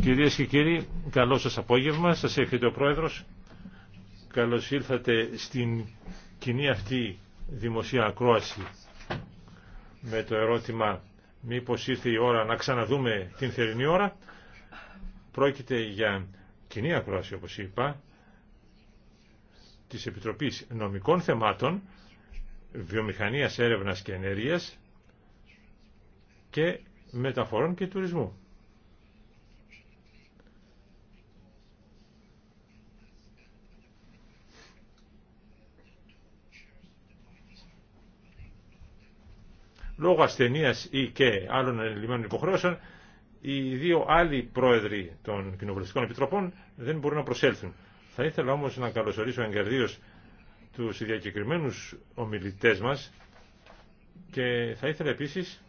Κυρίες και κύριοι, καλό σας απόγευμα. Σας εύχεται ο Πρόεδρος. Καλώς ήρθατε στην κοινή αυτή δημοσία ακρόαση με το ερώτημα μήπως ήρθε η ώρα να ξαναδούμε την θερινή ώρα. Πρόκειται για κοινή ακρόαση, όπως είπα, της Επιτροπής Νομικών Θεμάτων, Βιομηχανίας Έρευνας και Ενέργειας και μεταφορών και τουρισμού. Λόγω ασθενείας ή και άλλων ελληνικών υποχρεώσεων, οι δύο άλλοι πρόεδροι των κοινοβουλευτικών επιτροπών δεν μπορούν να προσέλθουν. Θα ήθελα όμως να καλωσορίσω εγκαρδίως τους διακεκριμένους ομιλητές μας και θα ήθελα επίσης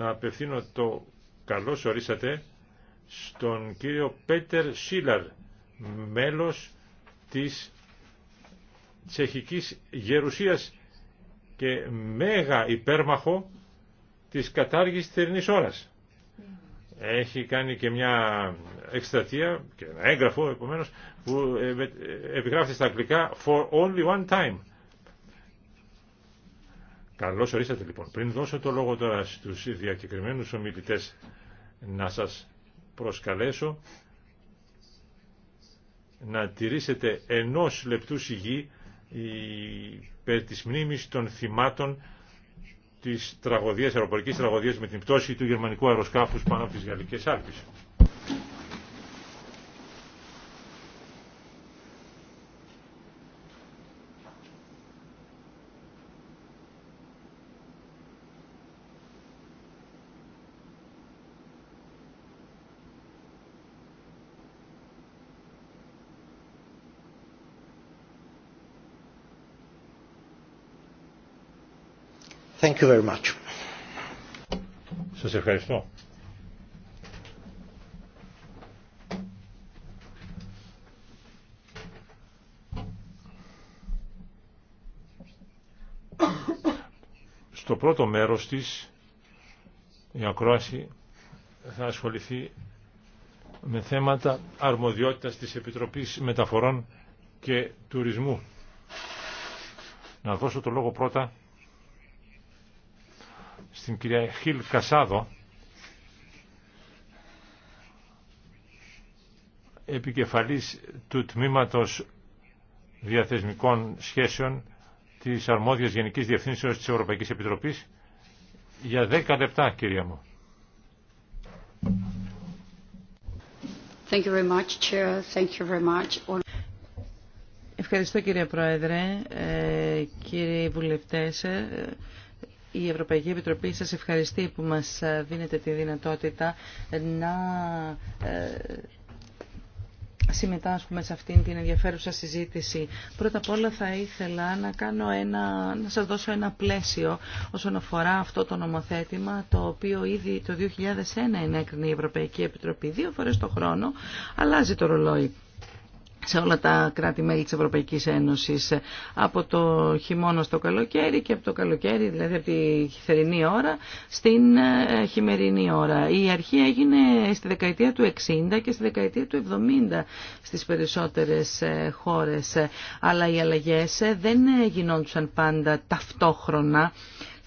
να απευθύνω το καλό, ορίσατε στον κύριο Πέτερ Σίλαρ, μέλος της τσεχικής γερουσίας και μέγα υπέρμαχο της κατάργησης θερινής ώρας. Έχει κάνει και μια εκστρατεία και ένα έγγραφο επομένως που ε, ε, επιγράφεται στα αγγλικά «For only one time» Καλώς ορίσατε λοιπόν. Πριν δώσω το λόγο τώρα στους διακεκριμένου ομιλητές να σας προσκαλέσω να τηρήσετε ενός λεπτού σιγή περί της μνήμης των θυμάτων της τραγωδίας, αεροπορικής τραγωδίας με την πτώση του γερμανικού αεροσκάφους πάνω από τι Γαλλικές Άλπεις. you Σας ευχαριστώ. Στο πρώτο μέρος της η ακρόαση θα ασχοληθεί με θέματα αρμοδιότητας της Επιτροπής Μεταφορών και Τουρισμού. Να δώσω το λόγο πρώτα στην κυρία Χίλ Κασάδο, επικεφαλής του Τμήματος Διαθεσμικών Σχέσεων της Αρμόδιας Γενικής Διευθύνσεως της Ευρωπαϊκής Επιτροπής για 10 λεπτά, κυρία μου. Thank you very much, Chair. Ευχαριστώ κύριε Πρόεδρε, ε, κύριοι βουλευτές. Ε, η Ευρωπαϊκή Επιτροπή σας ευχαριστεί που μας ε, δίνετε τη δυνατότητα να ε, συμμετάσχουμε σε αυτήν την ενδιαφέρουσα συζήτηση. Πρώτα απ' όλα θα ήθελα να, κάνω ένα, να σας δώσω ένα πλαίσιο όσον αφορά αυτό το νομοθέτημα το οποίο ήδη το 2001 ενέκρινε η Ευρωπαϊκή Επιτροπή δύο φορές το χρόνο αλλάζει το ρολόι σε όλα τα κράτη-μέλη της Ευρωπαϊκής Ένωσης από το χειμώνα στο καλοκαίρι και από το καλοκαίρι, δηλαδή από τη θερινή ώρα, στην ε, χειμερινή ώρα. Η αρχή έγινε στη δεκαετία του 60 και στη δεκαετία του 70 στις περισσότερες ε, χώρες. Αλλά οι αλλαγές ε, δεν γινόντουσαν πάντα ταυτόχρονα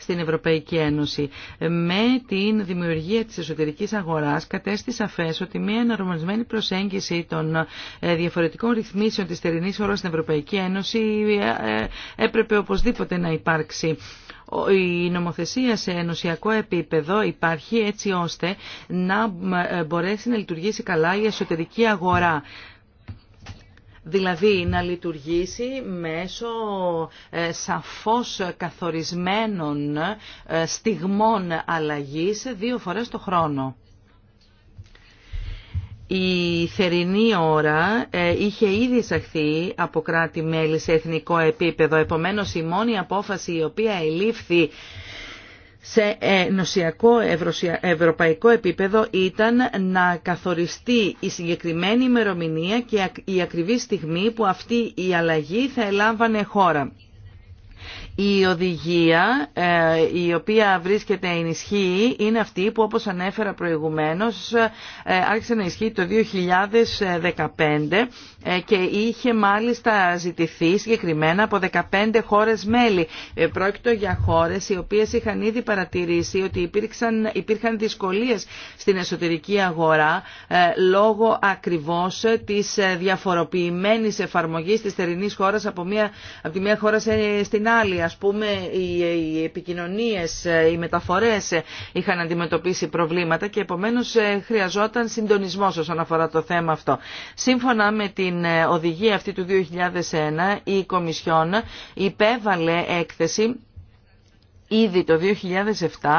στην Ευρωπαϊκή Ένωση. Με την δημιουργία της εσωτερικής αγοράς κατέστη σαφές ότι μια εναρμονισμένη προσέγγιση των ε, διαφορετικών ρυθμίσεων της τερινή ώρας στην Ευρωπαϊκή Ένωση ε, ε, έπρεπε οπωσδήποτε να υπάρξει η νομοθεσία σε ενωσιακό επίπεδο υπάρχει έτσι ώστε να μπορέσει να λειτουργήσει καλά η εσωτερική αγορά δηλαδή να λειτουργήσει μέσω ε, σαφώς καθορισμένων ε, στιγμών αλλαγής δύο φορές το χρόνο. Η θερινή ώρα ε, είχε ήδη εισαχθεί από κράτη-μέλη σε εθνικό επίπεδο. Επομένως, η μόνη απόφαση η οποία ελήφθη σε ενωσιακό ευρωπαϊκό επίπεδο ήταν να καθοριστεί η συγκεκριμένη ημερομηνία και η ακριβή στιγμή που αυτή η αλλαγή θα ελάμβανε χώρα. Η οδηγία ε, η οποία βρίσκεται εν είναι αυτή που όπως ανέφερα προηγουμένως ε, άρχισε να ισχύει το 2015 ε, και είχε μάλιστα ζητηθεί συγκεκριμένα από 15 χώρες μέλη. Ε, πρόκειτο για χώρες οι οποίες είχαν ήδη παρατηρήσει ότι υπήρξαν, υπήρχαν δυσκολίες στην εσωτερική αγορά ε, λόγω ακριβώς της διαφοροποιημένης εφαρμογής της θερινής χώρας από, μια, από τη μία χώρα στην άλλη. Ας πούμε οι, οι επικοινωνίες, οι μεταφορές είχαν αντιμετωπίσει προβλήματα και επομένως χρειαζόταν συντονισμός όσον αφορά το θέμα αυτό. Σύμφωνα με την την ε, οδηγία αυτή του 2001 η Κομισιόν υπέβαλε έκθεση ήδη το 2007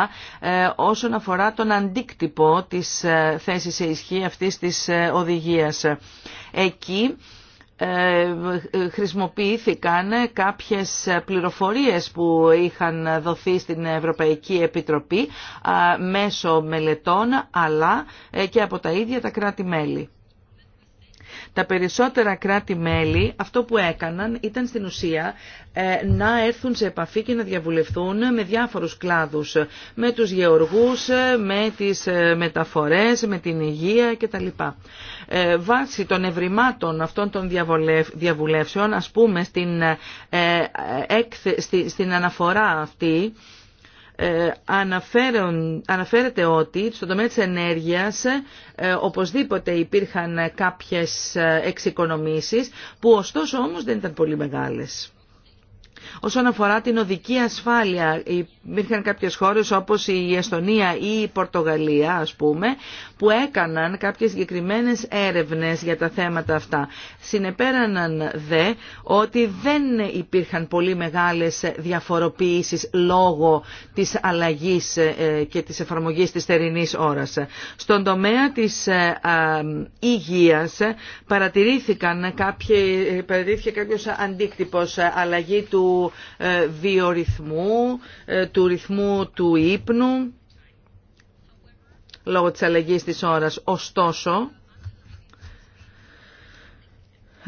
ε, όσον αφορά τον αντίκτυπο της ε, θέσης σε ισχύ αυτής της οδηγίας. Εκεί χρησιμοποιήθηκαν κάποιες πληροφορίες που είχαν δοθεί στην Ευρωπαϊκή Επιτροπή μέσω μελετών αλλά και από τα ίδια τα κράτη-μέλη. Τα περισσότερα κράτη-μέλη αυτό που έκαναν ήταν στην ουσία ε, να έρθουν σε επαφή και να διαβουλευθούν με διάφορους κλάδους, με τους γεωργούς, ε, με τις ε, μεταφορές, με την υγεία κτλ. Βάσει των ευρημάτων αυτών των διαβουλεύσεων, ας πούμε στην, στην αναφορά αυτή, ε, αναφέρεται ότι στον τομέα της ενέργειας ε, οπωσδήποτε υπήρχαν κάποιες ε, εξοικονομήσεις που ωστόσο όμως δεν ήταν πολύ μεγάλες. Όσον αφορά την οδική ασφάλεια, υπήρχαν κάποιες χώρες όπως η Εστονία ή η Πορτογαλία ας πούμε, που έκαναν κάποιες συγκεκριμένες έρευνες για τα θέματα αυτά. Συνεπέραναν δε ότι δεν υπήρχαν πολύ μεγάλες διαφοροποιήσεις λόγω της αλλαγής ε, και της εφαρμογής της θερινής ώρας. Στον τομέα της ε, υγείας παρατηρήθηκαν κάποιοι, ε, παρατηρήθηκε κάποιος αντίκτυπος αλλαγή του ε, βιορυθμού, ε, του ρυθμού του ύπνου, λόγω της αλλαγής της ώρας. Ωστόσο,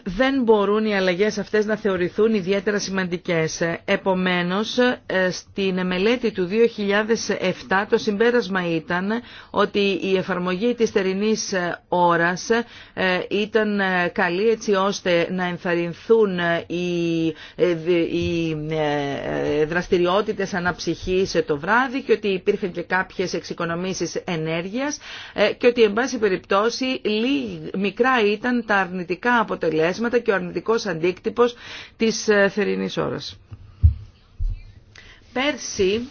δεν μπορούν οι αλλαγές αυτές να θεωρηθούν ιδιαίτερα σημαντικές. Επομένως, ε, στην μελέτη του 2007 το συμπέρασμα ήταν ότι η εφαρμογή της θερινής ε, ώρας ε, ήταν καλή έτσι ώστε να ενθαρρυνθούν οι δραστηριότητες αναψυχής το βράδυ και ότι υπήρχαν και κάποιες εξοικονομήσεις ενέργειας και ότι, εν πάση περιπτώσει, μικρά ήταν τα αρνητικά αποτελέσματα αποτελέσματα και ο αρνητικός αντίκτυπος της ε, θερινής ώρας. Πέρσι,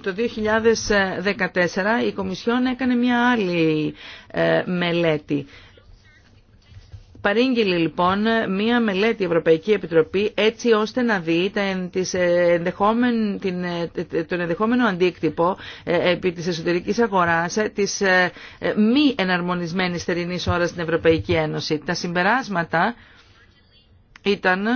το 2014, η Κομισιόν έκανε μια άλλη ε, μελέτη Παρήγγειλε λοιπόν μία μελέτη η Ευρωπαϊκή Επιτροπή έτσι ώστε να δει ε, ε, τον ενδεχόμενο αντίκτυπο ε, επί της εσωτερικής αγοράς της μη εναρμονισμένης θερινής ώρας στην Ευρωπαϊκή Ένωση. Τα συμπεράσματα ήταν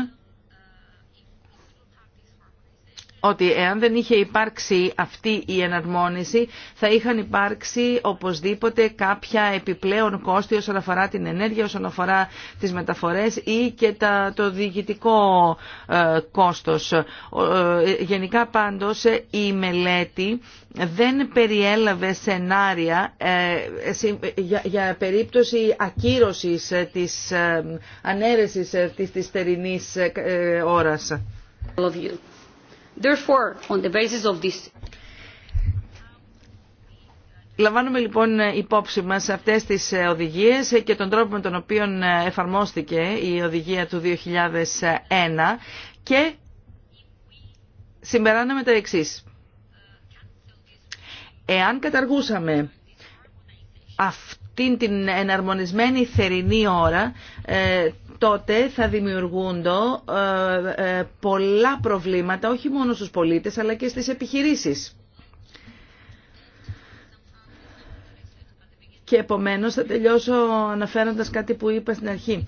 ότι εάν δεν είχε υπάρξει αυτή η εναρμόνιση θα είχαν υπάρξει οπωσδήποτε κάποια επιπλέον κόστη όσον αφορά την ενέργεια, όσον αφορά τις μεταφορές ή και το διοικητικό ε, κόστος. Ε, γενικά πάντως η μελέτη δεν περιέλαβε σενάρια ε, για περίπτωση ακύρωσης της ανέρεσης της τερινής ώρας. Therefore, on the basis of this... Λαμβάνουμε λοιπόν υπόψη μας αυτές τις ε, οδηγίες και τον τρόπο με τον οποίο ε, εφαρμόστηκε η οδηγία του 2001 και συμπεράναμε τα εξής. Εάν καταργούσαμε αυτήν την εναρμονισμένη θερινή ώρα, ε, τότε θα δημιουργούνται ε, ε, πολλά προβλήματα όχι μόνο στους πολίτες αλλά και στις επιχειρήσεις. Και επομένως θα τελειώσω αναφέροντας κάτι που είπα στην αρχή.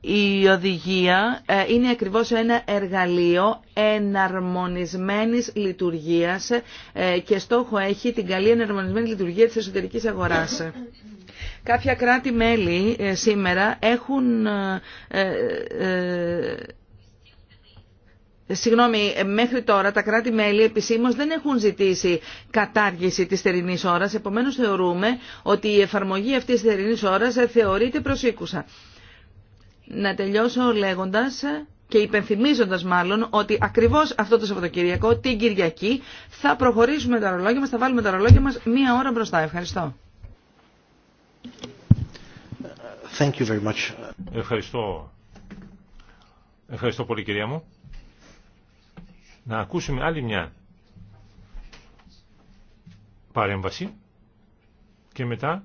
Η οδηγία ε, είναι ακριβώς ένα εργαλείο εναρμονισμένης λειτουργίας και στόχο έχει την καλή εναρμονισμένη λειτουργία της εσωτερικής αγοράς. Κάποια κράτη-μέλη ε, σήμερα έχουν... Ε, ε, συγγνώμη, μέχρι τώρα τα κράτη-μέλη επισήμως δεν έχουν ζητήσει κατάργηση της θερινής ώρας, επομένως θεωρούμε ότι η εφαρμογή αυτής της θερινής ώρας θεωρείται προσήκουσα. Να τελειώσω λέγοντας και υπενθυμίζοντας μάλλον ότι ακριβώς αυτό το Σαββατοκυριακό, την Κυριακή, θα προχωρήσουμε τα ρολόγια μας, θα βάλουμε τα ρολόγια μας μία ώρα μπροστά. Ευχαριστώ. Thank you very much. Ευχαριστώ. Ευχαριστώ πολύ κυρία μου. Να ακούσουμε άλλη μια παρέμβαση και μετά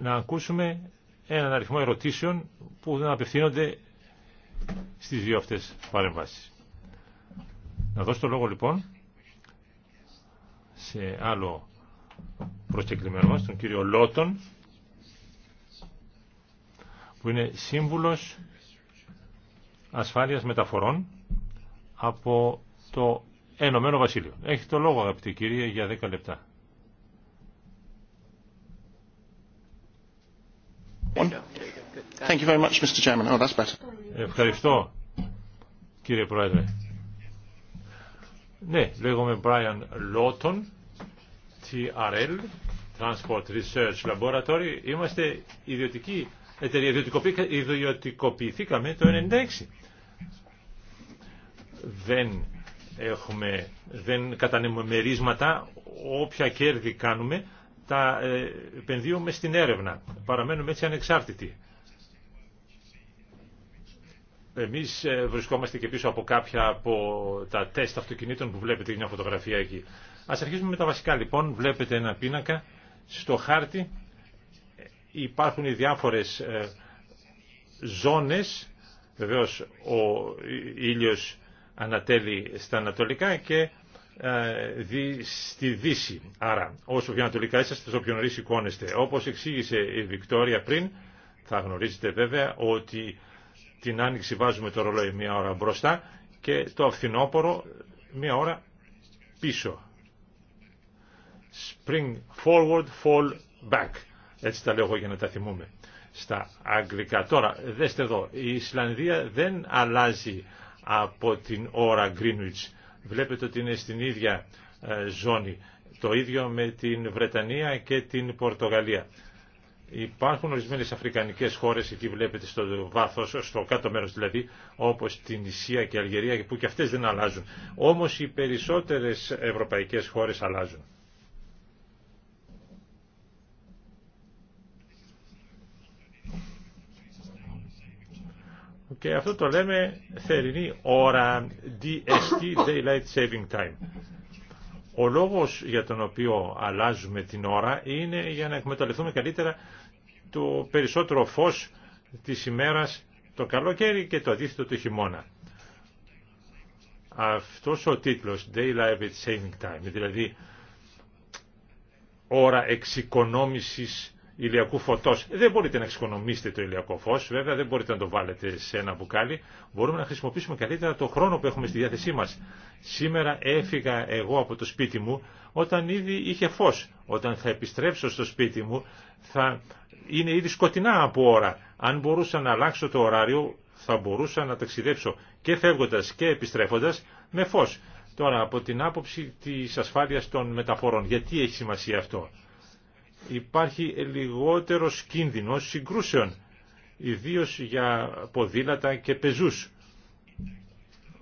να ακούσουμε έναν αριθμό ερωτήσεων που δεν απευθύνονται στις δύο αυτές παρεμβάσεις. Να δώσω το λόγο λοιπόν σε άλλο προσκεκλημένο μας, τον κύριο Λότον, που είναι σύμβουλος ασφάλειας μεταφορών από το Ενωμένο Βασίλειο. Έχει το λόγο αγαπητή κυρία για 10 λεπτά. Thank you very much, Mr. Chairman. Oh, that's better. Ευχαριστώ κύριε Πρόεδρε. Ναι, λέγομαι Brian Lawton, TRL, Transport Research Laboratory. Είμαστε ιδιωτικοί εταιρεία. Ιδιωτικοποιηθήκαμε το 1996. Δεν έχουμε, δεν κατανέμουμε μερίσματα, όποια κέρδη κάνουμε τα ε, επενδύουμε στην έρευνα. Παραμένουμε έτσι ανεξάρτητοι. Εμείς ε, βρισκόμαστε και πίσω από κάποια από τα τεστ αυτοκινήτων που βλέπετε μια φωτογραφία εκεί. Ας αρχίσουμε με τα βασικά λοιπόν. Βλέπετε ένα πίνακα στο χάρτη υπάρχουν οι διάφορες ε, ζώνες, βεβαίως ο ήλιος ανατέλει στα ανατολικά και ε, στη δύση. Άρα, όσο πιο ανατολικά είσαστε, τόσο πιο νωρίς εικόνεστε. Όπως εξήγησε η Βικτόρια πριν, θα γνωρίζετε βέβαια ότι την άνοιξη βάζουμε το ρολόι μία ώρα μπροστά και το αυθινόπορο μία ώρα πίσω. Spring forward, fall back. Έτσι τα λέω εγώ για να τα θυμούμε στα αγγλικά. Τώρα, δέστε εδώ, η Ισλανδία δεν αλλάζει από την ώρα Greenwich. Βλέπετε ότι είναι στην ίδια ε, ζώνη. Το ίδιο με την Βρετανία και την Πορτογαλία. Υπάρχουν ορισμένε αφρικανικέ χώρε, εκεί βλέπετε στο βάθο, στο κάτω μέρο δηλαδή, όπω την Ισία και η Αλγερία, που και αυτέ δεν αλλάζουν. Όμω οι περισσότερε ευρωπαϊκέ χώρε αλλάζουν. και αυτό το λέμε θερινή ώρα DST, Daylight Saving Time. Ο λόγος για τον οποίο αλλάζουμε την ώρα είναι για να εκμεταλλευτούμε καλύτερα το περισσότερο φως της ημέρας το καλοκαίρι και το αντίθετο το χειμώνα. Αυτός ο τίτλος Daylight Saving Time, δηλαδή ώρα εξοικονόμησης ηλιακού φωτό. Δεν μπορείτε να εξοικονομήσετε το ηλιακό φω, βέβαια δεν μπορείτε να το βάλετε σε ένα μπουκάλι. Μπορούμε να χρησιμοποιήσουμε καλύτερα το χρόνο που έχουμε στη διάθεσή μα. Σήμερα έφυγα εγώ από το σπίτι μου όταν ήδη είχε φω. Όταν θα επιστρέψω στο σπίτι μου θα είναι ήδη σκοτεινά από ώρα. Αν μπορούσα να αλλάξω το ωράριο θα μπορούσα να ταξιδέψω και φεύγοντα και επιστρέφοντα με φω. Τώρα από την άποψη της ασφάλειας των μεταφορών, γιατί έχει σημασία αυτό υπάρχει λιγότερος κίνδυνος συγκρούσεων, ιδίως για ποδήλατα και πεζούς,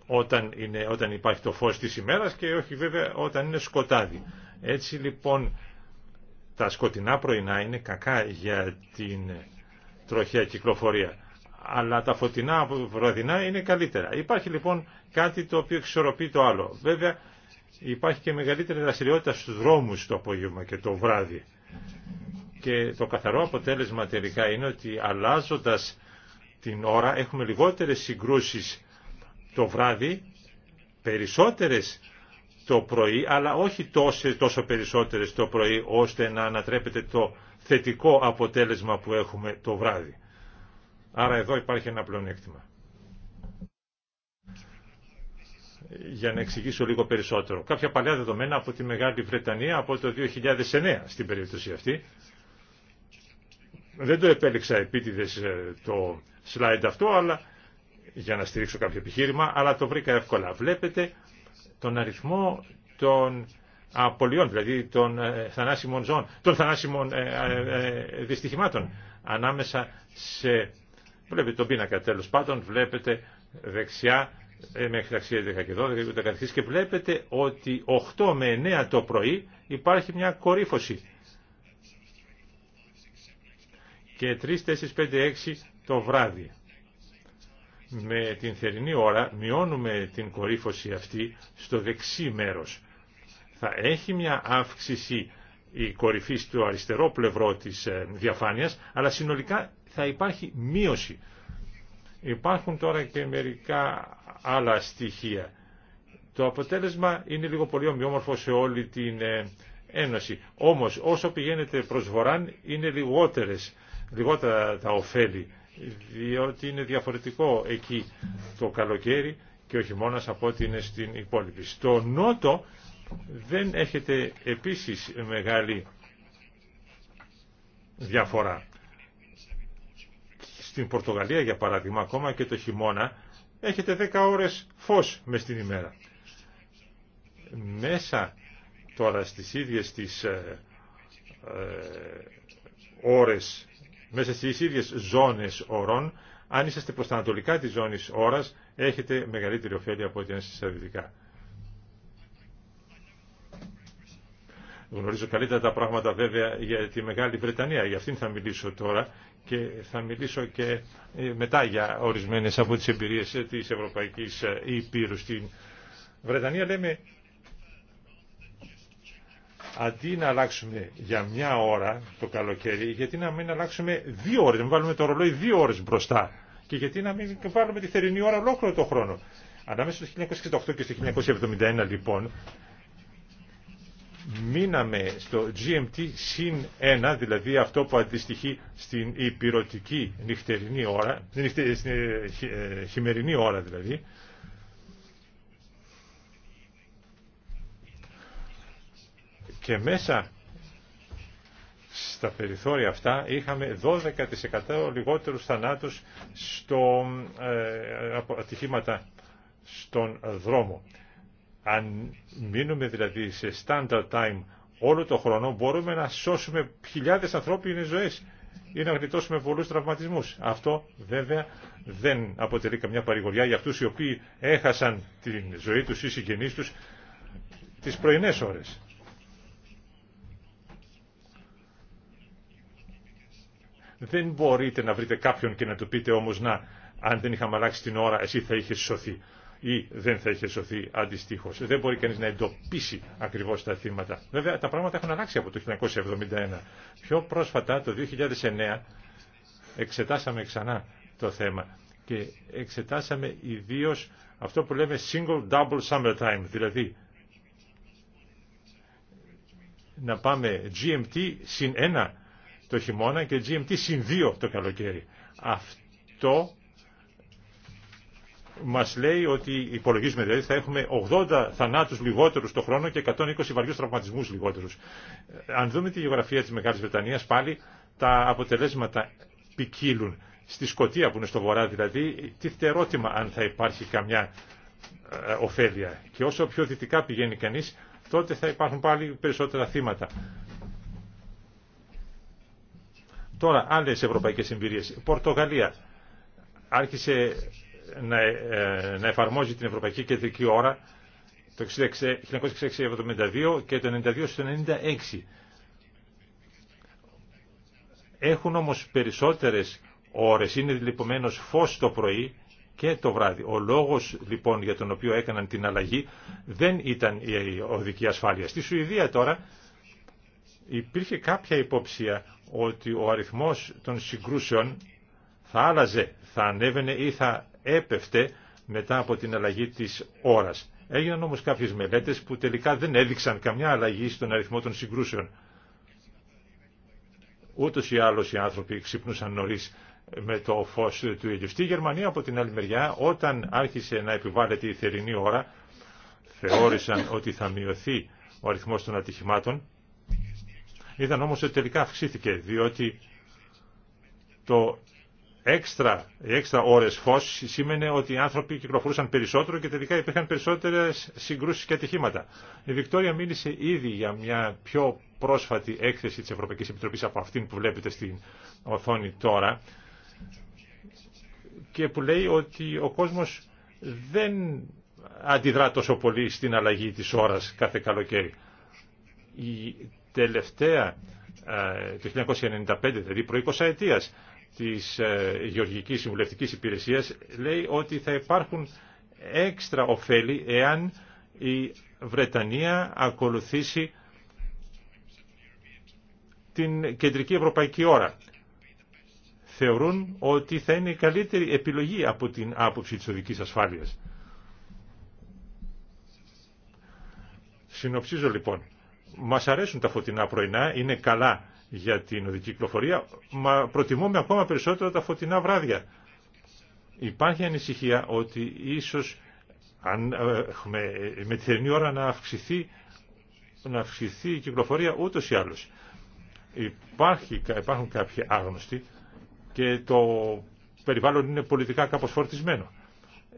όταν, είναι, όταν υπάρχει το φως της ημέρας και όχι βέβαια όταν είναι σκοτάδι. Έτσι λοιπόν τα σκοτεινά πρωινά είναι κακά για την τροχιά κυκλοφορία, αλλά τα φωτεινά βραδινά είναι καλύτερα. Υπάρχει λοιπόν κάτι το οποίο εξορροπεί το άλλο. Βέβαια υπάρχει και μεγαλύτερη δραστηριότητα στους δρόμους το απόγευμα και το βράδυ και το καθαρό αποτέλεσμα τελικά είναι ότι αλλάζοντας την ώρα έχουμε λιγότερες συγκρούσεις το βράδυ, περισσότερες το πρωί, αλλά όχι τόσο, τόσο περισσότερες το πρωί, ώστε να ανατρέπεται το θετικό αποτέλεσμα που έχουμε το βράδυ. Άρα εδώ υπάρχει ένα πλεονέκτημα. Για να εξηγήσω λίγο περισσότερο. Κάποια παλιά δεδομένα από τη Μεγάλη Βρετανία από το 2009 στην περίπτωση αυτή δεν το επέλεξα επίτηδες ε, το slide αυτό, αλλά για να στηρίξω κάποιο επιχείρημα, αλλά το βρήκα εύκολα. Βλέπετε τον αριθμό των απολειών, δηλαδή των ε, θανάσιμων ζώων, των θανάσιμων ε, δυστυχημάτων ανάμεσα σε... Βλέπετε τον πίνακα τέλο πάντων, βλέπετε δεξιά μέχρι τα 11 και 12 και και βλέπετε ότι 8 με 9 το πρωί υπάρχει μια κορύφωση και 3, 4, 5, 6 το βράδυ. Με την θερινή ώρα μειώνουμε την κορύφωση αυτή στο δεξί μέρος. Θα έχει μια αύξηση η κορυφή στο αριστερό πλευρό της ε, διαφάνειας, αλλά συνολικά θα υπάρχει μείωση. Υπάρχουν τώρα και μερικά άλλα στοιχεία. Το αποτέλεσμα είναι λίγο πολύ ομοιόμορφο σε όλη την ε, Ένωση. Όμως όσο πηγαίνετε προς βοράν είναι λιγότερες λιγότερα τα ωφέλη, διότι είναι διαφορετικό εκεί το καλοκαίρι και ο χειμώνας από ό,τι είναι στην υπόλοιπη. Στο νότο δεν έχετε επίσης μεγάλη διαφορά. Στην Πορτογαλία, για παράδειγμα, ακόμα και το χειμώνα, έχετε 10 ώρες φως με την ημέρα. Μέσα τώρα στις ίδιες τις ε, ε, ώρες μέσα στις ίδιες ζώνες ώρων, αν είσαστε προς τα ανατολικά της ζώνης ώρας, έχετε μεγαλύτερη ωφέλεια από ό,τι αν είστε στα δυτικά. Γνωρίζω καλύτερα τα πράγματα βέβαια για τη Μεγάλη Βρετανία, για αυτήν θα μιλήσω τώρα και θα μιλήσω και ε, μετά για ορισμένες από τις εμπειρίες ε, της Ευρωπαϊκής Υπήρου. Ε, Στην Βρετανία λέμε αντί να αλλάξουμε για μια ώρα το καλοκαίρι, γιατί να μην αλλάξουμε δύο ώρες, να μην βάλουμε το ρολόι δύο ώρες μπροστά και γιατί να μην βάλουμε τη θερινή ώρα ολόκληρο το χρόνο. Ανάμεσα στο 1968 και στο 1971 λοιπόν μείναμε στο GMT 1, δηλαδή αυτό που αντιστοιχεί στην υπηρετική νυχτερινή ώρα, στην ε, ε, ε, χειμερινή ώρα δηλαδή, Και μέσα στα περιθώρια αυτά είχαμε 12% λιγότερους θανάτους στο, ε, από ατυχήματα στον δρόμο. Αν μείνουμε δηλαδή σε standard time όλο το χρόνο μπορούμε να σώσουμε χιλιάδες ανθρώπινες ζωές ή να γλιτώσουμε πολλούς τραυματισμούς. Αυτό βέβαια δεν αποτελεί καμιά παρηγοριά για αυτούς οι οποίοι έχασαν τη ζωή τους ή συγγενείς τους τις πρωινές ώρες. Δεν μπορείτε να βρείτε κάποιον και να του πείτε όμως να, αν δεν είχαμε αλλάξει την ώρα, εσύ θα είχε σωθεί ή δεν θα είχε σωθεί αντιστοίχω. Δεν μπορεί κανεί να εντοπίσει ακριβώ τα θύματα. Βέβαια, τα πράγματα έχουν αλλάξει από το 1971. Πιο πρόσφατα, το 2009, εξετάσαμε ξανά το θέμα και εξετάσαμε ιδίω αυτό που λέμε single-double summertime, δηλαδή να πάμε GMT συν το χειμώνα και GMT συν 2 το καλοκαίρι. Αυτό μας λέει ότι υπολογίζουμε δηλαδή θα έχουμε 80 θανάτους λιγότερους το χρόνο και 120 βαριούς τραυματισμούς λιγότερους. Αν δούμε τη γεωγραφία της Μεγάλης Βρετανίας πάλι τα αποτελέσματα ποικίλουν. Στη Σκοτία που είναι στο βορρά δηλαδή τι ερώτημα αν θα υπάρχει καμιά ε, ωφέλεια. Και όσο πιο δυτικά πηγαίνει κανείς τότε θα υπάρχουν πάλι περισσότερα θύματα. Τώρα άλλε ευρωπαϊκέ ευρωπαϊκές Η Πορτογαλία άρχισε ε, να, εφαρμόζει την Ευρωπαϊκή Κεντρική Ώρα το 1966 και το 1992. 96 Έχουν όμω περισσότερε ώρε, είναι λοιπόν φω το πρωί και το βράδυ. Ο λόγο λοιπόν για τον οποίο έκαναν την αλλαγή δεν ήταν η οδική ασφάλεια. Στη Σουηδία τώρα υπήρχε κάποια υποψία ότι ο αριθμός των συγκρούσεων θα άλλαζε, θα ανέβαινε ή θα έπεφτε μετά από την αλλαγή της ώρας. Έγιναν όμως κάποιες μελέτες που τελικά δεν έδειξαν καμιά αλλαγή στον αριθμό των συγκρούσεων. Ούτως ή άλλως οι άνθρωποι ξυπνούσαν νωρίς με το φως του ήλιου. Στη Γερμανία από την άλλη μεριά όταν άρχισε να επιβάλλεται η θερινή ώρα θεώρησαν ότι θα μειωθεί ο αριθμός των ατυχημάτων Είδαν όμως ότι τελικά αυξήθηκε, διότι το έξτρα, οι έξτρα ώρες φως σήμαινε ότι οι άνθρωποι κυκλοφορούσαν περισσότερο και τελικά υπήρχαν περισσότερες συγκρούσεις και ατυχήματα. Η Βικτόρια μίλησε ήδη για μια πιο πρόσφατη έκθεση της Ευρωπαϊκής Επιτροπής από αυτήν που βλέπετε στην οθόνη τώρα και που λέει ότι ο κόσμος δεν αντιδρά τόσο πολύ στην αλλαγή της ώρας κάθε καλοκαίρι. Η τελευταία, ε, το 1995 δηλαδή, προ 20 τη της ε, Γεωργικής Συμβουλευτικής Υπηρεσίας λέει ότι θα υπάρχουν έξτρα ωφέλη εάν η Βρετανία ακολουθήσει την κεντρική ευρωπαϊκή ώρα. Θεωρούν ότι θα είναι η καλύτερη επιλογή από την άποψη της οδικής ασφάλειας. Συνοψίζω λοιπόν. Μα αρέσουν τα φωτεινά πρωινά, είναι καλά για την οδική κυκλοφορία, μα προτιμούμε ακόμα περισσότερο τα φωτεινά βράδια. Υπάρχει ανησυχία ότι ίσως αν, ε, με, ε, με τη θερινή ώρα να αυξηθεί, να αυξηθεί η κυκλοφορία ούτως ή άλλως. υπάρχουν κάποιοι άγνωστοι και το περιβάλλον είναι πολιτικά κάπως φορτισμένο.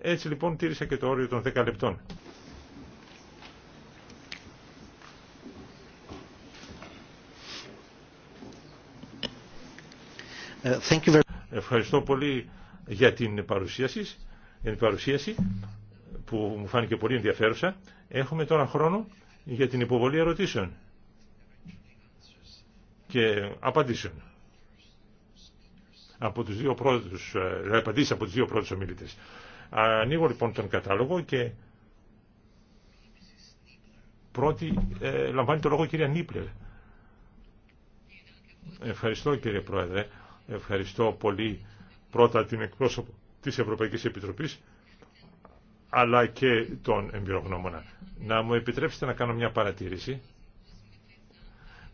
Έτσι λοιπόν τήρησα και το όριο των 10 λεπτών. Ευχαριστώ πολύ για την παρουσίαση, για την παρουσίαση που μου φάνηκε πολύ ενδιαφέρουσα. Έχουμε τώρα χρόνο για την υποβολή ερωτήσεων και απαντήσεων. Από τους δύο πρώτους, ε, δηλαδή απαντήσεις από τους δύο πρώτους ομιλητές. Ανοίγω λοιπόν τον κατάλογο και πρώτη ε, λαμβάνει το λόγο η κυρία Νίπλερ. Ευχαριστώ κύριε Πρόεδρε. Ευχαριστώ πολύ πρώτα την εκπρόσωπο της Ευρωπαϊκής Επιτροπής αλλά και τον εμπειρογνώμονα. Να μου επιτρέψετε να κάνω μια παρατήρηση.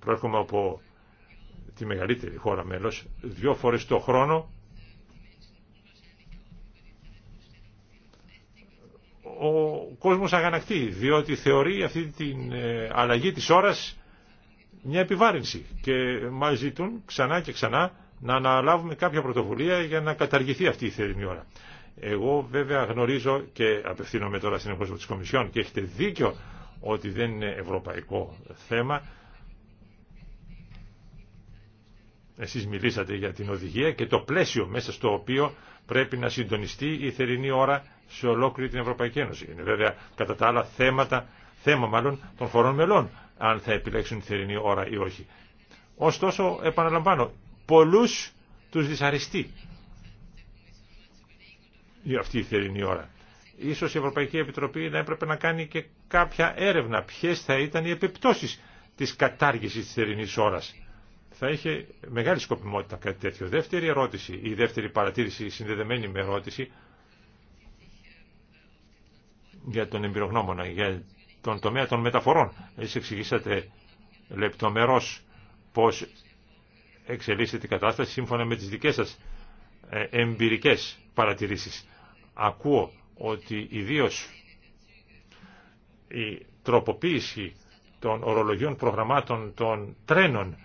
Προέρχομαι από τη μεγαλύτερη χώρα μέλος, δύο φορές το χρόνο ο κόσμος αγανακτεί, διότι θεωρεί αυτή την ε, αλλαγή της ώρας μια επιβάρυνση και μας ζητούν ξανά και ξανά να αναλάβουμε κάποια πρωτοβουλία για να καταργηθεί αυτή η θερινή ώρα. Εγώ βέβαια γνωρίζω και απευθύνομαι τώρα στην εκπρόσωπο της Κομισιόν και έχετε δίκιο ότι δεν είναι ευρωπαϊκό θέμα. Εσείς μιλήσατε για την οδηγία και το πλαίσιο μέσα στο οποίο πρέπει να συντονιστεί η θερινή ώρα σε ολόκληρη την Ευρωπαϊκή Ένωση. Είναι βέβαια κατά τα άλλα θέματα, θέμα μάλλον των χωρών μελών αν θα επιλέξουν τη θερινή ώρα ή όχι. Ωστόσο, επαναλαμβάνω, πολλούς τους δυσαρεστεί. Αυτή η θερινή ώρα. Ίσως η Ευρωπαϊκή Επιτροπή να έπρεπε να κάνει και κάποια έρευνα ποιες θα ήταν οι επιπτώσεις της κατάργησης της θερινής ώρας. Θα είχε μεγάλη σκοπιμότητα κάτι τέτοιο. Δεύτερη ερώτηση, η δεύτερη παρατήρηση συνδεδεμένη με ερώτηση για τον εμπειρογνώμονα, για τον τομέα των μεταφορών. Εσείς εξηγήσατε λεπτομερώς πως εξελίσσεται η κατάσταση σύμφωνα με τις δικές σας ε, εμπειρικές παρατηρήσεις. Ακούω ότι ιδίως η τροποποίηση των ορολογιών προγραμμάτων των τρένων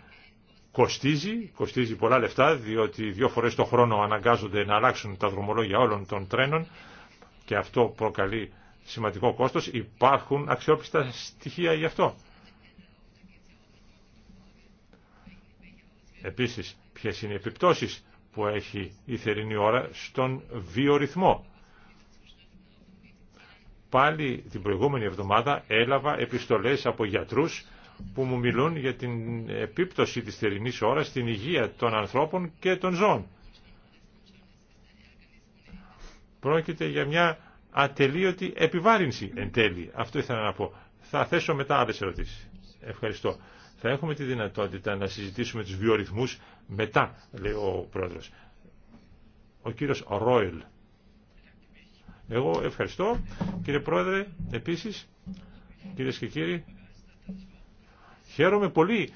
κοστίζει, κοστίζει πολλά λεφτά, διότι δύο φορές το χρόνο αναγκάζονται να αλλάξουν τα δρομολόγια όλων των τρένων και αυτό προκαλεί σημαντικό κόστος. Υπάρχουν αξιόπιστα στοιχεία γι' αυτό. Επίσης, ποιες είναι οι επιπτώσεις που έχει η θερινή ώρα στον βιορυθμό. Πάλι την προηγούμενη εβδομάδα έλαβα επιστολές από γιατρούς που μου μιλούν για την επίπτωση της θερινής ώρας στην υγεία των ανθρώπων και των ζώων. Πρόκειται για μια ατελείωτη επιβάρυνση εν τέλει. Αυτό ήθελα να πω. Θα θέσω μετά άλλες ερωτήσεις. Ευχαριστώ. Θα έχουμε τη δυνατότητα να συζητήσουμε τους βιορυθμούς μετά, λέει ο πρόεδρος. Ο κύριος Ρόιλ. Εγώ ευχαριστώ. Κύριε Πρόεδρε, επίσης, κύριε και κύριοι, χαίρομαι πολύ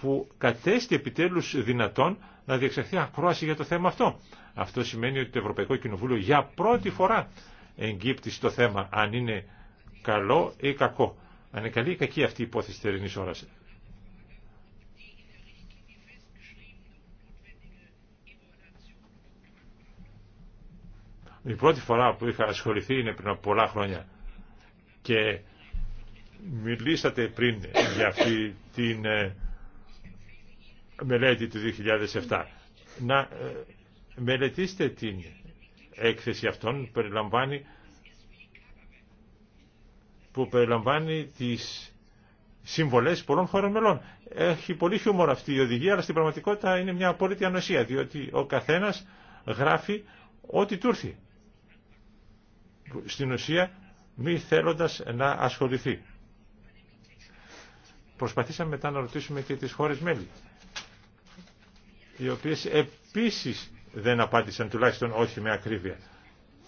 που κατέστη επιτέλους δυνατόν να διεξαχθεί ακρόαση για το θέμα αυτό. Αυτό σημαίνει ότι το Ευρωπαϊκό Κοινοβούλιο για πρώτη φορά εγκύπτει στο θέμα αν είναι καλό ή κακό. Αν είναι καλή ή κακή αυτή η υπόθεση της τερινής ώρας. Η πρώτη φορά που είχα ασχοληθεί είναι πριν από πολλά χρόνια και μιλήσατε πριν για αυτή την ε, μελέτη του 2007. Να ε, μελετήστε την έκθεση αυτών που περιλαμβάνει, που περιλαμβάνει τις συμβολές πολλών χωρών μελών. Έχει πολύ χιούμορ αυτή η οδηγία, αλλά στην πραγματικότητα είναι μια απόλυτη ανοσία, διότι ο καθένας γράφει ό,τι του έρθει στην ουσία μη θέλοντας να ασχοληθεί. Προσπαθήσαμε μετά να ρωτήσουμε και τις χώρες μέλη, οι οποίες επίσης δεν απάντησαν τουλάχιστον όχι με ακρίβεια.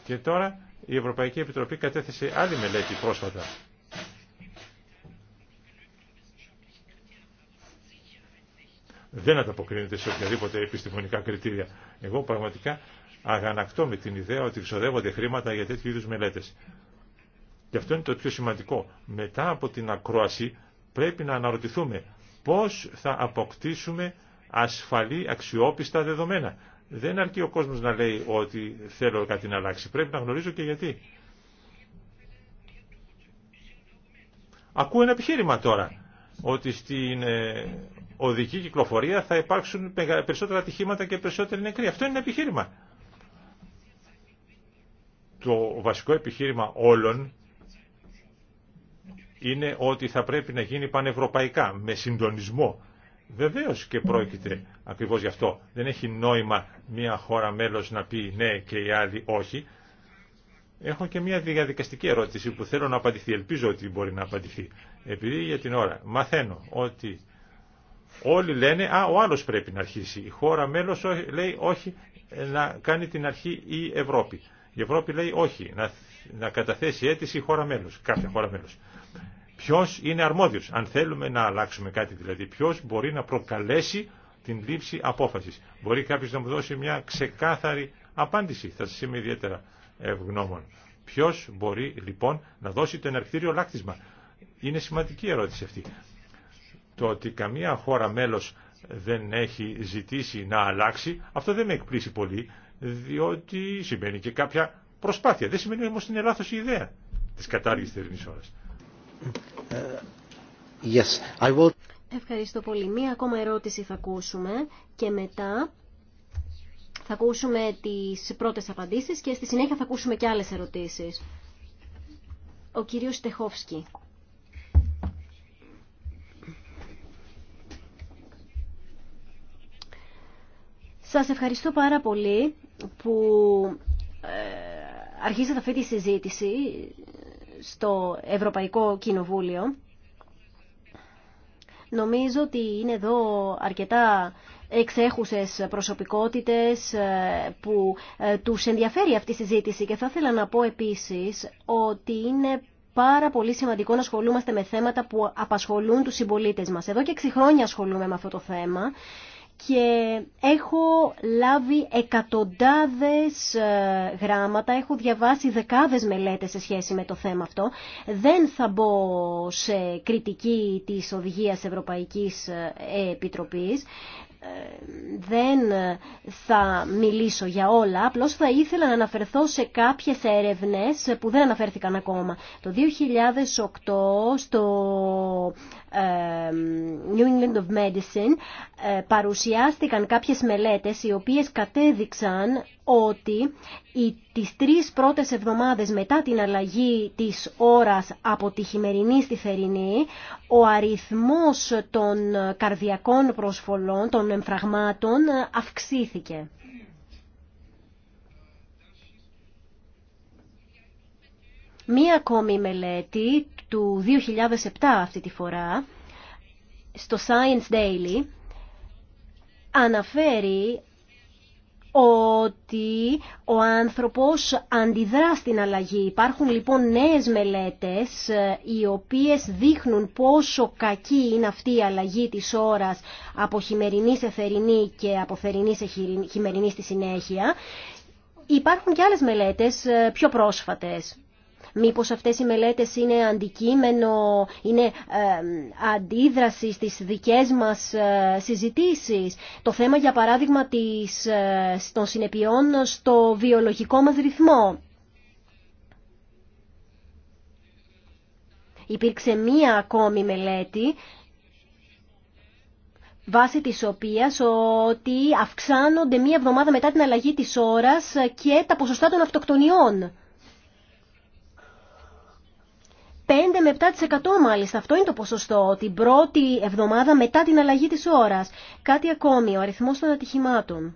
Και τώρα η Ευρωπαϊκή Επιτροπή κατέθεσε άλλη μελέτη πρόσφατα. Δεν ανταποκρίνεται σε οποιαδήποτε επιστημονικά κριτήρια. Εγώ πραγματικά αγανακτώ με την ιδέα ότι ξοδεύονται χρήματα για τέτοιου είδους μελέτες. Και αυτό είναι το πιο σημαντικό. Μετά από την ακρόαση πρέπει να αναρωτηθούμε πώς θα αποκτήσουμε ασφαλή, αξιόπιστα δεδομένα. Δεν αρκεί ο κόσμος να λέει ότι θέλω κάτι να αλλάξει. Πρέπει να γνωρίζω και γιατί. Ακούω ένα επιχείρημα τώρα ότι στην ε, οδική κυκλοφορία θα υπάρξουν περισσότερα ατυχήματα και περισσότερη νεκροί. Αυτό είναι ένα επιχείρημα το βασικό επιχείρημα όλων είναι ότι θα πρέπει να γίνει πανευρωπαϊκά, με συντονισμό. Βεβαίως και πρόκειται ακριβώς γι' αυτό. Δεν έχει νόημα μια χώρα μέλος να πει ναι και η άλλη όχι. Έχω και μια διαδικαστική ερώτηση που θέλω να απαντηθεί. Ελπίζω ότι μπορεί να απαντηθεί. Επειδή για την ώρα μαθαίνω ότι όλοι λένε «Α, ο άλλος πρέπει να αρχίσει». Η χώρα μέλος λέει «Όχι, να κάνει την αρχή η Ευρώπη». Η Ευρώπη λέει όχι, να, να καταθέσει αίτηση η χώρα μέλος, κάθε χώρα μέλος. Ποιος είναι αρμόδιος, αν θέλουμε να αλλάξουμε κάτι δηλαδή, ποιος μπορεί να προκαλέσει την λήψη απόφασης. Μπορεί κάποιος να μου δώσει μια ξεκάθαρη απάντηση, θα σας είμαι ιδιαίτερα ευγνώμων. Ποιος μπορεί λοιπόν να δώσει το εναρκτήριο λάκτισμα. Είναι σημαντική η ερώτηση αυτή. Το ότι καμία χώρα μέλος δεν έχει ζητήσει να αλλάξει, αυτό δεν με εκπλήσει πολύ, διότι σημαίνει και κάποια προσπάθεια. Δεν σημαίνει όμως ότι είναι λάθος η ιδέα της κατάργησης της ελληνικής ώρας. Ε, yes, I will... Ευχαριστώ πολύ. Μία ακόμα ερώτηση θα ακούσουμε και μετά θα ακούσουμε τις πρώτες απαντήσεις και στη συνέχεια θα ακούσουμε και άλλες ερωτήσεις. Ο κύριος Στεχόφσκι. Σας ευχαριστώ πάρα πολύ που ε, αρχίσατε αυτή τη συζήτηση στο Ευρωπαϊκό Κοινοβούλιο. Νομίζω ότι είναι εδώ αρκετά εξέχουσες προσωπικότητες ε, που ε, τους ενδιαφέρει αυτή η συζήτηση και θα ήθελα να πω επίσης ότι είναι πάρα πολύ σημαντικό να ασχολούμαστε με θέματα που απασχολούν τους συμπολίτε μας. Εδώ και 6 χρόνια ασχολούμαι με αυτό το θέμα και έχω λάβει εκατοντάδες ε, γράμματα, έχω διαβάσει δεκάδες μελέτες σε σχέση με το θέμα αυτό. Δεν θα μπω σε κριτική της Οδηγίας Ευρωπαϊκής ε, Επιτροπής δεν θα μιλήσω για όλα, απλώς θα ήθελα να αναφερθώ σε κάποιες έρευνες που δεν αναφέρθηκαν ακόμα. Το 2008 στο ε, New England of Medicine ε, παρουσιάστηκαν κάποιες μελέτες οι οποίες κατέδειξαν ότι οι, τις τρεις πρώτες εβδομάδες μετά την αλλαγή της ώρας από τη χειμερινή στη θερινή, ο αριθμός των καρδιακών προσφολών, των εμφραγμάτων αυξήθηκε. Μία ακόμη μελέτη του 2007 αυτή τη φορά, στο Science Daily, αναφέρει ότι ο άνθρωπος αντιδρά στην αλλαγή. Υπάρχουν λοιπόν νέες μελέτες ε, οι οποίες δείχνουν πόσο κακή είναι αυτή η αλλαγή της ώρας από χειμερινή σε θερινή και από θερινή σε χειμερινή στη συνέχεια. Υπάρχουν και άλλες μελέτες ε, πιο πρόσφατες Μήπως αυτές οι μελέτες είναι αντικείμενο, είναι αντίδραση στις δικές μας ε, συζητήσεις. Το θέμα, για παράδειγμα, της, ε, των συνεπειών στο βιολογικό μας ρυθμό. Υπήρξε μία ακόμη μελέτη βάσει της οποίας ότι αυξάνονται μία εβδομάδα μετά την αλλαγή της ώρας και τα ποσοστά των αυτοκτονιών. 5 με 7% μάλιστα. Αυτό είναι το ποσοστό την πρώτη εβδομάδα μετά την αλλαγή της ώρας. Κάτι ακόμη, ο αριθμός των ατυχημάτων.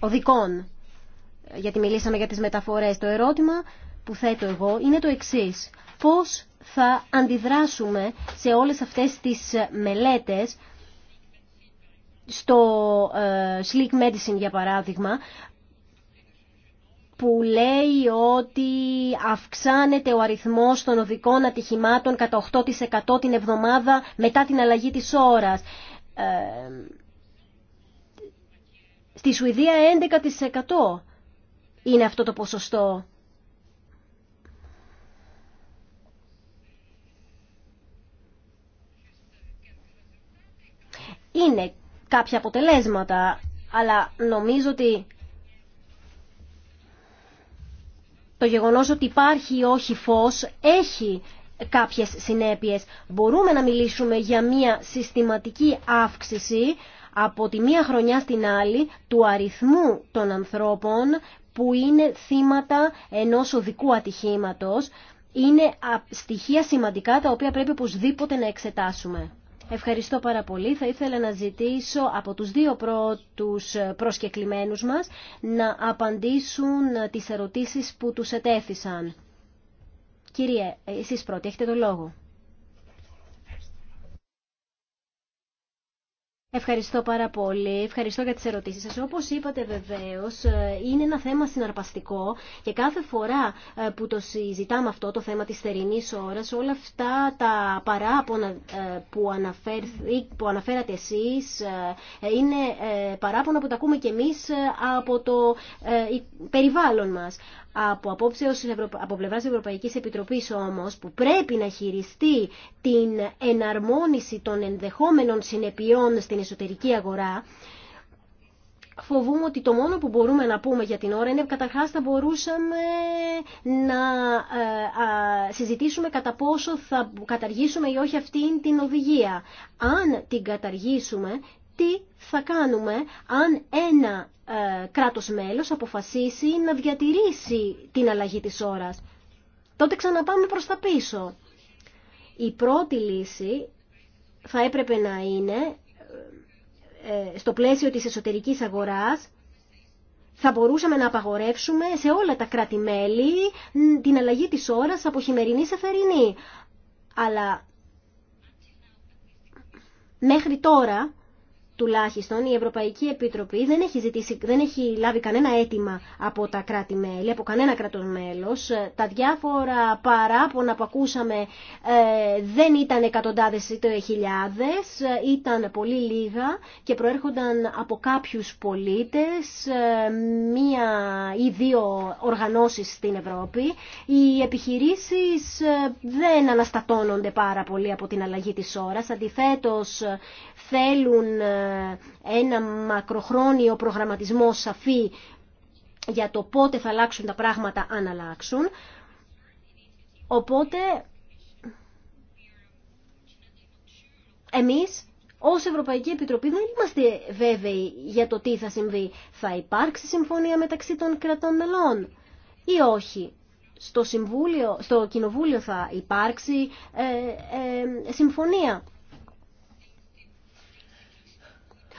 Οδικών. Γιατί μιλήσαμε για τις μεταφορές. Το ερώτημα που θέτω εγώ είναι το εξής. Πώς θα αντιδράσουμε σε όλες αυτές τις μελέτες στο ε, Sleek Medicine για παράδειγμα που λέει ότι αυξάνεται ο αριθμός των οδικών ατυχημάτων κατά 8% την εβδομάδα μετά την αλλαγή της ώρας. Ε, στη Σουηδία 11% είναι αυτό το ποσοστό. Είναι κάποια αποτελέσματα, αλλά νομίζω ότι το γεγονός ότι υπάρχει ή όχι φως έχει κάποιες συνέπειες. Μπορούμε να μιλήσουμε για μια συστηματική αύξηση από τη μία χρονιά στην άλλη του αριθμού των ανθρώπων που είναι θύματα ενός οδικού ατυχήματος. Είναι στοιχεία σημαντικά τα οποία πρέπει οπωσδήποτε να εξετάσουμε. Ευχαριστώ πάρα πολύ. Θα ήθελα να ζητήσω από τους δύο πρώτους προσκεκλημένους μας να απαντήσουν τις ερωτήσεις που τους ετέθησαν. Κύριε, εσείς πρώτοι, έχετε το λόγο. Ευχαριστώ πάρα πολύ. Ευχαριστώ για τις ερωτήσεις σας. Όπως είπατε βεβαίως, ε, είναι ένα θέμα συναρπαστικό και κάθε φορά ε, που το συζητάμε αυτό το θέμα της θερινής ώρας, όλα αυτά τα παράπονα ε, που, που αναφέρατε εσείς είναι παράπονα που τα ακούμε κι εμείς από το περιβάλλον μας. Από, απόψε, από πλευράς Ευρωπαϊκής Επιτροπής όμως που πρέπει να χειριστεί την εναρμόνιση των ενδεχόμενων συνεπειών στην εσωτερική αγορά φοβούμε ότι το μόνο που μπορούμε να πούμε για την ώρα είναι καταρχάς θα μπορούσαμε να ε, συζητήσουμε κατά πόσο θα καταργήσουμε ή όχι αυτήν την οδηγία. Αν την καταργήσουμε τι θα κάνουμε αν ένα ε, κράτος μέλος αποφασίσει να διατηρήσει την αλλαγή της ώρας. Τότε ξαναπάμε προς τα πίσω. Η πρώτη λύση θα έπρεπε να είναι ε, ε, στο πλαίσιο της εσωτερικής αγοράς θα μπορούσαμε να απαγορεύσουμε σε όλα τα κράτη-μέλη την αλλαγή της ώρας από χειμερινή σε θερινή. Αλλά μέχρι τώρα τουλάχιστον η Ευρωπαϊκή Επιτροπή δεν έχει, ζητήσει, δεν έχει λάβει κανένα αίτημα από τα κράτη-μέλη, από κανένα κράτος μέλος. Ε, τα διάφορα παράπονα που ακούσαμε ε, δεν ήταν εκατοντάδες ή χιλιάδες, ε, ήταν πολύ λίγα και προέρχονταν από κάποιους πολίτες, ε, μία ή δύο οργανώσεις στην Ευρώπη. Οι επιχειρήσεις δεν αναστατώνονται πάρα πολύ από την αλλαγή της ώρας, αντιθέτως θέλουν ε, ένα μακροχρόνιο προγραμματισμό σαφή για το πότε θα αλλάξουν τα πράγματα αν αλλάξουν. Οπότε εμείς ως Ευρωπαϊκή Επιτροπή δεν είμαστε βέβαιοι για το τι θα συμβεί. Θα υπάρξει συμφωνία μεταξύ των κρατών μελών ή όχι. Στο, συμβούλιο, στο Κοινοβούλιο θα υπάρξει ε, ε, συμφωνία.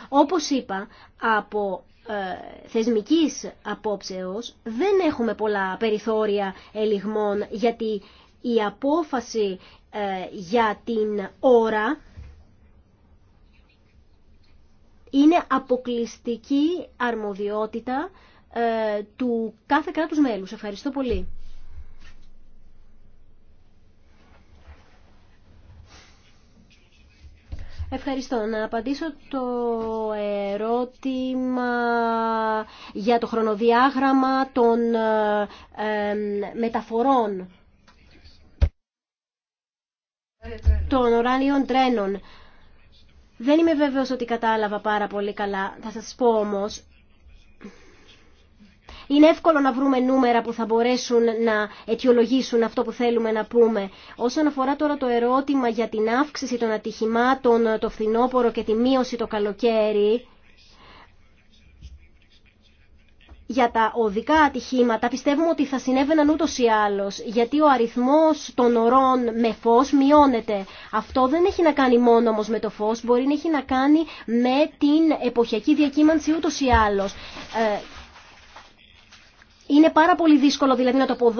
Όπως είπα, από ε, θεσμικής απόψεως δεν έχουμε πολλά περιθώρια ελιγμών γιατί η απόφαση ε, για την ώρα είναι αποκλειστική αρμοδιότητα ε, του κάθε κράτους μέλους. Ευχαριστώ πολύ. Ευχαριστώ. Να απαντήσω το ερώτημα για το χρονοδιάγραμμα των ε, μεταφορών των οράνιων τρένων. Δεν είμαι βέβαιος ότι κατάλαβα πάρα πολύ καλά. Θα σας πω όμως είναι εύκολο να βρούμε νούμερα που θα μπορέσουν να αιτιολογήσουν αυτό που θέλουμε να πούμε. Όσον αφορά τώρα το ερώτημα για την αύξηση των ατυχημάτων το φθινόπωρο και τη μείωση το καλοκαίρι, για τα οδικά ατυχήματα πιστεύουμε ότι θα συνέβαιναν ούτω ή άλλω, γιατί ο αριθμό των ορών με φω μειώνεται. Αυτό δεν έχει να κάνει μόνο όμω με το φω, μπορεί να έχει να κάνει με την εποχιακή διακύμανση ούτω ή άλλω. Ε, είναι πάρα πολύ δύσκολο δηλαδή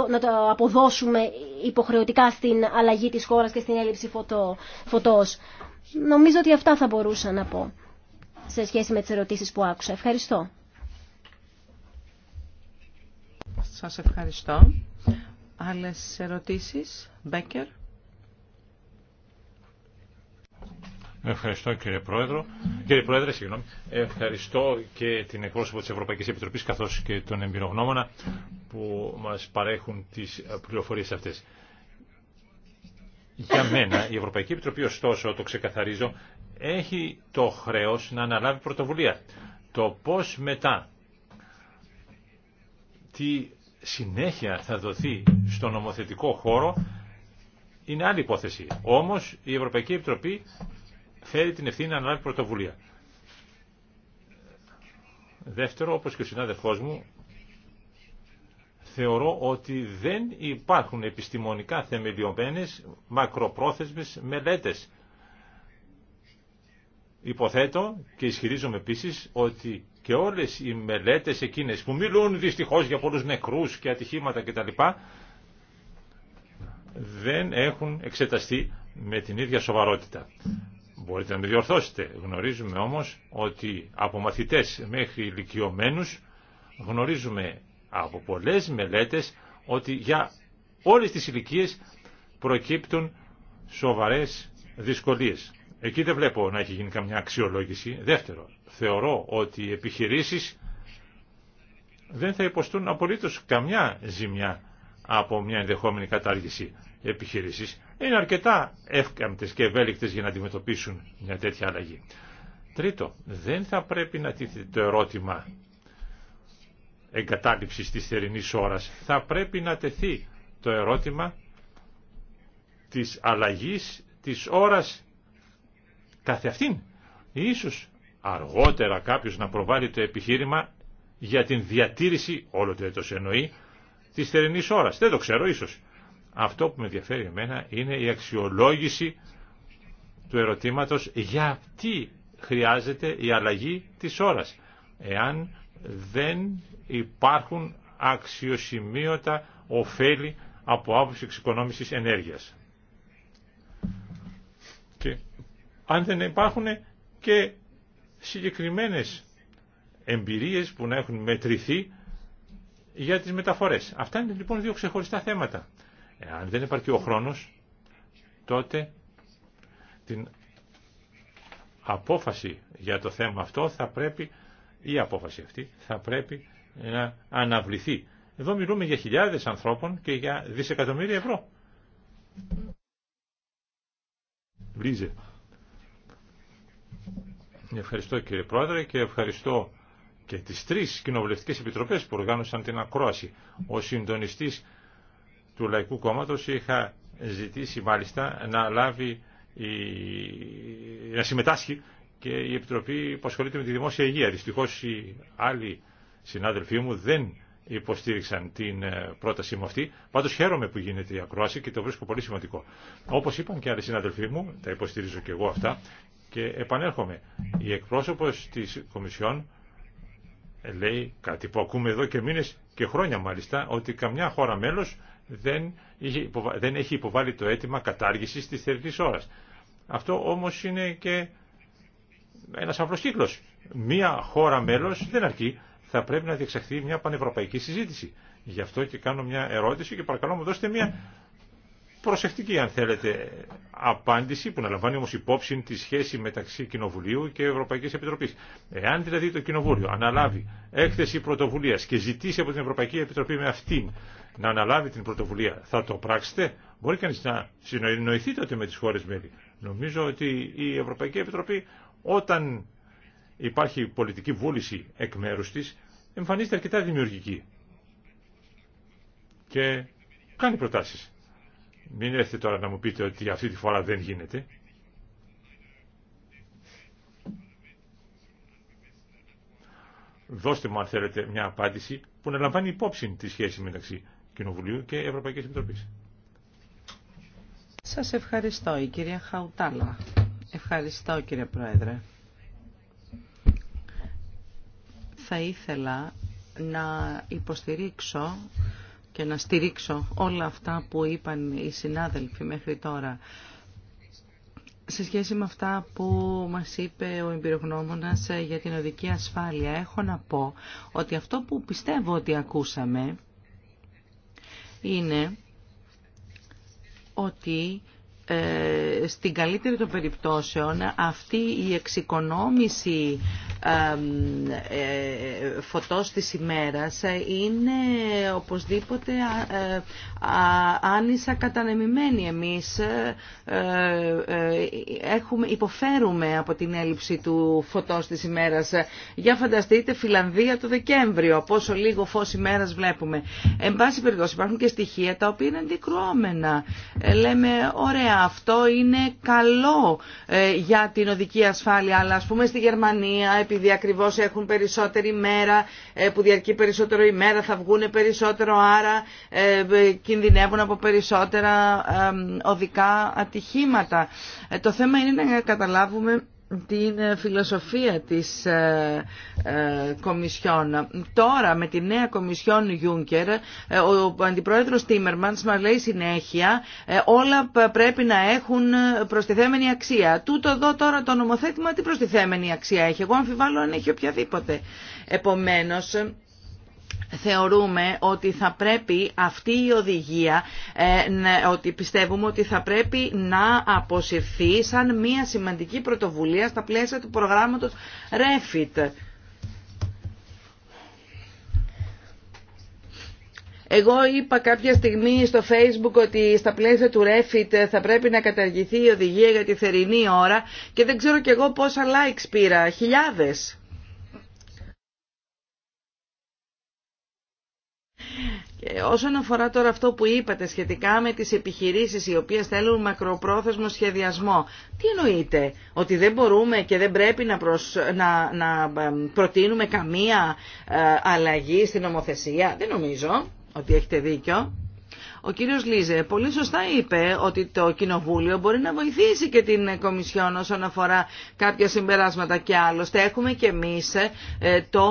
να το, αποδώσουμε υποχρεωτικά στην αλλαγή της χώρας και στην έλλειψη φωτό... φωτός. Νομίζω ότι αυτά θα μπορούσα να πω σε σχέση με τις ερωτήσεις που άκουσα. Ευχαριστώ. Σας ευχαριστώ. Άλλες ερωτήσεις, Μπέκερ. Ευχαριστώ κύριε Πρόεδρο. Κύριε Πρόεδρε, συγγνώμη. Ευχαριστώ και την εκπρόσωπο της Ευρωπαϊκής Επιτροπής καθώς και τον εμπειρογνώμονα που μας παρέχουν τις πληροφορίες αυτές. Για μένα η Ευρωπαϊκή Επιτροπή ωστόσο, το ξεκαθαρίζω, έχει το χρέος να αναλάβει πρωτοβουλία. Το πώς μετά, τι συνέχεια θα δοθεί στο νομοθετικό χώρο είναι άλλη υπόθεση. Όμως η Ευρωπαϊκή Επιτροπή φέρει την ευθύνη να αναλάβει πρωτοβουλία. Δεύτερο, όπως και ο συνάδελφός μου, θεωρώ ότι δεν υπάρχουν επιστημονικά θεμελιωμένες μακροπρόθεσμες μελέτες. Υποθέτω και ισχυρίζομαι επίσης ότι και όλες οι μελέτες εκείνες που μιλούν δυστυχώς για πολλούς νεκρούς και ατυχήματα κτλ δεν έχουν εξεταστεί με την ίδια σοβαρότητα. Μπορείτε να με διορθώσετε. Γνωρίζουμε όμως ότι από μαθητές μέχρι ηλικιωμένους γνωρίζουμε από πολλές μελέτες ότι για όλες τις ηλικίε προκύπτουν σοβαρές δυσκολίες. Εκεί δεν βλέπω να έχει γίνει καμιά αξιολόγηση. Δεύτερο, θεωρώ ότι οι επιχειρήσεις δεν θα υποστούν απολύτως καμιά ζημιά από μια ενδεχόμενη κατάργηση επιχειρήσεις είναι αρκετά εύκαμπτες και ευέλικτες για να αντιμετωπίσουν μια τέτοια αλλαγή. Τρίτο, δεν θα πρέπει να τίθεται το ερώτημα εγκατάλειψης της θερινής ώρας. Θα πρέπει να τεθεί το ερώτημα της αλλαγής της ώρας καθε αυτήν. Ίσως αργότερα κάποιος να προβάλλει το επιχείρημα για την διατήρηση, όλο το έτος εννοεί, της θερινής ώρας. Δεν το ξέρω ίσως. Αυτό που με ενδιαφέρει εμένα είναι η αξιολόγηση του ερωτήματος γιατί χρειάζεται η αλλαγή της ώρας. Εάν δεν υπάρχουν αξιοσημείωτα ωφέλη από άποψη εξοικονόμησης ενέργειας. Και αν δεν υπάρχουν και συγκεκριμένες εμπειρίες που να έχουν μετρηθεί για τις μεταφορές. Αυτά είναι λοιπόν δύο ξεχωριστά θέματα αν δεν υπάρχει ο χρόνος, τότε την απόφαση για το θέμα αυτό θα πρέπει, η απόφαση αυτή θα πρέπει να αναβληθεί. Εδώ μιλούμε για χιλιάδες ανθρώπων και για δισεκατομμύρια ευρώ. Βρίζε. Ευχαριστώ κύριε Πρόεδρε και ευχαριστώ και τις τρεις κοινοβουλευτικές επιτροπές που οργάνωσαν την ακρόαση. Ο συντονιστής του Λαϊκού Κόμματος είχα ζητήσει μάλιστα να λάβει η... να συμμετάσχει και η Επιτροπή που ασχολείται με τη δημόσια υγεία. Δυστυχώ οι άλλοι συνάδελφοί μου δεν υποστήριξαν την ε, πρότασή μου αυτή. Πάντω χαίρομαι που γίνεται η ακρόαση και το βρίσκω πολύ σημαντικό. Όπω είπαν και άλλοι συνάδελφοί μου, τα υποστηρίζω και εγώ αυτά, και επανέρχομαι. Η εκπρόσωπο τη Κομισιόν λέει κάτι που ακούμε εδώ και μήνε και χρόνια μάλιστα, ότι καμιά χώρα μέλο δεν, δεν έχει υποβάλει το αίτημα κατάργησης της θερινής ώρας. Αυτό όμως είναι και ένας απλός κύκλος. Μία χώρα μέλος δεν αρκεί. Θα πρέπει να διεξαχθεί μια πανευρωπαϊκή συζήτηση. Γι' αυτό και κάνω μια ερώτηση και παρακαλώ μου δώστε μια προσεκτική αν θέλετε απάντηση που να λαμβάνει όμως υπόψη τη σχέση μεταξύ Κοινοβουλίου και Ευρωπαϊκής Επιτροπής. Εάν δηλαδή το Κοινοβούλιο αναλάβει έκθεση πρωτοβουλίας και ζητήσει από την Ευρωπαϊκή Επιτροπή με αυτήν να αναλάβει την πρωτοβουλία, θα το πράξετε. Μπορεί κανείς να συνοηθεί τότε με τις χώρες μέλη. Νομίζω ότι η Ευρωπαϊκή Επιτροπή όταν υπάρχει πολιτική βούληση εκ μέρους της εμφανίζεται αρκετά δημιουργική και κάνει προτάσεις. Μην έρθετε τώρα να μου πείτε ότι αυτή τη φορά δεν γίνεται. Δώστε μου αν θέλετε μια απάντηση που να λαμβάνει υπόψη τη σχέση μεταξύ Κοινοβουλίου και Ευρωπαϊκής Επιτροπής. Σας ευχαριστώ η κυρία Χαουτάλα. Ευχαριστώ κύριε Πρόεδρε. Θα ήθελα να υποστηρίξω και να στηρίξω όλα αυτά που είπαν οι συνάδελφοι μέχρι τώρα. Σε σχέση με αυτά που μας είπε ο εμπειρογνώμονας ε, για την οδική ασφάλεια, έχω να πω ότι αυτό που πιστεύω ότι ακούσαμε είναι ότι ε, στην καλύτερη των περιπτώσεων αυτή η εξοικονόμηση ε, φωτός της ημέρας ε, είναι οπωσδήποτε ε, άνισα κατανεμημένη. Εμείς έχουμε, υποφέρουμε από την έλλειψη του φωτός της ημέρας. Για φανταστείτε Φιλανδία το Δεκέμβριο, πόσο λίγο φως ημέρας βλέπουμε. Εν πάση περιπτώσει υπάρχουν και στοιχεία τα οποία είναι αντικρουόμενα. Λέμε ωραία αυτό είναι καλό για την οδική ασφάλεια, αλλά ας πούμε στη Γερμανία επειδή ακριβώς έχουν περισσότερη μέρα ε, που διαρκεί περισσότερο ημέρα, θα βγουν περισσότερο άρα ε, κινδυνεύουν από περισσότερα ε, οδικά ατυχήματα. Το θέμα είναι να καταλάβουμε την ε, φιλοσοφία της ε, ε, Κομισιόν. Τώρα με τη νέα Κομισιόν Γιούνκερ, ε, ο Αντιπρόεδρος Τίμερμαντς μας λέει συνέχεια όλα πρέπει να έχουν προστιθέμενη αξία. Τούτο εδώ τώρα το νομοθέτημα τι προστιθέμενη αξία έχει. Εγώ αμφιβάλλω αν έχει οποιαδήποτε. Επομένως θεωρούμε ότι θα πρέπει αυτή η οδηγία, ε, ότι πιστεύουμε ότι θα πρέπει να αποσυρθεί σαν μια σημαντική πρωτοβουλία στα πλαίσια του προγράμματος REFIT. Εγώ είπα κάποια στιγμή στο facebook ότι στα πλαίσια του Refit θα πρέπει να καταργηθεί η οδηγία για τη θερινή ώρα και δεν ξέρω κι εγώ πόσα likes πήρα, χιλιάδες. Και όσον αφορά τώρα αυτό που είπατε σχετικά με τις επιχειρήσεις οι οποίες θέλουν μακροπρόθεσμο σχεδιασμό, τι εννοείτε, ότι δεν μπορούμε και δεν πρέπει να, να, να προτείνουμε καμία ε, αλλαγή στην νομοθεσία. Δεν νομίζω ότι έχετε δίκιο. Ο κύριος Λίζε πολύ σωστά είπε ότι το Κοινοβούλιο μπορεί να βοηθήσει και την Κομισιόν όσον αφορά κάποια συμπεράσματα και άλλωστε έχουμε και εμείς ε, το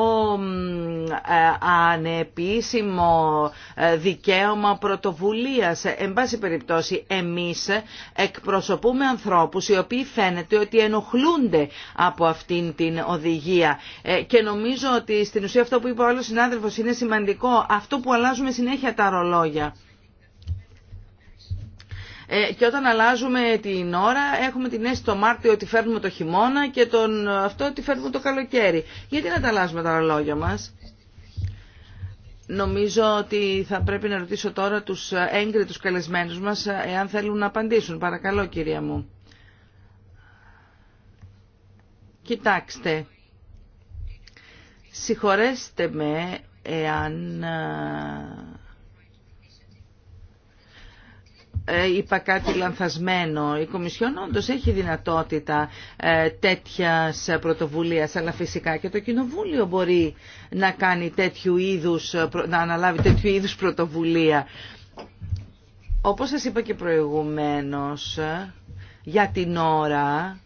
ε, ανεπίσημο ε, δικαίωμα πρωτοβουλίας. Εν πάση περιπτώσει εμείς εκπροσωπούμε ανθρώπους οι οποίοι φαίνεται ότι ενοχλούνται από αυτήν την οδηγία και νομίζω ότι στην ουσία αυτό που είπε ο άλλος συνάδελφος είναι σημαντικό αυτό που αλλάζουμε συνέχεια τα ρολόγια. Ε, και όταν αλλάζουμε την ώρα έχουμε την αίσθηση το Μάρτιο ότι φέρνουμε το χειμώνα και τον, αυτό ότι φέρνουμε το καλοκαίρι. Γιατί να τα αλλάζουμε τα ρολόγια μας. Νομίζω ότι θα πρέπει να ρωτήσω τώρα τους έγκριτους καλεσμένους μας εάν θέλουν να απαντήσουν. Παρακαλώ κυρία μου. Κοιτάξτε. Συγχωρέστε με εάν Ε, είπα κάτι λανθασμένο. Η Κομισιόν όντω έχει δυνατότητα ε, τέτοια πρωτοβουλία, αλλά φυσικά και το Κοινοβούλιο μπορεί να, κάνει τέτοιου είδους, να αναλάβει τέτοιου είδου πρωτοβουλία. Όπως σας είπα και προηγουμένως, για την ώρα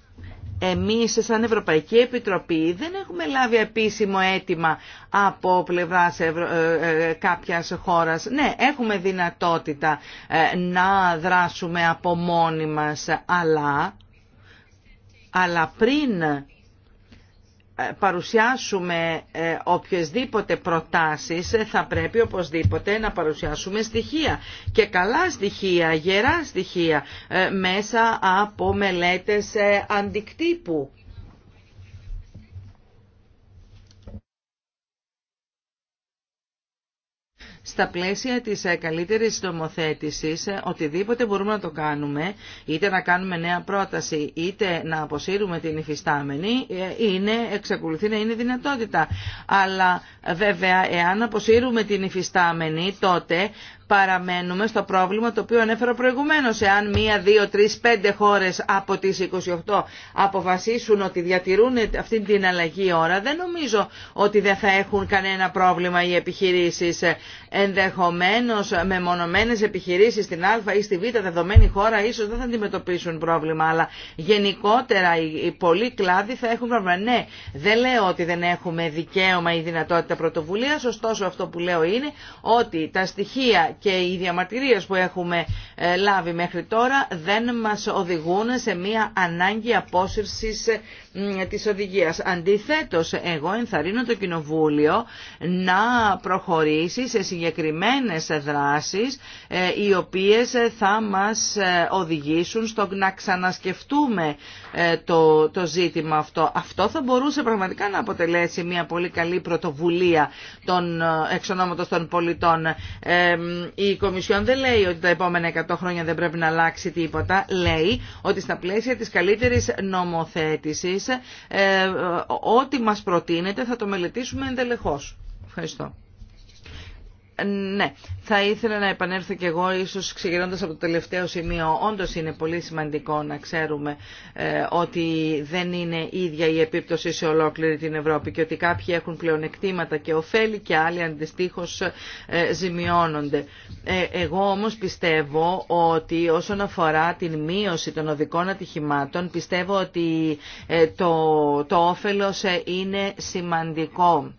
εμείς σαν Ευρωπαϊκή Επιτροπή δεν έχουμε λάβει επίσημο αίτημα από πλευράς ε, ε, κάποιας χώρας. Ναι, έχουμε δυνατότητα ε, να δράσουμε από μόνοι μας, αλλά, αλλά πριν ε, παρουσιάσουμε ε, οποιασδήποτε προτάσεις ε, θα πρέπει οπωσδήποτε να παρουσιάσουμε στοιχεία και καλά στοιχεία, γερά στοιχεία μέσα από μελέτες αντικτύπου. στα πλαίσια της ε, καλύτερης νομοθέτησης ε, οτιδήποτε μπορούμε να το κάνουμε, είτε να κάνουμε νέα πρόταση, είτε να αποσύρουμε την υφιστάμενη, ε, είναι, εξακολουθεί να είναι δυνατότητα. Αλλά βέβαια, εάν αποσύρουμε την υφιστάμενη, τότε παραμένουμε στο πρόβλημα το οποίο ανέφερα προηγουμένως. Εάν μία, δύο, τρεις, πέντε χώρες από τις 28 αποφασίσουν ότι διατηρούν αυτή την αλλαγή ώρα, δεν νομίζω ότι δεν θα έχουν κανένα πρόβλημα οι επιχειρήσεις. Ενδεχομένως με μονομένες επιχειρήσεις στην Α ή στη Β δεδομένη χώρα ίσως δεν θα αντιμετωπίσουν πρόβλημα, αλλά γενικότερα οι πολλοί κλάδοι θα έχουν πρόβλημα. Ναι, δεν λέω ότι δεν έχουμε δικαίωμα ή δυνατότητα πρωτοβουλίας, ωστόσο αυτό που λέω είναι ότι τα στοιχεία και οι διαμαρτυρίες που έχουμε ε, λάβει μέχρι τώρα δεν μας οδηγούν σε μια ανάγκη απόσυρσης ε, της οδηγίας. Αντιθέτως, εγώ ενθαρρύνω το Κοινοβούλιο να προχωρήσει σε συγκεκριμένες δράσεις ε, οι οποίες θα μας οδηγήσουν στο να ξανασκεφτούμε το, το ζήτημα αυτό. Αυτό θα μπορούσε πραγματικά να αποτελέσει μια πολύ καλή πρωτοβουλία των εξονόματος των πολιτών η Κομισιόν δεν λέει ότι τα επόμενα 100 χρόνια δεν πρέπει να αλλάξει τίποτα. Λέει ότι στα πλαίσια της καλύτερης νομοθέτησης ό,τι μας προτείνεται θα το μελετήσουμε εντελεχώς. Ευχαριστώ. Ναι, θα ήθελα να επανέλθω και εγώ ίσως ξεκινώντας από το τελευταίο σημείο. Όντως είναι πολύ σημαντικό να ξέρουμε ε, ότι δεν είναι ίδια η επίπτωση σε ολόκληρη την Ευρώπη και ότι κάποιοι έχουν πλεονεκτήματα και ωφέλη και άλλοι αντιστοίχω ε, ζημιώνονται. Ε, εγώ όμως πιστεύω ότι όσον αφορά την μείωση των οδικών ατυχημάτων πιστεύω ότι ε, το, το όφελος είναι σημαντικό.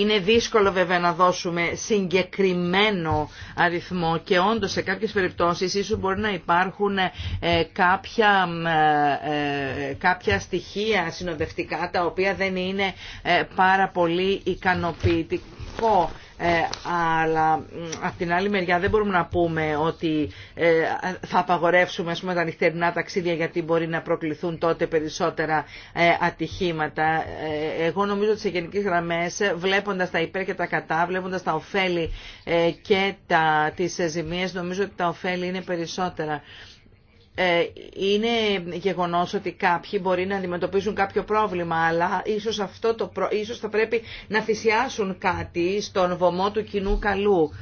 Είναι δύσκολο βέβαια να δώσουμε συγκεκριμένο αριθμό και όντως σε κάποιες περιπτώσεις ίσως μπορεί να υπάρχουν ε, κάποια, ε, ε, κάποια στοιχεία συνοδευτικά τα οποία δεν είναι πάρα πολύ ικανοποιητικό ε, αλλά από την άλλη μεριά δεν μπορούμε να πούμε ότι ε, θα απαγορεύσουμε πούμε, τα νυχτερινά ταξίδια γιατί μπορεί να προκληθούν τότε περισσότερα ε, ατυχήματα. Εγώ νομίζω ότι σε γενικέ γραμμέ, βλέποντα τα υπέρ και τα κατά, βλέποντα τα ωφέλη και τι τις νομίζω ότι τα ωφέλη είναι περισσότερα. Ε, είναι γεγονός ότι κάποιοι μπορεί να αντιμετωπίσουν κάποιο πρόβλημα, αλλά ίσως, αυτό το ίσως θα πρέπει να θυσιάσουν κάτι στον βωμό του κοινού καλού.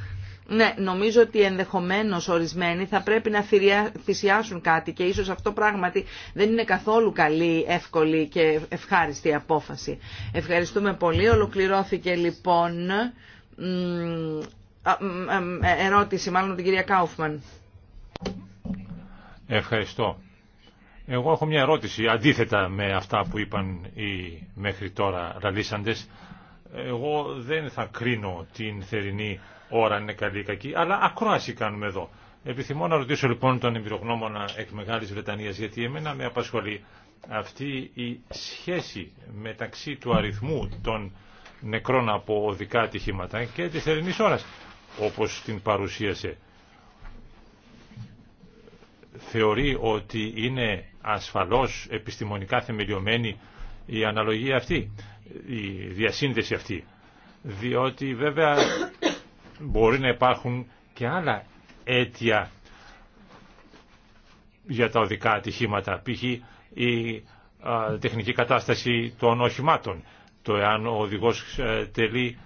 Ναι, νομίζω ότι ενδεχομένως ορισμένοι θα πρέπει να θυσιάσουν κάτι και ίσως αυτό πράγματι δεν είναι καθόλου καλή, εύκολη και ευχάριστη απόφαση. Ευχαριστούμε πολύ. Ολοκληρώθηκε λοιπόν ε, ερώτηση μάλλον την κυρία Κάουφμαν. Ευχαριστώ. Εγώ έχω μια ερώτηση αντίθετα με αυτά που είπαν οι μέχρι τώρα ραλίσαντες. Εγώ δεν θα κρίνω την θερινή ώρα είναι καλή ή κακή, αλλά ακρόαση κάνουμε εδώ. Επιθυμώ να ρωτήσω λοιπόν τον εμπειρογνώμονα εκ Μεγάλης Βρετανίας, γιατί εμένα με απασχολεί αυτή η σχέση μεταξύ του αριθμού των νεκρών από οδικά ατυχήματα και της θερινής ώρας, όπως την παρουσίασε θεωρεί ότι είναι ασφαλώς επιστημονικά θεμελιωμένη η αναλογία αυτή, η διασύνδεση αυτή. Διότι βέβαια μπορεί να υπάρχουν και άλλα αίτια για τα οδικά ατυχήματα, π.χ. η τεχνική κατάσταση των οχημάτων, το εάν ο οδηγός ε, τελεί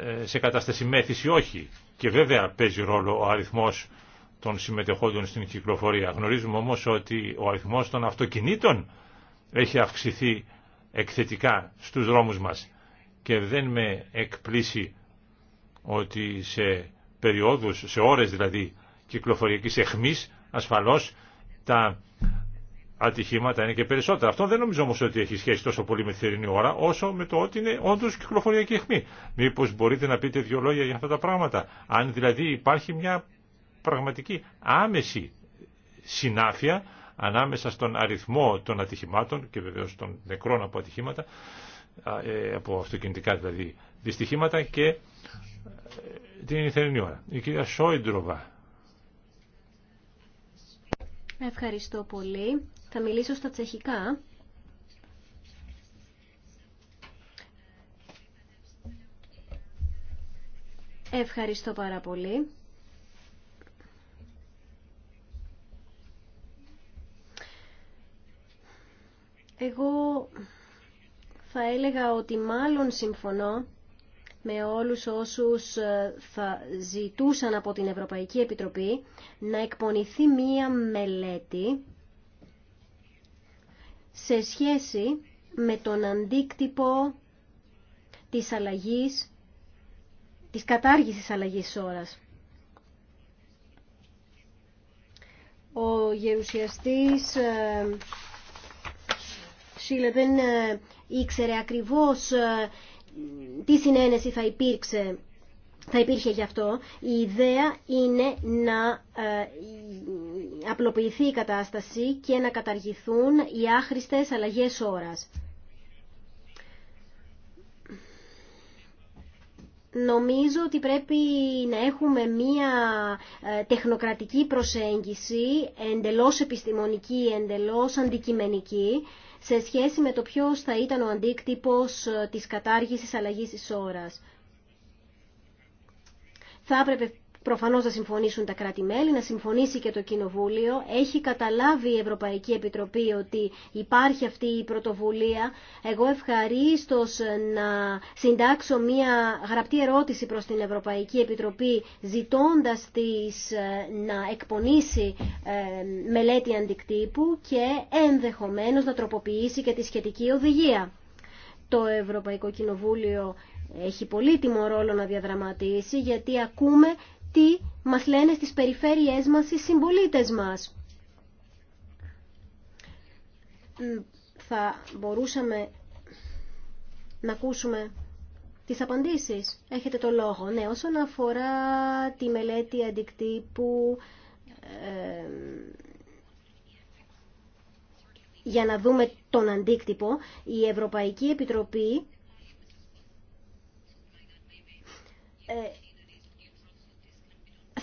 ε, σε κατάσταση μέθηση όχι. Και βέβαια παίζει ρόλο ο αριθμός των συμμετεχόντων στην κυκλοφορία. Γνωρίζουμε όμως ότι ο αριθμός των αυτοκινήτων έχει αυξηθεί εκθετικά στους δρόμους μας και δεν με εκπλήσει ότι σε περιόδους, σε ώρες δηλαδή κυκλοφοριακής εχμής ασφαλώς τα ατυχήματα είναι και περισσότερα. Αυτό δεν νομίζω όμως ότι έχει σχέση τόσο πολύ με τη θερινή ώρα όσο με το ότι είναι όντως κυκλοφοριακή αιχμή. Μήπως μπορείτε να πείτε δύο λόγια για αυτά τα πράγματα. Αν δηλαδή υπάρχει μια πραγματική άμεση συνάφεια ανάμεσα στον αριθμό των ατυχημάτων και βεβαίως των νεκρών από ατυχήματα, ε, από αυτοκινητικά δηλαδή δυστυχήματα και ε, την ηθερινή ώρα. Η κυρία Σόιντροβα. Ευχαριστώ πολύ. Θα μιλήσω στα τσεχικά. Ευχαριστώ πάρα πολύ. Εγώ θα έλεγα ότι μάλλον συμφωνώ με όλους όσους ε, θα ζητούσαν από την Ευρωπαϊκή Επιτροπή να εκπονηθεί μία μελέτη σε σχέση με τον αντίκτυπο της αλλαγής, της κατάργησης αλλαγής ώρας. Ο γερουσιαστής ε, Σίλε δεν ε, ήξερε ακριβώς ε, τι συνένεση θα υπήρξε θα υπήρχε γι' αυτό. Η ιδέα είναι να ε, απλοποιηθεί η κατάσταση και να καταργηθούν οι άχρηστες αλλαγές ώρας. Νομίζω ότι πρέπει να έχουμε μία τεχνοκρατική προσέγγιση, εντελώς επιστημονική, εντελώς αντικειμενική, σε σχέση με το ποιος θα ήταν ο αντίκτυπος ε, της κατάργησης αλλαγής της ώρας. Θα έπρεπε Προφανώς να συμφωνήσουν τα κράτη-μέλη, να συμφωνήσει και το Κοινοβούλιο. Έχει καταλάβει η Ευρωπαϊκή Επιτροπή ότι υπάρχει αυτή η πρωτοβουλία. Εγώ ευχαρίστως να συντάξω μία γραπτή ερώτηση προς την Ευρωπαϊκή Επιτροπή ζητώντας της ε, να εκπονήσει ε, μελέτη αντικτύπου και ενδεχομένως να τροποποιήσει και τη σχετική οδηγία. Το Ευρωπαϊκό Κοινοβούλιο έχει πολύτιμο ρόλο να διαδραματίσει γιατί ακούμε τι μας λένε στις περιφέρειές μας οι συμπολίτες μας. Θα μπορούσαμε να ακούσουμε τις απαντήσεις. Έχετε το λόγο. Ναι, όσον αφορά τη μελέτη αντικτύπου, για να δούμε τον αντίκτυπο, η Ευρωπαϊκή Επιτροπή ε,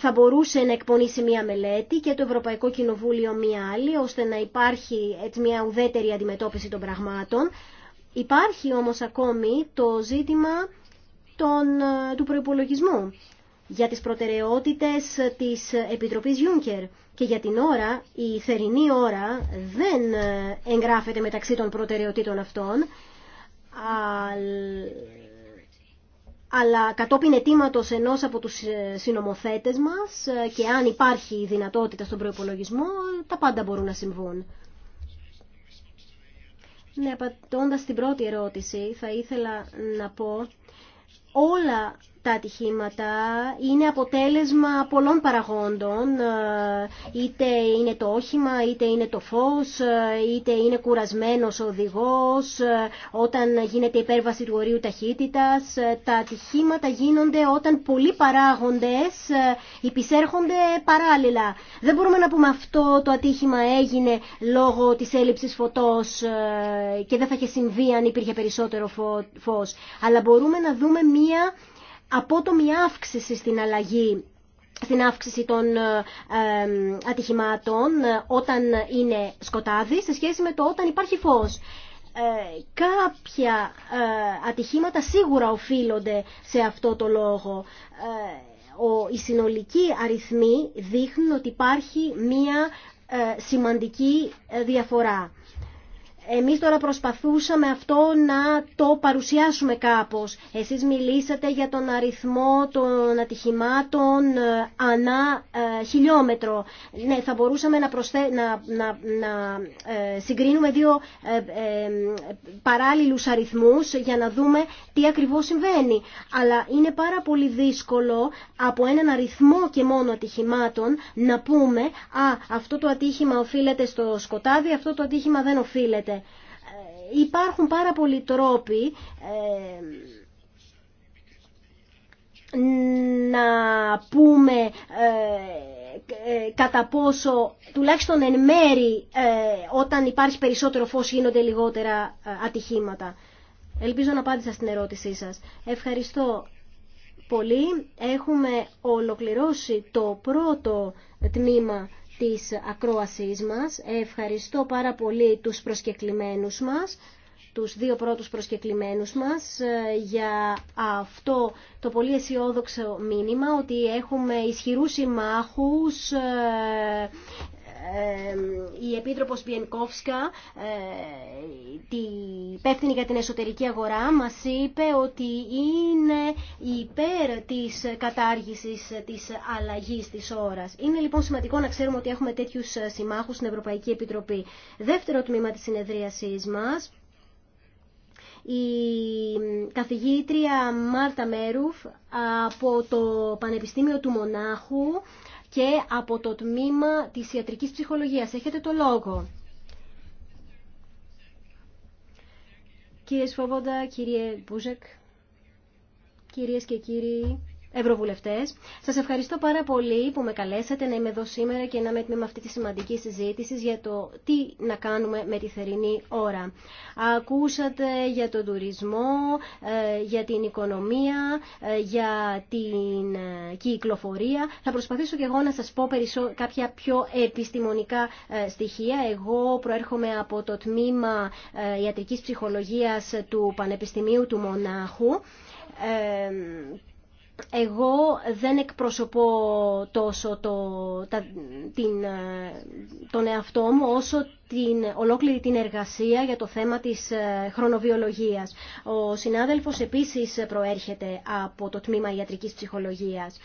θα μπορούσε να εκπονήσει μία μελέτη και το Ευρωπαϊκό Κοινοβούλιο μία άλλη, ώστε να υπάρχει έτσι, μια ουδέτερη μια ουδετερη αντιμετωπιση των πραγμάτων. Υπάρχει όμως ακόμη το ζήτημα ε, του προϋπολογισμού για τις προτεραιότητες της Επιτροπής Juncker. Και για την ώρα, η θερινή ώρα δεν ε, εγγράφεται μεταξύ των προτεραιοτήτων αυτών, αλλά κατόπιν ετήματος ενός από τους ε, συνομοθέτες μας ε, και αν υπάρχει δυνατότητα στον προϋπολογισμό, τα πάντα μπορούν να συμβούν. Ναι, απαντώντας την πρώτη ερώτηση, θα ήθελα να πω όλα τα ατυχήματα είναι αποτέλεσμα πολλών παραγόντων, ε, είτε είναι το όχημα, είτε είναι το φως, ε, είτε είναι κουρασμένος ο οδηγός, ε, όταν γίνεται υπέρβαση του ορίου ταχύτητας. Τα ατυχήματα γίνονται όταν πολλοί παράγοντες υπησέρχονται παράλληλα. Δεν μπορούμε να πούμε αυτό το ατύχημα έγινε λόγω της έλλειψης φωτός και δεν θα είχε συμβεί αν υπήρχε περισσότερο φως. Αλλά μπορούμε να δούμε μία απότομη αύξηση στην αλλαγή στην αύξηση των ε, ατυχημάτων ε, όταν είναι σκοτάδι σε σχέση με το όταν υπάρχει φως. Ε, κάποια ατυχήματα σίγουρα οφείλονται σε αυτό το λόγο. ο, οι συνολικοί αριθμοί δείχνουν ότι υπάρχει μία σημαντική διαφορά. Εμείς τώρα προσπαθούσαμε αυτό να το παρουσιάσουμε κάπως. Εσείς μιλήσατε για τον αριθμό των ατυχημάτων ε, ανά ε, χιλιόμετρο. Ναι, θα μπορούσαμε να, προσθε... να, να, να ε, συγκρίνουμε δύο ε, ε, παράλληλους αριθμούς για να δούμε τι ακριβώς συμβαίνει. Αλλά είναι πάρα πολύ δύσκολο από έναν αριθμό και μόνο ατυχημάτων να πούμε «Α, αυτό το ατύχημα οφείλεται στο σκοτάδι, αυτό το ατύχημα δεν οφείλεται». Ε, υπάρχουν πάρα πολλοί τρόποι ε, να πούμε ε, κατά πόσο, τουλάχιστον εν μέρη, όταν υπάρχει περισσότερο φως γίνονται λιγότερα ατυχήματα. Ελπίζω να απάντησα στην ερώτησή σας. Ευχαριστώ πολύ. Έχουμε ολοκληρώσει το πρώτο τμήμα της ακρόασής μας. Ευχαριστώ πάρα πολύ τους προσκεκλημένους μας τους δύο πρώτους προσκεκλημένους μας ε, για αυτό το πολύ αισιόδοξο μήνυμα ότι έχουμε ισχυρούς συμμάχους ε, η Επίτροπος Μπιενκόφσκα, ε, τη υπεύθυνη για την εσωτερική αγορά, μας είπε ότι είναι υπέρ της κατάργησης της αλλαγής της ώρας. Είναι λοιπόν σημαντικό να ξέρουμε ότι έχουμε τέτοιους συμμάχους στην Ευρωπαϊκή Επιτροπή. Δεύτερο τμήμα της συνεδρίασής μας, η καθηγήτρια Μάρτα Μέρουφ από το Πανεπιστήμιο του Μονάχου και από το τμήμα της ιατρικής ψυχολογίας. Έχετε το λόγο. Κύριε Σφοβόντα, κύριε Μπούζεκ, κυρίες και κύριοι, Ευρωβουλευτές. σα ευχαριστώ πάρα πολύ που με καλέσατε να είμαι εδώ σήμερα και να είμαι με αυτή τη σημαντική συζήτηση για το τι να κάνουμε με τη θερινή ώρα. Ακούσατε για τον τουρισμό, ε, για την οικονομία, ε, για την ε, κυκλοφορία. Θα προσπαθήσω και εγώ να σας πω κάποια πιο επιστημονικά στοιχεία. Εγώ προέρχομαι από το τμήμα ιατρική ψυχολογία του Πανεπιστημίου του Μονάχου εγώ δεν εκπροσωπώ τόσο το, τα, την, ε, τον εαυτό μου όσο την, ολόκληρη την εργασία για το θέμα της ε, χρονοβιολογίας. Ο συνάδελφος επίσης προέρχεται από το τμήμα ιατρικής ψυχολογίας.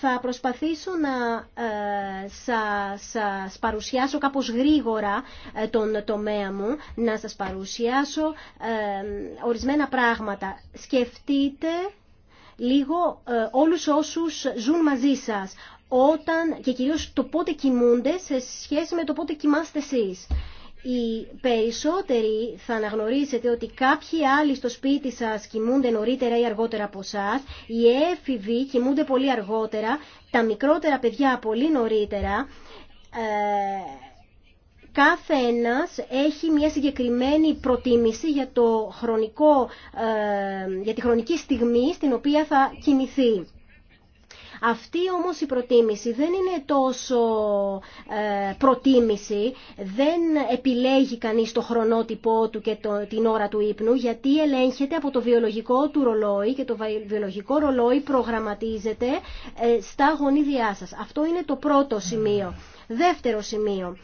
Θα προσπαθήσω να ε, σας, παρουσιάσω κάπως γρήγορα ε, τον τομέα μου, να σας παρουσιάσω ε, ορισμένα πράγματα. Σκεφτείτε λίγο ε, όλους όσους ζουν μαζί σας όταν, και κυρίως το πότε κοιμούνται σε σχέση με το πότε κοιμάστε εσείς. Οι περισσότεροι θα αναγνωρίσετε ότι κάποιοι άλλοι στο σπίτι σας κοιμούνται νωρίτερα ή αργότερα από εσά, οι έφηβοι κοιμούνται πολύ αργότερα, τα μικρότερα παιδιά πολύ νωρίτερα, ε, κάθε ένας έχει μια συγκεκριμένη προτίμηση για, το χρονικό, ε, για τη χρονική στιγμή στην οποία θα κινηθεί. Αυτή όμως η προτίμηση δεν είναι τόσο ε, προτίμηση, δεν επιλέγει κανείς το χρονότυπό του και την ώρα του ύπνου, γιατί ελέγχεται από το βιολογικό του ρολόι και το βιολογικό ρολόι προγραμματίζεται ε, στα γονίδια σας. Αυτό είναι το πρώτο σημείο. Δεύτερο σημείο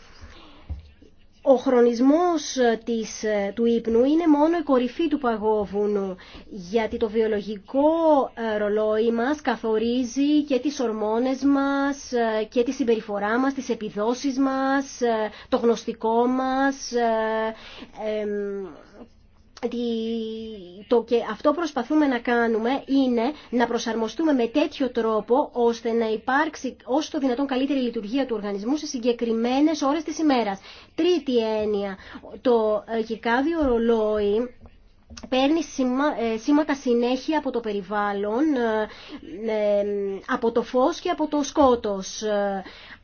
ο χρονισμός ε, της, ε, του ύπνου είναι μόνο η κορυφή του παγόβουνου, γιατί το βιολογικό ε, ρολόι μας καθορίζει και τις ορμόνες μας και τη συμπεριφορά μας, τις επιδόσεις μας, το γνωστικό μας το και αυτό προσπαθούμε να κάνουμε είναι να προσαρμοστούμε με τέτοιο τρόπο ώστε να υπάρξει όσο το δυνατόν καλύτερη λειτουργία του οργανισμού σε συγκεκριμένες ώρες της ημέρας. Τρίτη έννοια, το κυρκάδιο ε, ρολόι παίρνει ε, σήματα συνέχεια από το περιβάλλον, ε, από το φως και από το σκότος.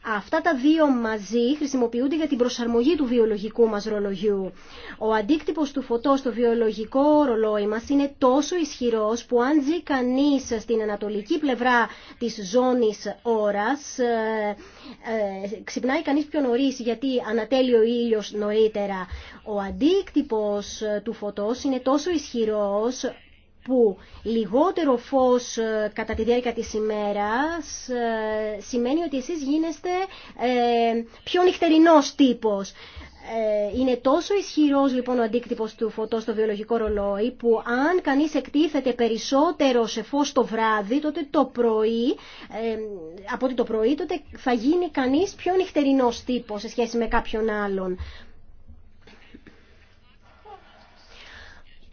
Αυτά τα δύο μαζί χρησιμοποιούνται για την προσαρμογή του βιολογικού μας ρολογιού. Ο αντίκτυπος του φωτός στο βιολογικό ρολόι μας είναι τόσο ισχυρός που αν ζει κανείς στην ανατολική πλευρά της ζώνης ώρας, ε, ε ξυπνάει κανείς πιο νωρίς γιατί ανατέλει ο ήλιος νωρίτερα. Ο αντίκτυπος του φωτός είναι τόσο ισχυρός που λιγότερο φως ε, κατά τη διάρκεια της ημέρας ε, σημαίνει ότι εσείς γίνεστε ε, πιο νυχτερινός τύπος. Είναι τόσο ισχυρός λοιπόν ο αντίκτυπος του φωτός στο βιολογικό ρολόι που αν κανείς εκτίθεται περισσότερο σε φως το βράδυ τότε το πρωί, από ότι το πρωί τότε θα γίνει κανείς πιο νυχτερινός τύπος σε σχέση με κάποιον άλλον.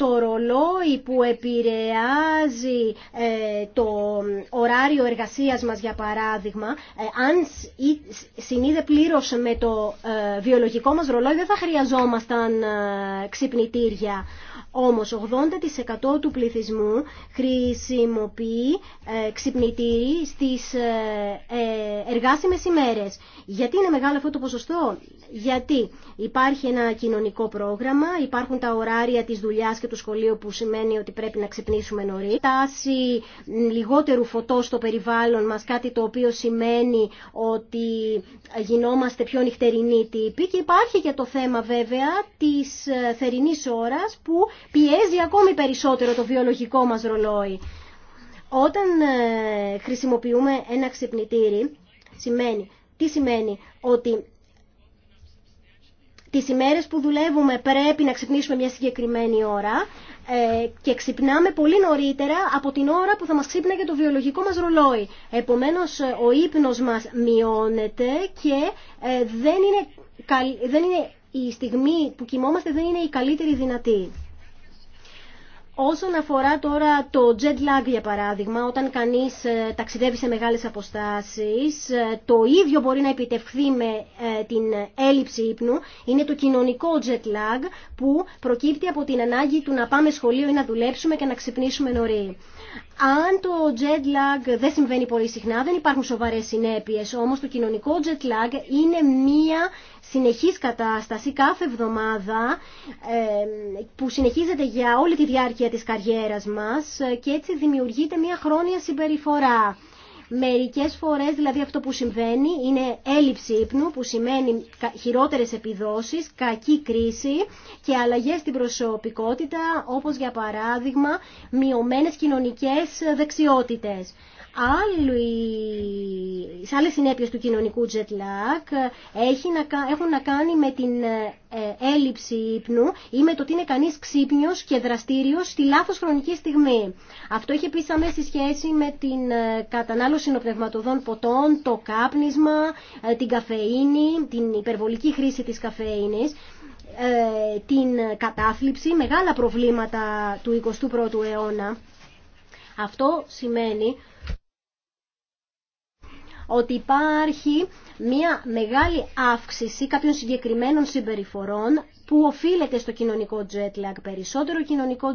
το ρολόι που επηρεάζει ε, το ωράριο εργασίας μας για παράδειγμα, ε, αν συνείδε πλήρως με το ε, βιολογικό μας ρολόι δεν θα χρειαζόμασταν ξυπνητήρια. Όμως 80% του πληθυσμού χρησιμοποιεί ε, ξυπνητήρι στις ε, ε, εργάσιμες ημέρες. Γιατί είναι μεγάλο αυτό το ποσοστό? Γιατί υπάρχει ένα κοινωνικό πρόγραμμα, υπάρχουν τα ωράρια της δουλειάς και του σχολείου που σημαίνει ότι πρέπει να ξυπνήσουμε νωρί. Τάση λιγότερου φωτό στο περιβάλλον μας, κάτι το οποίο σημαίνει ότι γινόμαστε πιο νυχτερινοί τύποι και υπάρχει και το θέμα βέβαια της θερινής ώρας που πιέζει ακόμη περισσότερο το βιολογικό μας ρολόι. Όταν ε, χρησιμοποιούμε ένα ξυπνητήρι, σημαίνει, τι σημαίνει, ότι τις ημέρες που δουλεύουμε πρέπει να ξυπνήσουμε μια συγκεκριμένη ώρα ε, και ξυπνάμε πολύ νωρίτερα από την ώρα που θα μας ξύπνε και το βιολογικό μας ρολόι. Επομένως, ε, ο ύπνος μας μειώνεται και δεν είναι, δεν είναι η στιγμή που κοιμόμαστε δεν είναι η καλύτερη δυνατή. Όσον αφορά τώρα το jet lag για παράδειγμα, όταν κανείς ε, ταξιδεύει σε μεγάλες αποστάσεις, ε, το ίδιο μπορεί να επιτευχθεί με ε, την έλλειψη ύπνου. Είναι το κοινωνικό jet lag που προκύπτει από την ανάγκη του να πάμε σχολείο ή να δουλέψουμε και να ξυπνήσουμε νωρί. Αν το jet lag δεν συμβαίνει πολύ συχνά, δεν υπάρχουν σοβαρές συνέπειες, όμως το κοινωνικό jet lag είναι μία συνεχής κατάσταση κάθε εβδομάδα που συνεχίζεται για όλη τη διάρκεια της καριέρας μας ε, και έτσι δημιουργείται μια χρόνια συμπεριφορά. Μερικές φορές δηλαδή αυτό που συμβαίνει είναι έλλειψη ύπνου που σημαίνει χειρότερες επιδόσεις, κακή κρίση και αλλαγές στην προσωπικότητα όπως για παράδειγμα μειωμένες κοινωνικές δεξιότητες άλλοι, σε άλλες συνέπειες του κοινωνικού jet lag έχει να, έχουν να κάνει με την ε, έλλειψη ύπνου ή με το ότι είναι κανείς ξύπνιος και δραστήριος στη λάθος χρονική στιγμή. Αυτό έχει επίσης αμέσως σχέση με την ε, κατανάλωση νοπνευματοδών ποτών, το κάπνισμα, ε, την καφεΐνη, την υπερβολική χρήση της καφεΐνης την κατάθλιψη, μεγάλα προβλήματα του 21ου αιώνα. Αυτό σημαίνει ότι υπάρχει μια μεγάλη αύξηση κάποιων συγκεκριμένων συμπεριφορών που οφείλεται στο κοινωνικό jet lag. Περισσότερο κοινωνικό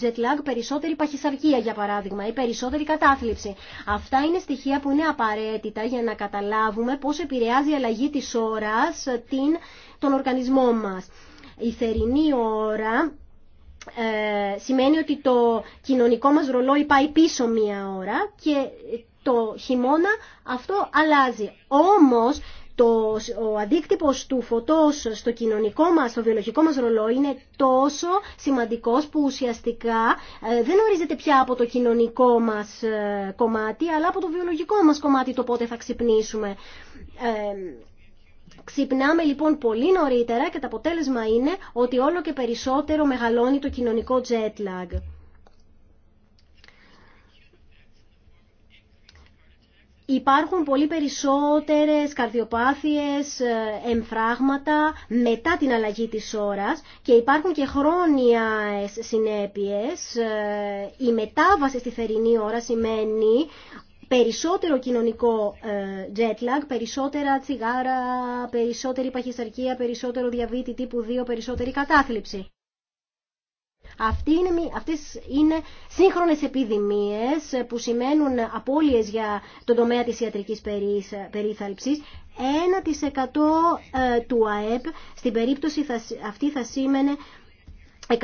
jet lag, περισσότερη παχυσαρκία για παράδειγμα ή περισσότερη κατάθλιψη. Αυτά είναι στοιχεία που είναι απαραίτητα για να καταλάβουμε πώς επηρεάζει η αλλαγή της ώρας ε, την, τον οργανισμό μας. Η θερινή ώρα ε, σημαίνει ότι το κοινωνικό μας ρολόι πάει πίσω μία ώρα και το χειμώνα αυτό αλλάζει. Όμως το, ο αντίκτυπος του φωτός στο κοινωνικό μας, στο βιολογικό μας ρολό είναι τόσο σημαντικός που ουσιαστικά ε, δεν ορίζεται πια από το κοινωνικό μας ε, κομμάτι αλλά από το βιολογικό μας κομμάτι το πότε θα ξυπνήσουμε. Ε, ξυπνάμε λοιπόν πολύ νωρίτερα και το αποτέλεσμα είναι ότι όλο και περισσότερο μεγαλώνει το κοινωνικό jet lag. υπάρχουν πολύ περισσότερες καρδιοπάθειες, ε, εμφράγματα μετά την αλλαγή της ώρας και υπάρχουν και χρόνια συνέπειες. Ε, η μετάβαση στη θερινή ώρα σημαίνει περισσότερο κοινωνικό ε, jet lag, περισσότερα τσιγάρα, περισσότερη παχυσαρκία, περισσότερο διαβήτη τύπου 2, περισσότερη κατάθλιψη. Αυτή είναι, αυτές είναι σύγχρονες επιδημίες που σημαίνουν απώλειες για τον τομέα της ιατρικής περίθαλψης. 1% ε, του ΑΕΠ στην περίπτωση αυτή θα σήμαινε 131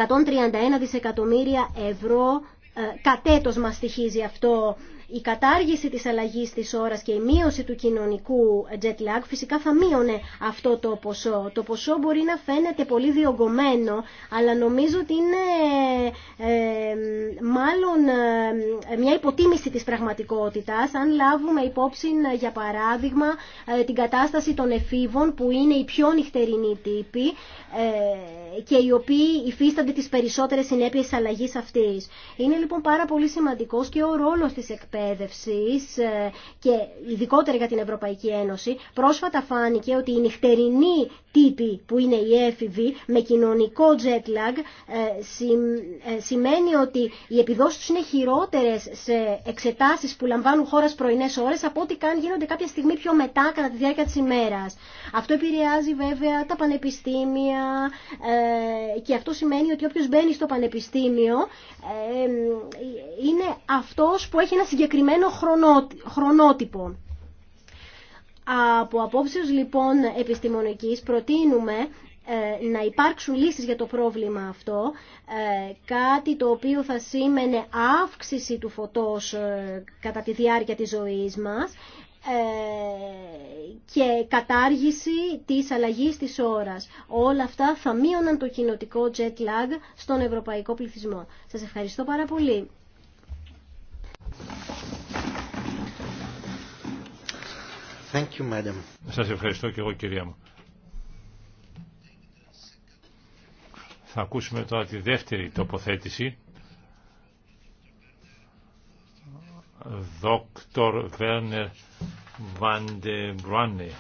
δισεκατομμύρια ευρώ ε, κατέτος μας στοιχίζει αυτό η κατάργηση της αλλαγής της ώρας και η μείωση του κοινωνικού jet lag φυσικά θα μείωνε αυτό το ποσό. Το ποσό μπορεί να φαίνεται πολύ διωγγωμένο, αλλά νομίζω ότι είναι ε, μάλλον ε, μια υποτίμηση της πραγματικότητας, αν λάβουμε υπόψη, για παράδειγμα, ε, την κατάσταση των εφήβων, που είναι οι πιο νυχτερινοί τύποι ε, και οι οποίοι υφίστανται τις περισσότερες συνέπειες της αλλαγής αυτής. Είναι λοιπόν πάρα πολύ σημαντικός και ο ρόλος της εκπαίδευσης ε, και ειδικότερα για την Ευρωπαϊκή Ένωση, πρόσφατα φάνηκε ότι η νυχτερινή τύπη που είναι η έφηβοι με κοινωνικό jet lag ε, ε, σημαίνει ότι οι επιδόσεις τους είναι χειρότερες σε εξετάσεις που λαμβάνουν χώρα πρωινέ πρωινές ώρες από ό,τι καν γίνονται κάποια στιγμή πιο μετά κατά τη διάρκεια της ημέρας. Αυτό επηρεάζει βέβαια τα πανεπιστήμια και αυτό σημαίνει ότι όποιος μπαίνει στο πανεπιστήμιο είναι αυτός που έχει ένα συγκεκριμένο συγκεκριμένο χρονότυπο. Από απόψεως λοιπόν επιστημονικής προτείνουμε ε, να υπάρξουν λύσεις για το πρόβλημα αυτό, ε, κάτι το οποίο θα σήμαινε αύξηση του φωτός ε, κατά τη διάρκεια της ζωής μας και κατάργηση της αλλαγής της ώρας. Όλα αυτά θα μείωναν το κοινοτικό jet lag στον ευρωπαϊκό πληθυσμό. Σας ευχαριστώ πάρα πολύ. Thank you, madam. Σας ευχαριστώ και εγώ κυρία μου. Θα ακούσουμε τώρα τη δεύτερη τοποθέτηση. Δόκτωρ Βέρνερ Βαντεμπράνε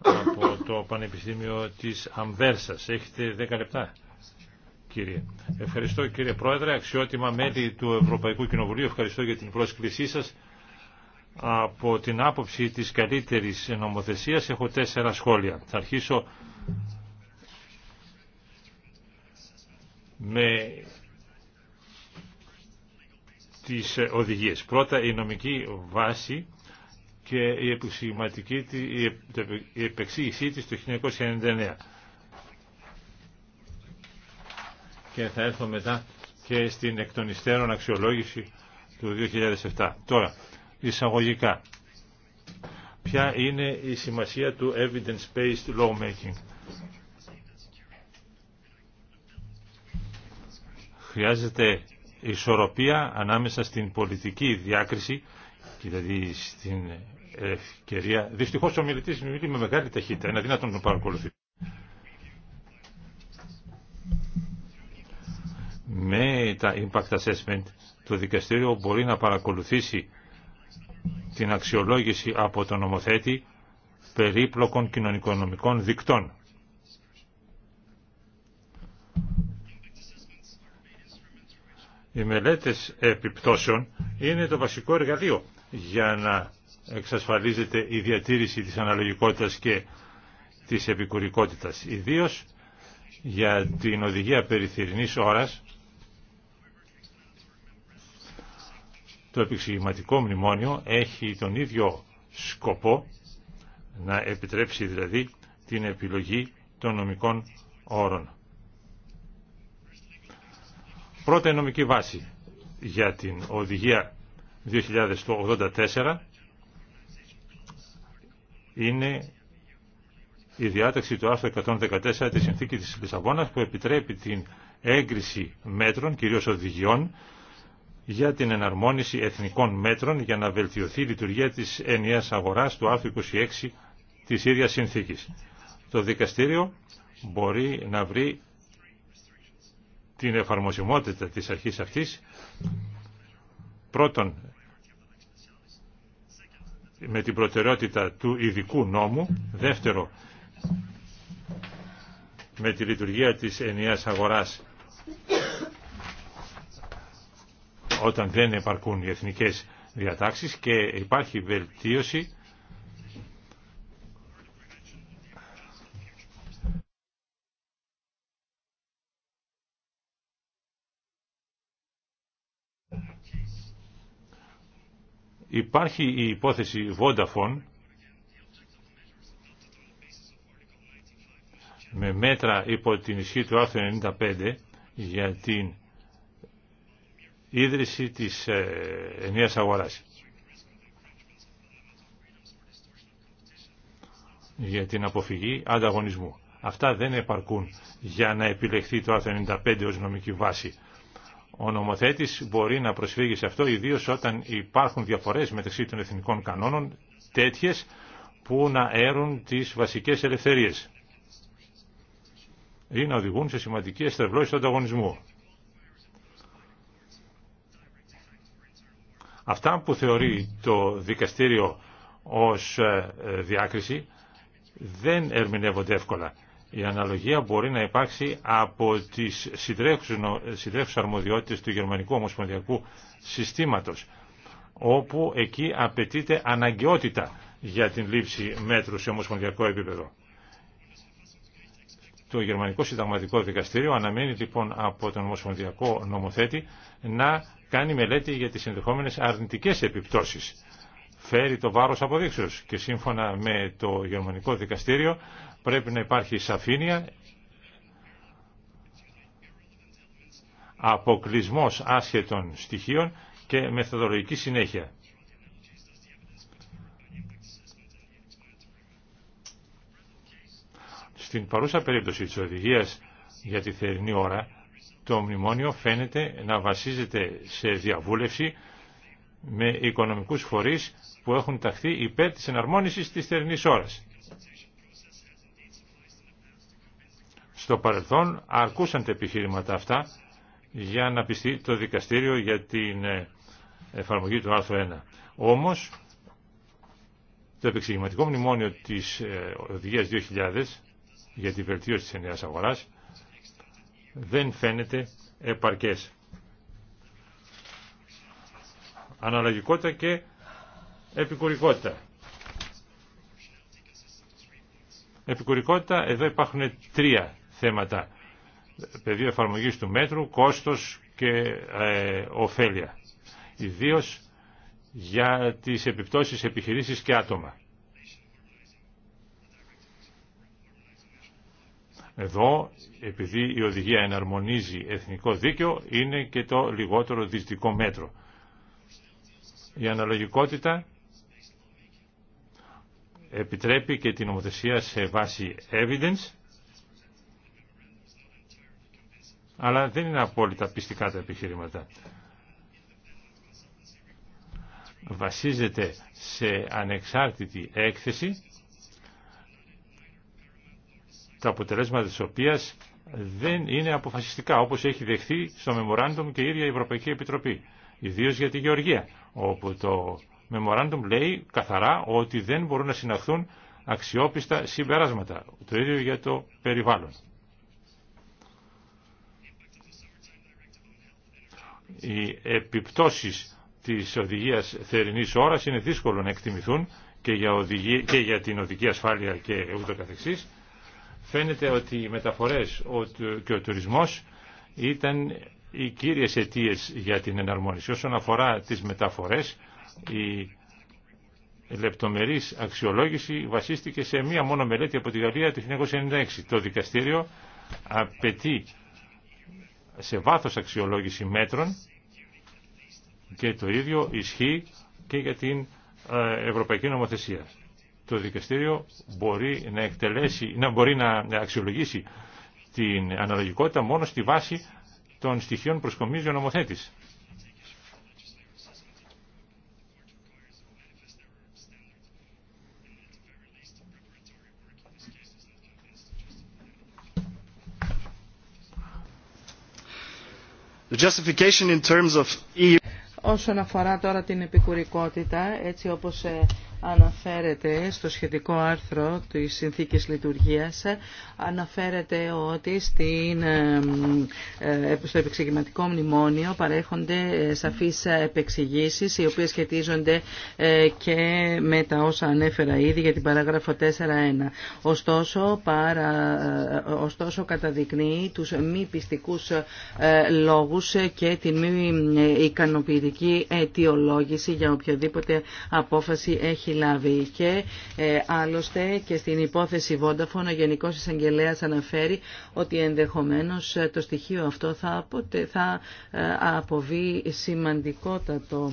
από το Πανεπιστήμιο της Αμβέρσας. Έχετε 10 λεπτά κύριε. Ευχαριστώ κύριε Πρόεδρε, αξιότιμα μέλη του Ευρωπαϊκού Κοινοβουλίου. Ευχαριστώ για την πρόσκλησή σας. Από την άποψη της καλύτερης νομοθεσίας έχω τέσσερα σχόλια. Θα αρχίσω με τις οδηγίες. Πρώτα η νομική βάση και η η επεξήγησή της το 1999. και θα έρθω μετά και στην εκ των υστέρων αξιολόγηση του 2007. Τώρα, εισαγωγικά. Ποια είναι η σημασία του evidence-based lawmaking. Χρειάζεται ισορροπία ανάμεσα στην πολιτική διάκριση, δηλαδή στην ευκαιρία. Δυστυχώς ο μιλητής μιλεί με μεγάλη ταχύτητα, είναι αδύνατον να παρακολουθεί. με τα impact assessment το δικαστήριο μπορεί να παρακολουθήσει την αξιολόγηση από τον νομοθέτη περίπλοκων κοινωνικονομικών δικτών. Οι μελέτες επιπτώσεων είναι το βασικό εργαλείο για να εξασφαλίζεται η διατήρηση της αναλογικότητας και της επικουρικότητας, ιδίως για την οδηγία περιθυρινής ώρας Το επεξηγηματικό μνημόνιο έχει τον ίδιο σκοπό να επιτρέψει δηλαδή την επιλογή των νομικών όρων. Πρώτα η νομική βάση για την οδηγία 2084 είναι η διάταξη του άρθρου 114 της Συνθήκης της Λισαβόνας που επιτρέπει την έγκριση μέτρων, κυρίως οδηγιών, για την εναρμόνιση εθνικών μέτρων για να βελτιωθεί η λειτουργία της ενιαίας αγοράς του άρθρου 26 της ίδιας συνθήκης. Το δικαστήριο μπορεί να βρει την εφαρμοσιμότητα της αρχής αυτής πρώτον με την προτεραιότητα του ειδικού νόμου δεύτερο με τη λειτουργία της ενιαίας αγοράς όταν δεν επαρκούν οι εθνικές διατάξεις και υπάρχει βελτίωση Υπάρχει η υπόθεση Vodafone με μέτρα υπό την ισχύ του άρθρου 95 για την ίδρυση της ε, ενιαίας αγοράς. για την αποφυγή ανταγωνισμού. Αυτά δεν επαρκούν για να επιλεχθεί το άρθρο 95 ως νομική βάση. Ο νομοθέτης μπορεί να προσφύγει σε αυτό, ιδίως όταν υπάρχουν διαφορές μεταξύ των εθνικών κανόνων, τέτοιες που να έρουν τις βασικές ελευθερίες ή να οδηγούν σε σημαντικές στρεβλώσεις του ανταγωνισμού. Αυτά που θεωρεί το δικαστήριο ως ε, διάκριση δεν ερμηνεύονται εύκολα. Η αναλογία μπορεί να υπάρξει από τις συντρέχουσες αρμοδιότητες του Γερμανικού Ομοσπονδιακού Συστήματος, όπου εκεί απαιτείται αναγκαιότητα για την λήψη μέτρου σε ομοσπονδιακό επίπεδο. Το Γερμανικό Συνταγματικό Δικαστήριο αναμένει λοιπόν από τον Ομοσπονδιακό Νομοθέτη να κάνει μελέτη για τις ενδεχόμενες αρνητικές επιπτώσεις. Φέρει το βάρος αποδείξεως και σύμφωνα με το Γερμανικό Δικαστήριο πρέπει να υπάρχει σαφήνεια, αποκλεισμός άσχετων στοιχείων και μεθοδολογική συνέχεια. Στην παρούσα περίπτωση της οδηγίας για τη θερινή ώρα, το μνημόνιο φαίνεται να βασίζεται σε διαβούλευση με οικονομικούς φορείς που έχουν ταχθεί υπέρ της εναρμόνισης της θερινής ώρας. Στο παρελθόν αρκούσαν τα επιχείρηματα αυτά για να πιστεί το δικαστήριο για την ε, εφαρμογή του άρθρου 1. Όμως, το επεξηγηματικό μνημόνιο της ε, οδηγίας 2000 για τη βελτίωση της ενιαίας αγοράς δεν φαίνεται επαρκές. Αναλογικότητα και επικουρικότητα. Επικουρικότητα, εδώ υπάρχουν τρία θέματα. Πεδίο εφαρμογής του μέτρου, κόστος και ε, ωφέλεια. Ιδίως για τις επιπτώσεις επιχειρήσεις και άτομα. Εδώ, επειδή η οδηγία εναρμονίζει εθνικό δίκαιο, είναι και το λιγότερο δυστικό μέτρο. Η αναλογικότητα επιτρέπει και την νομοθεσία σε βάση evidence, αλλά δεν είναι απόλυτα πιστικά τα επιχειρήματα. Βασίζεται σε ανεξάρτητη έκθεση τα αποτελέσματα της οποίας δεν είναι αποφασιστικά, όπως έχει δεχθεί στο Memorandum και η ίδια η Ευρωπαϊκή Επιτροπή, ιδίως για τη Γεωργία, όπου το Memorandum λέει καθαρά ότι δεν μπορούν να συναχθούν αξιόπιστα συμπεράσματα, το ίδιο για το περιβάλλον. Οι επιπτώσεις της οδηγίας θερινής ώρας είναι δύσκολο να εκτιμηθούν και για, και για την οδική ασφάλεια και ούτω καθεξής φαίνεται ότι οι μεταφορές και ο τουρισμός ήταν οι κύριες αιτίε για την εναρμόνιση. Όσον αφορά τις μεταφορές, η λεπτομερής αξιολόγηση βασίστηκε σε μία μόνο μελέτη από τη Γαλλία το 1996. Το δικαστήριο απαιτεί σε βάθος αξιολόγηση μέτρων και το ίδιο ισχύει και για την ε, Ευρωπαϊκή Νομοθεσία το δικαστήριο μπορεί να εκτελέσει, να μπορεί να αξιολογήσει την αναλογικότητα μόνο στη βάση των στοιχείων προσκομίζει ο νομοθέτης. E Όσον αφορά τώρα την επικουρικότητα, έτσι όπως ε, αναφέρεται στο σχετικό άρθρο της Συνθήκης Λειτουργίας, αναφέρεται ότι στην, ε, ε, στο επεξηγηματικό μνημόνιο παρέχονται ε, σαφείς επεξηγήσεις, οι οποίες σχετίζονται και με τα όσα ανέφερα ήδη για την παράγραφο 4.1. Ωστόσο, παρα, ωστόσο καταδεικνύει τους μη πιστικούς λόγους και την μη ικανοποιητική αιτιολόγηση για οποιοδήποτε απόφαση έχει και ε, άλλωστε και στην υπόθεση Vodafone ο Γενικός Εισαγγελέας αναφέρει ότι ενδεχομένως ε, το στοιχείο αυτό θα, θα ε, αποβεί σημαντικότατο.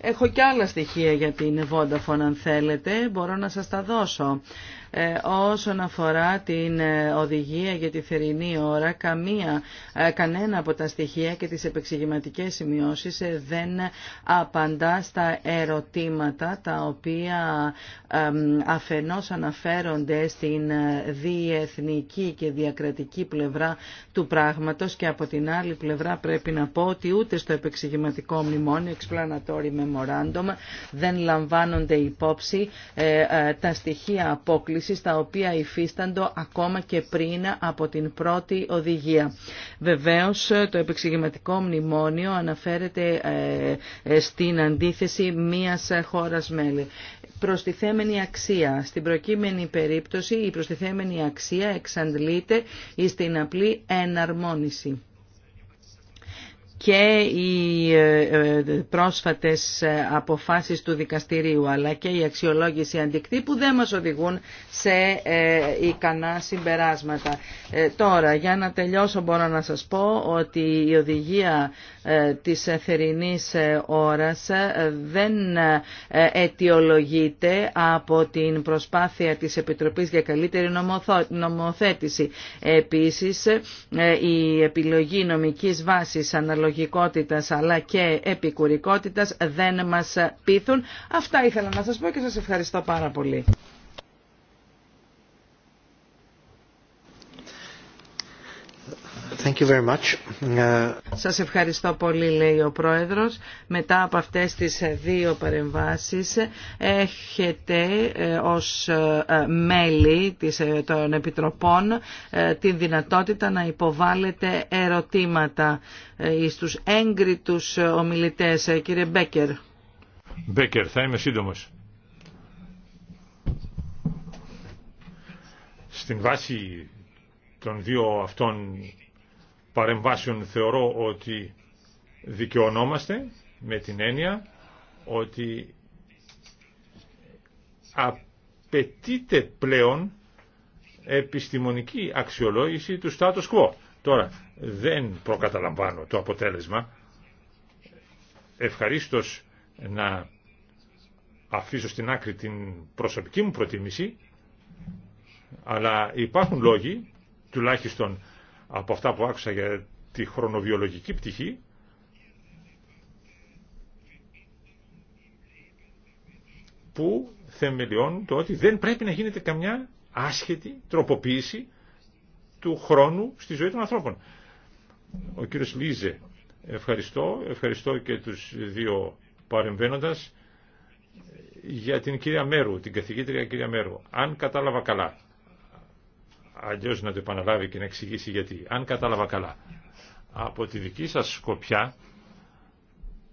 Έχω και άλλα στοιχεία για την Vodafone αν θέλετε, μπορώ να σας τα δώσω. Ε, όσον αφορά την ε, οδηγία για τη θερινή ώρα, καμία, ε, κανένα από τα στοιχεία και τις επεξηγηματικές σημειώσεις δεν απαντά στα ερωτήματα τα οποία αφενός αναφέρονται στην διεθνική και διακρατική πλευρά του πράγματος και από την άλλη πλευρά πρέπει να πω ότι ούτε στο επεξηγηματικό μνημόνιο, explanatory memorandum, δεν λαμβάνονται υπόψη τα στοιχεία απόκληση επιχειρήσεις τα οποία υφίσταντο ακόμα και πριν από την πρώτη οδηγία. Βεβαίως το επεξηγηματικό μνημόνιο αναφέρεται ε, στην αντίθεση μίας χώρας μέλη προστιθέμενη αξία. Στην προκείμενη περίπτωση η προστιθέμενη αξία εξαντλείται στην απλή εναρμόνιση και οι ε, ε, πρόσφατες αποφάσεις του δικαστηρίου αλλά και η αξιολόγηση αντικτύπου δεν μας οδηγούν σε ε, ικανά συμπεράσματα. Τώρα, για να τελειώσω μπορώ να σας πω ότι η οδηγία της θερινής ώρας δεν αιτιολογείται από την προσπάθεια της Επιτροπής για καλύτερη νομοθέτηση. Επίσης, η επιλογή νομικής βάσης αναλογικής αλλά και επικουρικότητας δεν μας πείθουν. Αυτά ήθελα να σας πω και σας ευχαριστώ πάρα πολύ. Thank you uh, Σας ευχαριστώ πολύ, λέει ο Πρόεδρος. Μετά από αυτές τις δύο παρεμβάσεις έχετε ε, ως ε, μέλη ε, των Επιτροπών την δυνατότητα να υποβάλλετε ερωτήματα στους έγκριτους ομιλητές. Κύριε Μπέκερ. Μπέκερ, θα είμαι σύντομος. Στην βάση των δύο αυτών παρεμβάσεων θεωρώ ότι δικαιωνόμαστε με την έννοια ότι απαιτείται πλέον επιστημονική αξιολόγηση του status quo. Τώρα, δεν προκαταλαμβάνω το αποτέλεσμα. Ευχαρίστως να αφήσω στην άκρη την προσωπική μου προτίμηση, αλλά υπάρχουν λόγοι, τουλάχιστον από αυτά που άκουσα για τη χρονοβιολογική πτυχή που θεμελιώνουν το ότι δεν πρέπει να γίνεται καμιά άσχετη τροποποίηση του χρόνου στη ζωή των ανθρώπων. Ο κύριος Λίζε, ευχαριστώ, ευχαριστώ και τους δύο παρεμβαίνοντας για την κυρία Μέρου, την καθηγήτρια κυρία Μέρου. Αν κατάλαβα καλά, Αλλιώ να το επαναλάβει και να εξηγήσει γιατί. Αν κατάλαβα καλά, από τη δική σας σκοπιά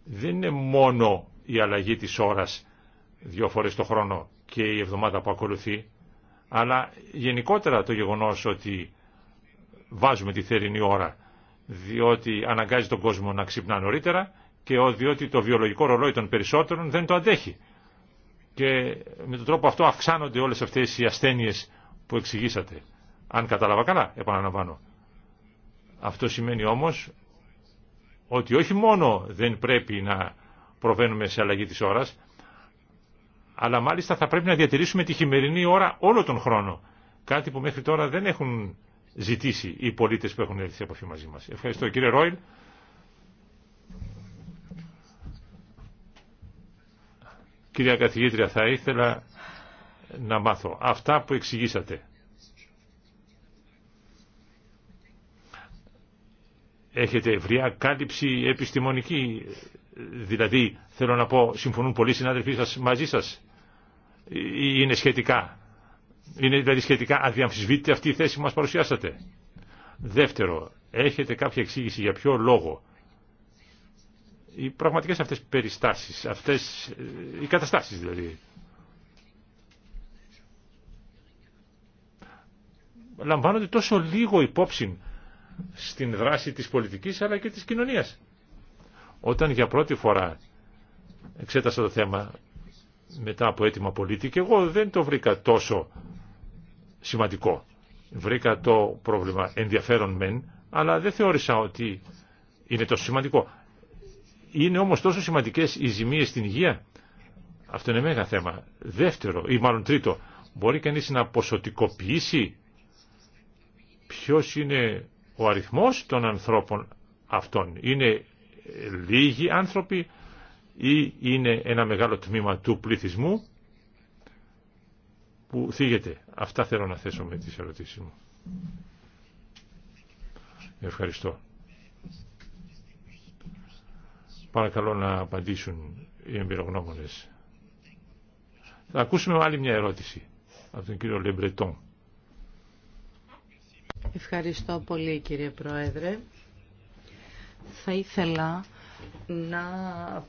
δεν είναι μόνο η αλλαγή της ώρας δύο φορές το χρόνο και η εβδομάδα που ακολουθεί, αλλά γενικότερα το γεγονός ότι βάζουμε τη θερινή ώρα, διότι αναγκάζει τον κόσμο να ξυπνά νωρίτερα και διότι το βιολογικό ρολόι των περισσότερων δεν το αντέχει. Και με τον τρόπο αυτό αυξάνονται όλες αυτές οι ασθένειες που εξηγήσατε. Αν κατάλαβα καλά, επαναλαμβάνω. Αυτό σημαίνει όμως ότι όχι μόνο δεν πρέπει να προβαίνουμε σε αλλαγή της ώρας, αλλά μάλιστα θα πρέπει να διατηρήσουμε τη χειμερινή ώρα όλο τον χρόνο. Κάτι που μέχρι τώρα δεν έχουν ζητήσει οι πολίτες που έχουν έρθει σε επαφή μαζί μας. Ευχαριστώ κύριε Ρόιλ. Κυρία Καθηγήτρια, θα ήθελα να μάθω αυτά που εξηγήσατε. έχετε ευρεία κάλυψη επιστημονική. Δηλαδή, θέλω να πω, συμφωνούν πολλοί συνάδελφοί σας μαζί σας. Είναι σχετικά. Είναι δηλαδή σχετικά αδιαμφισβήτητη αυτή η θέση που μας παρουσιάσατε. Δεύτερο, έχετε κάποια εξήγηση για ποιο λόγο οι πραγματικές αυτές περιστάσεις, αυτές οι καταστάσεις δηλαδή, λαμβάνονται τόσο λίγο υπόψη στην δράση της πολιτικής αλλά και της κοινωνίας. Όταν για πρώτη φορά εξέτασα το θέμα μετά από έτοιμα πολίτη και εγώ δεν το βρήκα τόσο σημαντικό. Βρήκα το πρόβλημα ενδιαφέρον μεν, αλλά δεν θεώρησα ότι είναι τόσο σημαντικό. Είναι όμως τόσο σημαντικές οι ζημίες στην υγεία. Αυτό είναι μέγα θέμα. Δεύτερο ή μάλλον τρίτο, μπορεί κανείς να ποσοτικοποιήσει ποιος είναι ο αριθμός των ανθρώπων αυτών. Είναι λίγοι άνθρωποι ή είναι ένα μεγάλο τμήμα του πληθυσμού που θίγεται. Αυτά θέλω να θέσω με τις ερωτήσεις μου. Ευχαριστώ. Παρακαλώ να απαντήσουν οι εμπειρογνώμονες. Θα ακούσουμε άλλη μια ερώτηση από τον κύριο Λεμπρετόν. Ευχαριστώ πολύ κύριε Πρόεδρε. Θα ήθελα να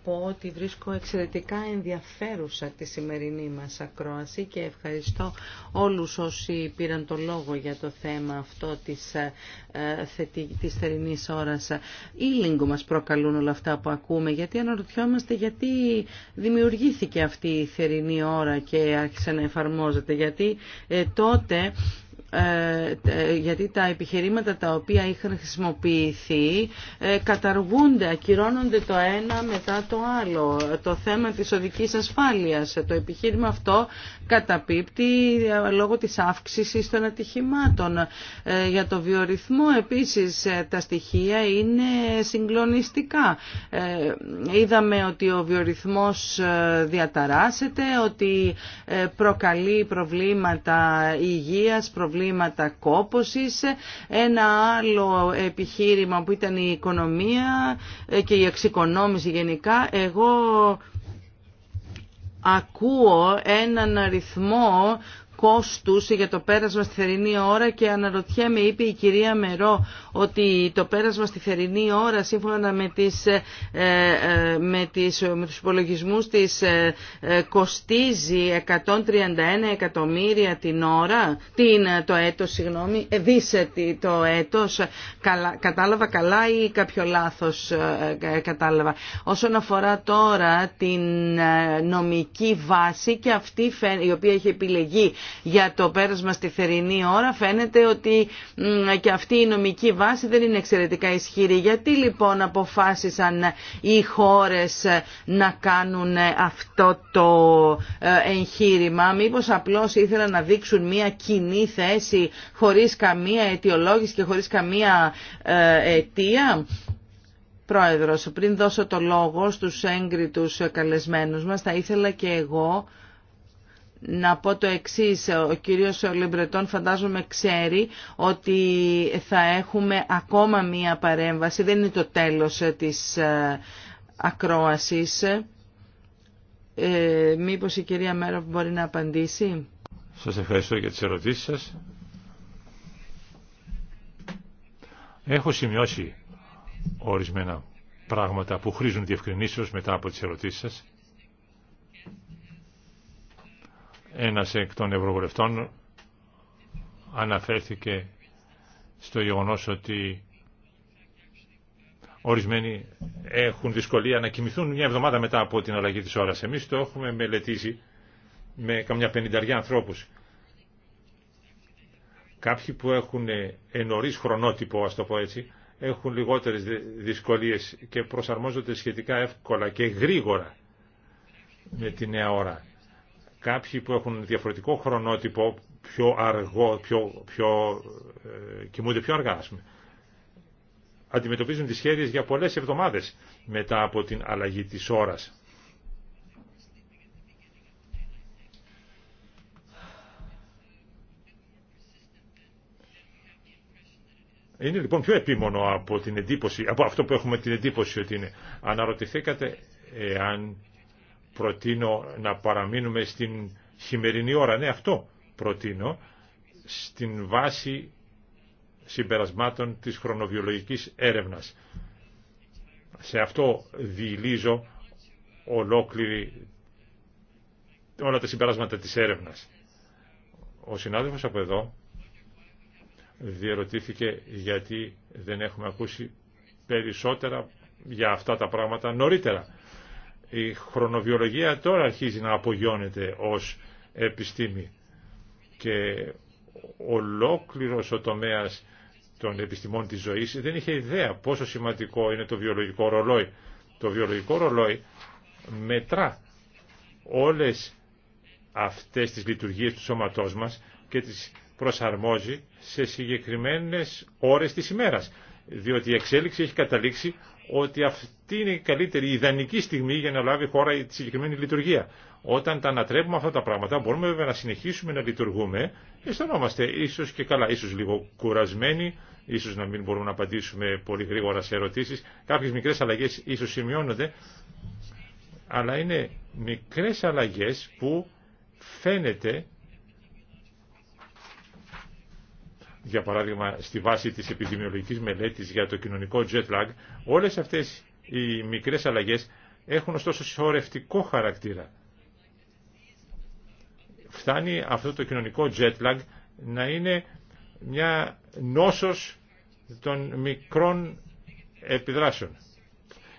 πω ότι βρίσκω εξαιρετικά ενδιαφέρουσα τη σημερινή μας ακρόαση και ευχαριστώ όλους όσοι πήραν το λόγο για το θέμα αυτό της, ε, της θερινής ώρας. Ήλιγκο μας προκαλούν όλα αυτά που ακούμε γιατί αναρωτιόμαστε γιατί δημιουργήθηκε αυτή η θερινή ώρα και άρχισε να εφαρμόζεται γιατί ε, τότε ε, γιατί τα επιχειρήματα τα οποία είχαν χρησιμοποιηθεί ε, καταργούνται, ακυρώνονται το ένα μετά το άλλο. Το θέμα της οδικής ασφάλειας, ε, το επιχείρημα αυτό καταπίπτει λόγω της αύξησης των ατυχημάτων. Για το βιορυθμό επίσης τα στοιχεία είναι συγκλονιστικά. Είδαμε ότι ο βιορυθμός διαταράσσεται, ότι προκαλεί προβλήματα υγείας, προβλήματα προβλήματα κόπωσης. Ένα άλλο επιχείρημα που ήταν η οικονομία ε, και η εξοικονόμηση γενικά. Εγώ ακούω έναν αριθμό κόστους για το πέρασμα στη θερινή ώρα και αναρωτιέμαι, είπε η κυρία Μερό, ότι το πέρασμα στη θερινή ώρα σύμφωνα με, τις, ε, ε, με, τις, με τους υπολογισμούς της ε, κοστίζει 131 εκατομμύρια την ώρα, την, το έτος, συγγνώμη, δίσετη το έτος, καλά, κατάλαβα καλά Όσον αφορά τώρα την νομική βάση και αυτή η οποία έχει επιλεγεί για το πέρασμα στη θερινή ώρα φαίνεται ότι και αυτή η νομική βάση δεν είναι εξαιρετικά ισχυρή. Γιατί λοιπόν αποφάσισαν οι χώρες να κάνουν αυτό το ε, εγχείρημα. Μήπως απλώς ήθελαν να δείξουν μια κοινή θέση χωρίς καμία αιτιολόγηση και χωρίς καμία ε, αιτία. Πρόεδρος, πριν δώσω το λόγο στους έγκριτους καλεσμένους μας, θα ήθελα και εγώ να πω το εξή. ο κύριος Λεμπρετών φαντάζομαι ξέρει ότι θα έχουμε ακόμα μία παρέμβαση, δεν είναι το τέλος ε, της ε, ακρόασης. Ε, μήπως η κυρία Μέροφ μπορεί να απαντήσει. Σας ευχαριστώ για τις ερωτήσεις σας. Έχω σημειώσει ορισμένα πράγματα που χρήζουν διευκρινήσεως μετά από τις ερωτήσεις σας. Ένας εκ των ευρωβουλευτών αναφέρθηκε στο γεγονό ότι ορισμένοι έχουν δυσκολία να κοιμηθούν μια εβδομάδα μετά από την αλλαγή της ώρας. Εμείς το έχουμε μελετήσει με καμιά πενηνταριά ανθρώπους. Κάποιοι που έχουν ενωρίς χρονότυπο, ας το πω έτσι, έχουν λιγότερες δυσκολίες και προσαρμόζονται σχετικά εύκολα και γρήγορα με τη νέα ώρα κάποιοι που έχουν διαφορετικό χρονότυπο, πιο αργό, πιο, πιο, ε, κοιμούνται πιο αργά, πούμε. Αντιμετωπίζουν τις σχέδιες για πολλές εβδομάδες μετά από την αλλαγή της ώρας. Είναι λοιπόν πιο επίμονο από την εντύπωση, από αυτό που έχουμε την εντύπωση ότι είναι. Αναρωτηθήκατε εάν προτείνω να παραμείνουμε στην χειμερινή ώρα. Ναι, αυτό προτείνω στην βάση συμπερασμάτων της χρονοβιολογικής έρευνας. Σε αυτό διηλίζω ολόκληρη όλα τα συμπεράσματα της έρευνας. Ο συνάδελφος από εδώ διερωτήθηκε γιατί δεν έχουμε ακούσει περισσότερα για αυτά τα πράγματα νωρίτερα. Η χρονοβιολογία τώρα αρχίζει να απογειώνεται ως επιστήμη και ολόκληρος ο τομέας των επιστημών της ζωής δεν είχε ιδέα πόσο σημαντικό είναι το βιολογικό ρολόι. Το βιολογικό ρολόι μετρά όλες αυτές τις λειτουργίες του σώματός μας και τις προσαρμόζει σε συγκεκριμένες ώρες της ημέρας. Διότι η εξέλιξη έχει καταλήξει ότι αυτή είναι η καλύτερη, η ιδανική στιγμή για να λάβει η χώρα τη συγκεκριμένη λειτουργία. Όταν τα ανατρέπουμε αυτά τα πράγματα, μπορούμε βέβαια να συνεχίσουμε να λειτουργούμε. Αισθανόμαστε ίσω και καλά, ίσω λίγο κουρασμένοι, ίσω να μην μπορούμε να απαντήσουμε πολύ γρήγορα σε ερωτήσει. Κάποιε μικρέ αλλαγέ ίσω σημειώνονται, αλλά είναι μικρέ αλλαγέ που φαίνεται για παράδειγμα στη βάση της επιδημιολογικής μελέτης για το κοινωνικό jet lag, όλες αυτές οι μικρές αλλαγές έχουν ωστόσο σωρευτικό χαρακτήρα. Φτάνει αυτό το κοινωνικό jet lag να είναι μια νόσος των μικρών επιδράσεων.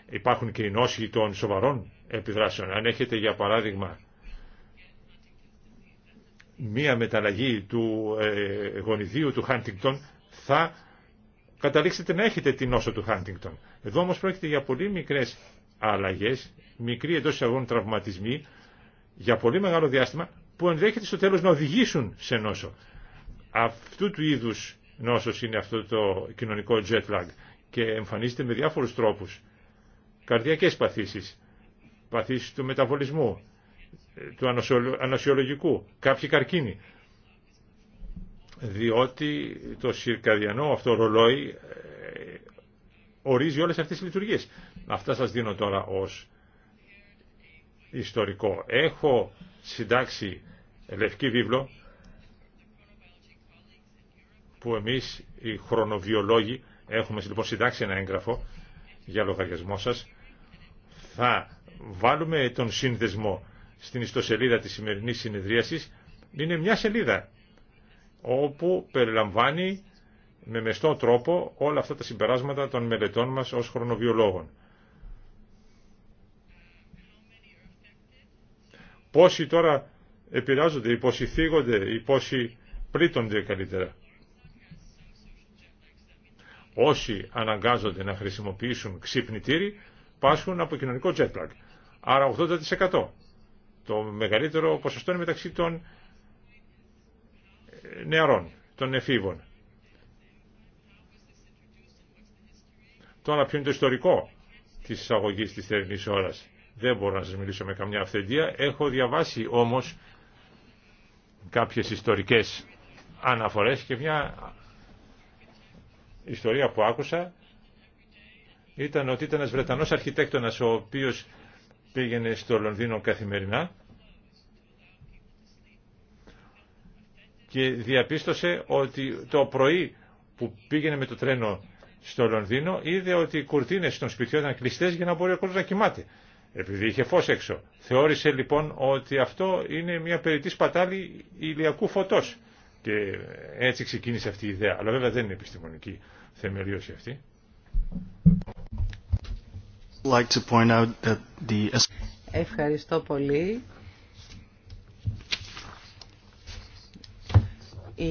Υπάρχουν και οι νόσοι των σοβαρών επιδράσεων. Αν έχετε για παράδειγμα μία μεταλλαγή του ε, γονιδίου του Χάντιγκτον θα καταλήξετε να έχετε την νόσο του Χάντιγκτον. Εδώ όμως πρόκειται για πολύ μικρές αλλαγές, μικροί εντός εισαγών τραυματισμοί για πολύ μεγάλο διάστημα που ενδέχεται στο τέλος να οδηγήσουν σε νόσο. Αυτού του είδους νόσος είναι αυτό το κοινωνικό jet lag και εμφανίζεται με διάφορους τρόπους. Καρδιακές παθήσεις, παθήσεις του μεταβολισμού, του ανοσιολογικού, κάποιοι καρκίνοι. Διότι το σιρκαδιανό αυτό ρολόι ε, ορίζει όλες αυτές τις λειτουργίες. Αυτά σας δίνω τώρα ως ιστορικό. Έχω συντάξει λευκή βίβλο που εμείς οι χρονοβιολόγοι έχουμε λοιπόν συντάξει ένα έγγραφο για λογαριασμό σας. Θα βάλουμε τον σύνδεσμο στην ιστοσελίδα της σημερινής συνεδρίασης είναι μια σελίδα όπου περιλαμβάνει με μεστό τρόπο όλα αυτά τα συμπεράσματα των μελετών μας ως χρονοβιολόγων. Πόσοι τώρα επηρεάζονται ή πόσοι θίγονται ή πόσοι πλήττονται καλύτερα. Όσοι αναγκάζονται να χρησιμοποιήσουν ξύπνητήρι πάσχουν από κοινωνικό jetlag. Άρα 80%. Το μεγαλύτερο ποσοστό είναι μεταξύ των ε, νεαρών, των εφήβων. Τώρα ποιο είναι το ιστορικό της εισαγωγής της θερινής ώρας. Δεν μπορώ να σας μιλήσω με καμιά αυθεντία. Έχω διαβάσει όμως κάποιες ιστορικές αναφορές και μια ιστορία που άκουσα ήταν ότι ήταν ένας Βρετανός αρχιτέκτονας ο οποίος πήγαινε στο Λονδίνο καθημερινά και διαπίστωσε ότι το πρωί που πήγαινε με το τρένο στο Λονδίνο είδε ότι οι κουρτίνες των σπιτιών ήταν κλειστές για να μπορεί ο κόσμος να κοιμάται επειδή είχε φως έξω. Θεώρησε λοιπόν ότι αυτό είναι μια περιττή σπατάλη ηλιακού φωτός. Και έτσι ξεκίνησε αυτή η ιδέα. Αλλά βέβαια δεν είναι επιστημονική θεμελίωση αυτή. Ευχαριστώ πολύ. Η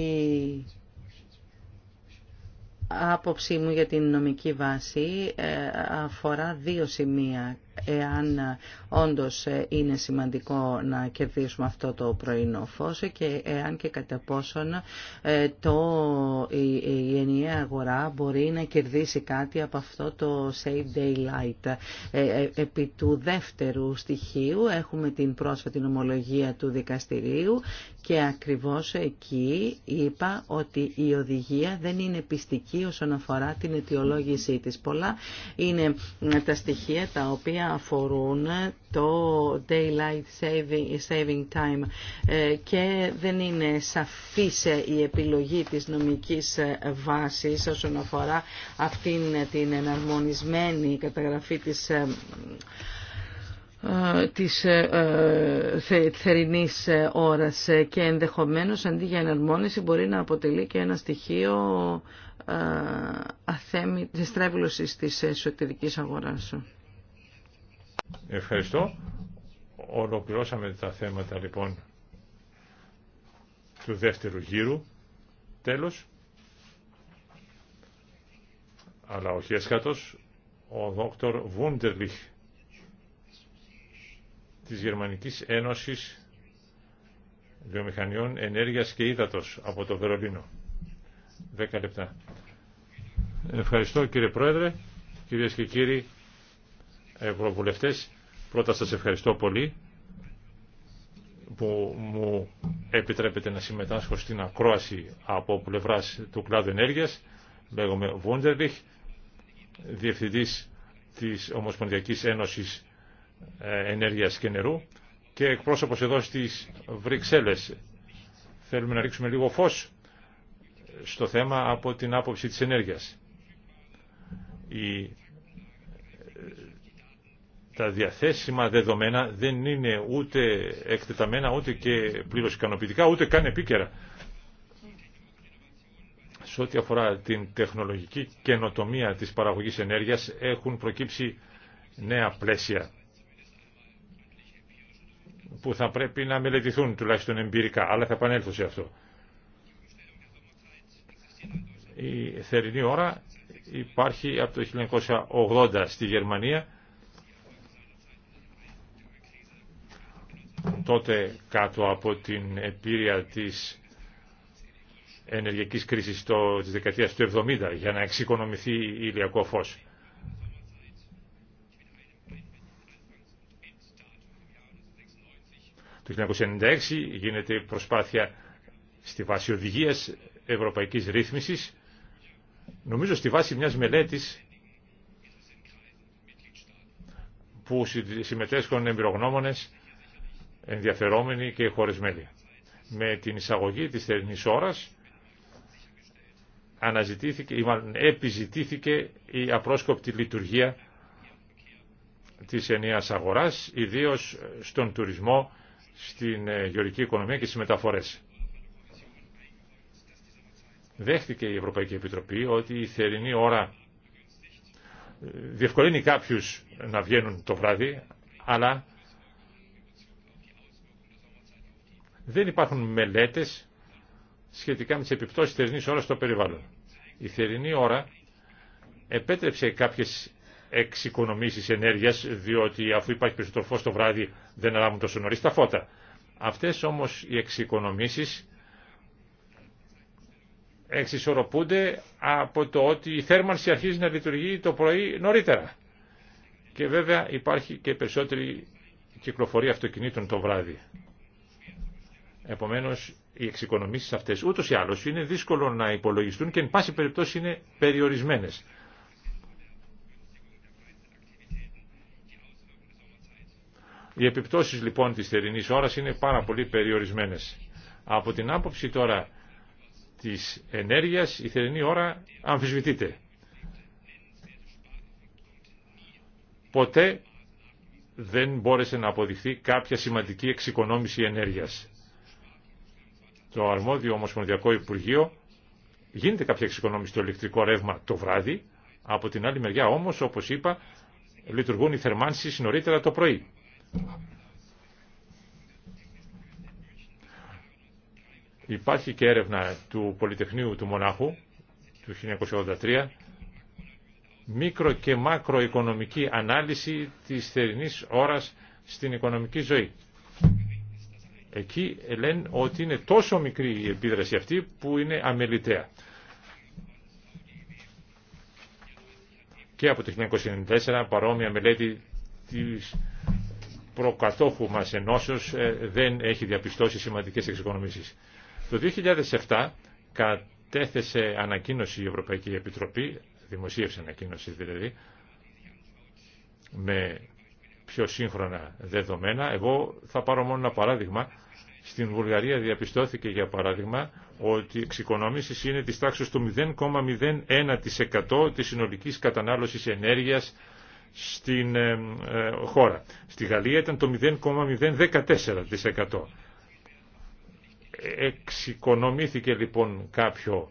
άποψή μου για την νομική βάση ε, αφορά δύο σημεία εάν ε, όντως ε, είναι σημαντικό να κερδίσουμε αυτό το πρωινό φως και εάν και κατά πόσον ε, το, η, η ενιαία αγορά μπορεί να κερδίσει κάτι από αυτό το Save Daylight. επί του δεύτερου στοιχείου έχουμε την πρόσφατη νομολογία του δικαστηρίου και ακριβώς εκεί είπα ότι η οδηγία δεν είναι πιστική όσον αφορά την αιτιολόγησή της. Πολλά είναι τα στοιχεία τα οποία αφορούν το Daylight Saving Time ε, και δεν είναι σαφής ε, η επιλογή της νομικής ε, βάσης όσον αφορά αυτήν την εναρμονισμένη καταγραφή της της θερινής ώρας και ενδεχομένως αντί για εναρμόνιση μπορεί να αποτελεί και ένα στοιχείο αθέμη, της τρέβλωσης της εσωτερικής αγοράς. Ευχαριστώ. Ολοκληρώσαμε τα θέματα λοιπόν του δεύτερου γύρου. Τέλος. Αλλά όχι έσχατος. Ο δόκτωρ Βούντερλιχ της Γερμανικής Ένωσης Βιομηχανιών Ενέργειας και Ήδατος από το Βερολίνο. Δέκα λεπτά. Ευχαριστώ κύριε Πρόεδρε, κυρίες και κύριοι ευρωβουλευτές, πρώτα σας ευχαριστώ πολύ που μου επιτρέπετε να συμμετάσχω στην ακρόαση από πλευράς του κλάδου ενέργειας. Λέγομαι Βούντερλιχ, Διευθυντής της Ομοσπονδιακής Ένωσης ε, Ενέργειας και Νερού και εκπρόσωπος εδώ στις Βρυξέλλες. Θέλουμε να ρίξουμε λίγο φως στο θέμα από την άποψη της ενέργειας. Η τα διαθέσιμα δεδομένα δεν είναι ούτε εκτεταμένα, ούτε και πλήρως ικανοποιητικά, ούτε καν επίκαιρα. Σε ό,τι αφορά την τεχνολογική καινοτομία της παραγωγής ενέργειας έχουν προκύψει νέα πλαίσια που θα πρέπει να μελετηθούν τουλάχιστον εμπειρικά, αλλά θα επανέλθω σε αυτό. Η θερινή ώρα υπάρχει από το 1980 στη Γερμανία τότε κάτω από την επίρρεια της ενεργειακής κρίσης το, της δεκαετίας του 70 για να εξοικονομηθεί ηλιακό φως. Το 1996 γίνεται προσπάθεια στη βάση οδηγίας ευρωπαϊκής ρύθμισης, νομίζω στη βάση μιας μελέτης που συμμετέσχουν εμπειρογνώμονες ενδιαφερόμενοι και χωρισμένοι. Με την εισαγωγή της θερινής ώρας αναζητήθηκε, ή μάλλον επιζητήθηκε η επιζητηθηκε η λειτουργία της ενίας αγοράς, ιδίως στον τουρισμό, στην ε, γεωρική οικονομία και στις μεταφορές. Δέχτηκε η Ευρωπαϊκή Επιτροπή ότι η θερινή ώρα ε, διευκολύνει κάποιους να βγαίνουν το βράδυ, αλλά Δεν υπάρχουν μελέτες σχετικά με τις επιπτώσεις θερινής ώρας στο περιβάλλον. Η θερινή ώρα επέτρεψε κάποιες εξοικονομήσεις ενέργειας, διότι αφού υπάρχει περισσότερο φως το βράδυ δεν ανάβουν τόσο νωρίς τα φώτα. Αυτές όμως οι εξοικονομήσεις εξισορροπούνται από το ότι η θέρμανση αρχίζει να λειτουργεί το πρωί νωρίτερα. Και βέβαια υπάρχει και περισσότερη κυκλοφορία αυτοκινήτων το βράδυ. Επομένως, οι εξοικονομήσει αυτές ούτω ή άλλως είναι δύσκολο να υπολογιστούν και εν πάση περιπτώσει είναι περιορισμένε. Οι επιπτώσεις λοιπόν της θερινής ώρας είναι πάρα πολύ περιορισμένες. Από την άποψη τώρα της ενέργειας η θερινή ώρα αμφισβητείται. Ποτέ δεν μπόρεσε να αποδειχθεί κάποια σημαντική εξοικονόμηση ενέργειας το αρμόδιο Ομοσπονδιακό Υπουργείο γίνεται κάποια εξοικονόμηση στο ηλεκτρικό ρεύμα το βράδυ, από την άλλη μεριά όμως, όπως είπα, λειτουργούν οι θερμάνσεις νωρίτερα το πρωί. Υπάρχει και έρευνα του Πολυτεχνείου του Μονάχου του 1983, μικρο και μακροοικονομική ανάλυση της θερινής ώρας στην οικονομική ζωή. Εκεί λένε ότι είναι τόσο μικρή η επίδραση αυτή που είναι αμεληταία. Και από το 1994 παρόμοια μελέτη της προκατόχου μας ενώσεως ε, δεν έχει διαπιστώσει σημαντικές εξοικονομήσεις. Το 2007 κατέθεσε ανακοίνωση η Ευρωπαϊκή Επιτροπή, δημοσίευσε ανακοίνωση δηλαδή, με πιο σύγχρονα δεδομένα. Εγώ θα πάρω μόνο ένα παράδειγμα. Στην Βουλγαρία διαπιστώθηκε για παράδειγμα ότι η εξοικονόμηση είναι της τάξης του 0,01% της συνολικής κατανάλωσης ενέργειας στην ε, ε, χώρα. Στη Γαλλία ήταν το 0,014%. Εξοικονομήθηκε λοιπόν κάποιο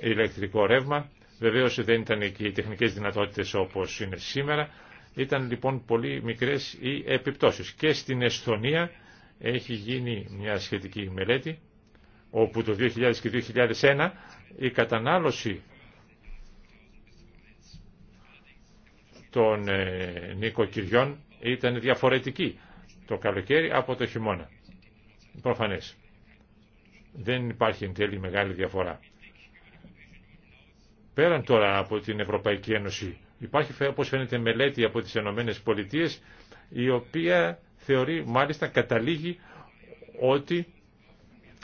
ηλεκτρικό ρεύμα. Βεβαίως δεν ήταν εκεί οι τεχνικές δυνατότητες όπως είναι σήμερα ήταν λοιπόν πολύ μικρές οι επιπτώσεις. Και στην Εσθονία έχει γίνει μια σχετική μελέτη, όπου το 2000 και 2001 η κατανάλωση των ε, νοικοκυριών ήταν διαφορετική το καλοκαίρι από το χειμώνα. Προφανές. Δεν υπάρχει εν τέλει μεγάλη διαφορά. Πέραν τώρα από την Ευρωπαϊκή Ένωση Υπάρχει όπως φαίνεται μελέτη από τις ΗΠΑ η οποία θεωρεί μάλιστα καταλήγει ότι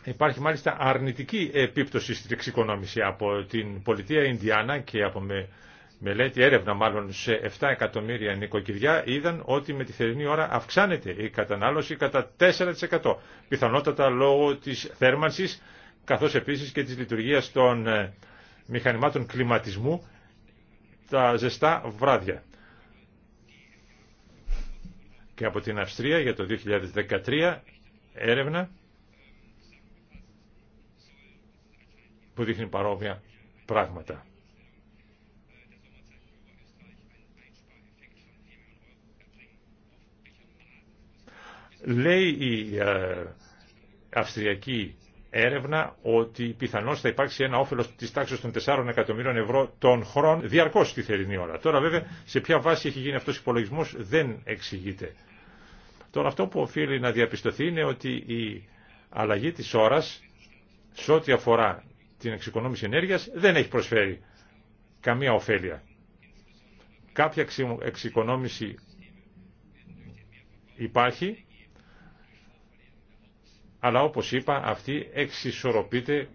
υπάρχει μάλιστα αρνητική επίπτωση στην εξοικονόμηση από την πολιτεία Ινδιάνα και από με, μελέτη έρευνα μάλλον σε 7 εκατομμύρια νοικοκυριά είδαν ότι με τη θερινή ώρα αυξάνεται η κατανάλωση κατά 4% πιθανότατα λόγω της θέρμανσης καθώς επίσης και της λειτουργίας των ε, μηχανημάτων κλιματισμού τα ζεστά βράδια. Και από την Αυστρία για το 2013 έρευνα που δείχνει παρόμοια πράγματα. Λέει η ε, αυστριακή έρευνα ότι πιθανώς θα υπάρξει ένα όφελος της τάξης των 4 εκατομμύριων ευρώ τον χρόνο διαρκώς στη θερινή ώρα. Τώρα βέβαια σε ποια βάση έχει γίνει αυτός ο υπολογισμός δεν εξηγείται. Τώρα αυτό που οφείλει να διαπιστωθεί είναι ότι η αλλαγή της ώρας σε ό,τι αφορά την εξοικονόμηση ενέργειας δεν έχει προσφέρει καμία ωφέλεια. Κάποια εξοικονόμηση υπάρχει αλλά όπως είπα αυτή εξισορροπείται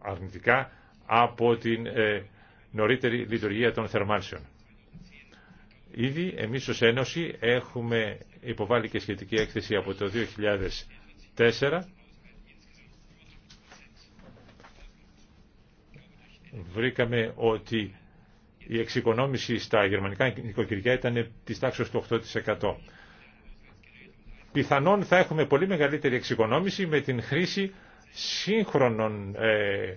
αρνητικά από την ε, νωρίτερη λειτουργία των θερμάνσεων. Ήδη εμείς ως Ένωση έχουμε υποβάλει και σχετική έκθεση από το 2004 βρήκαμε ότι η εξοικονόμηση στα γερμανικά νοικοκυριά ήταν της τάξης του 8% πιθανόν θα έχουμε πολύ μεγαλύτερη εξοικονόμηση με την χρήση σύγχρονων ε,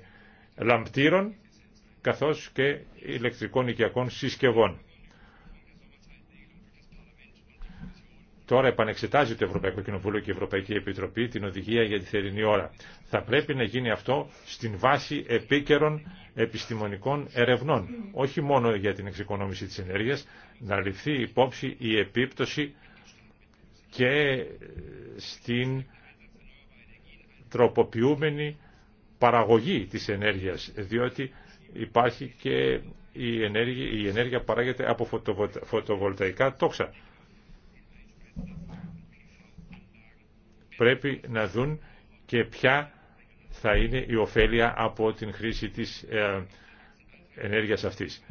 λαμπτήρων καθώς και ηλεκτρικών οικιακών συσκευών. Τώρα επανεξετάζει το Ευρωπαϊκό Κοινοβούλιο και η Ευρωπαϊκή Επιτροπή την οδηγία για τη θερινή ώρα. Θα πρέπει να γίνει αυτό στην βάση επίκαιρων επιστημονικών ερευνών. Όχι μόνο για την εξοικονόμηση της ενέργειας, να ληφθεί υπόψη η επίπτωση και στην τροποποιούμενη παραγωγή της ενέργειας, διότι υπάρχει και η ενέργεια, η παράγεται από φωτοβολταϊκά τόξα. Πρέπει να δουν και ποια θα είναι η ωφέλεια από την χρήση της ε, ενέργειας αυτής.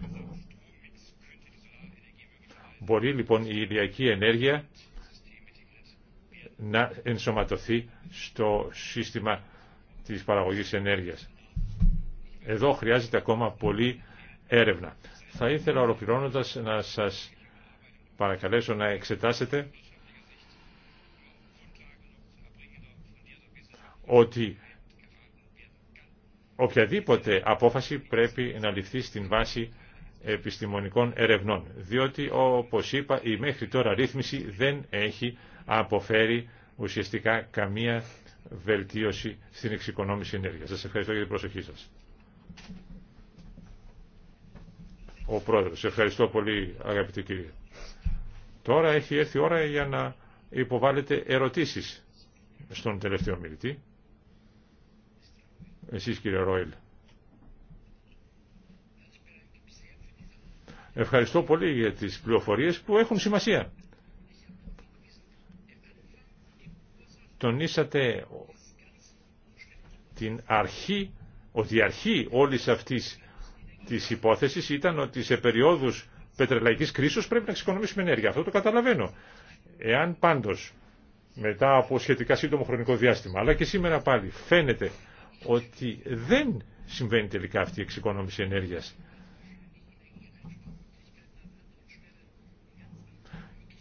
Μπορεί λοιπόν η ηλιακή ενέργεια να ενσωματωθεί στο σύστημα της παραγωγής ενέργειας. Εδώ χρειάζεται ακόμα πολύ έρευνα. Θα ήθελα ολοκληρώνοντας να σας παρακαλέσω να εξετάσετε ότι οποιαδήποτε απόφαση πρέπει να ληφθεί στην βάση επιστημονικών ερευνών, διότι όπως είπα η μέχρι τώρα ρύθμιση δεν έχει αποφέρει ουσιαστικά καμία βελτίωση στην εξοικονόμηση ενέργειας. Σας ευχαριστώ για την προσοχή σας. Ο Πρόεδρος, ευχαριστώ πολύ αγαπητή κυρία. Τώρα έχει έρθει η ώρα για να υποβάλλετε ερωτήσεις στον τελευταίο μιλητή. Εσείς κύριε Ρόιλ. Ευχαριστώ πολύ για τις πληροφορίες που έχουν σημασία. τονίσατε την αρχή, ότι η αρχή όλης αυτής της υπόθεσης ήταν ότι σε περιόδους πετρελαϊκής κρίσης πρέπει να εξοικονομήσουμε ενέργεια. Αυτό το καταλαβαίνω. Εάν πάντως μετά από σχετικά σύντομο χρονικό διάστημα, αλλά και σήμερα πάλι φαίνεται ότι δεν συμβαίνει τελικά αυτή η εξοικονόμηση ενέργειας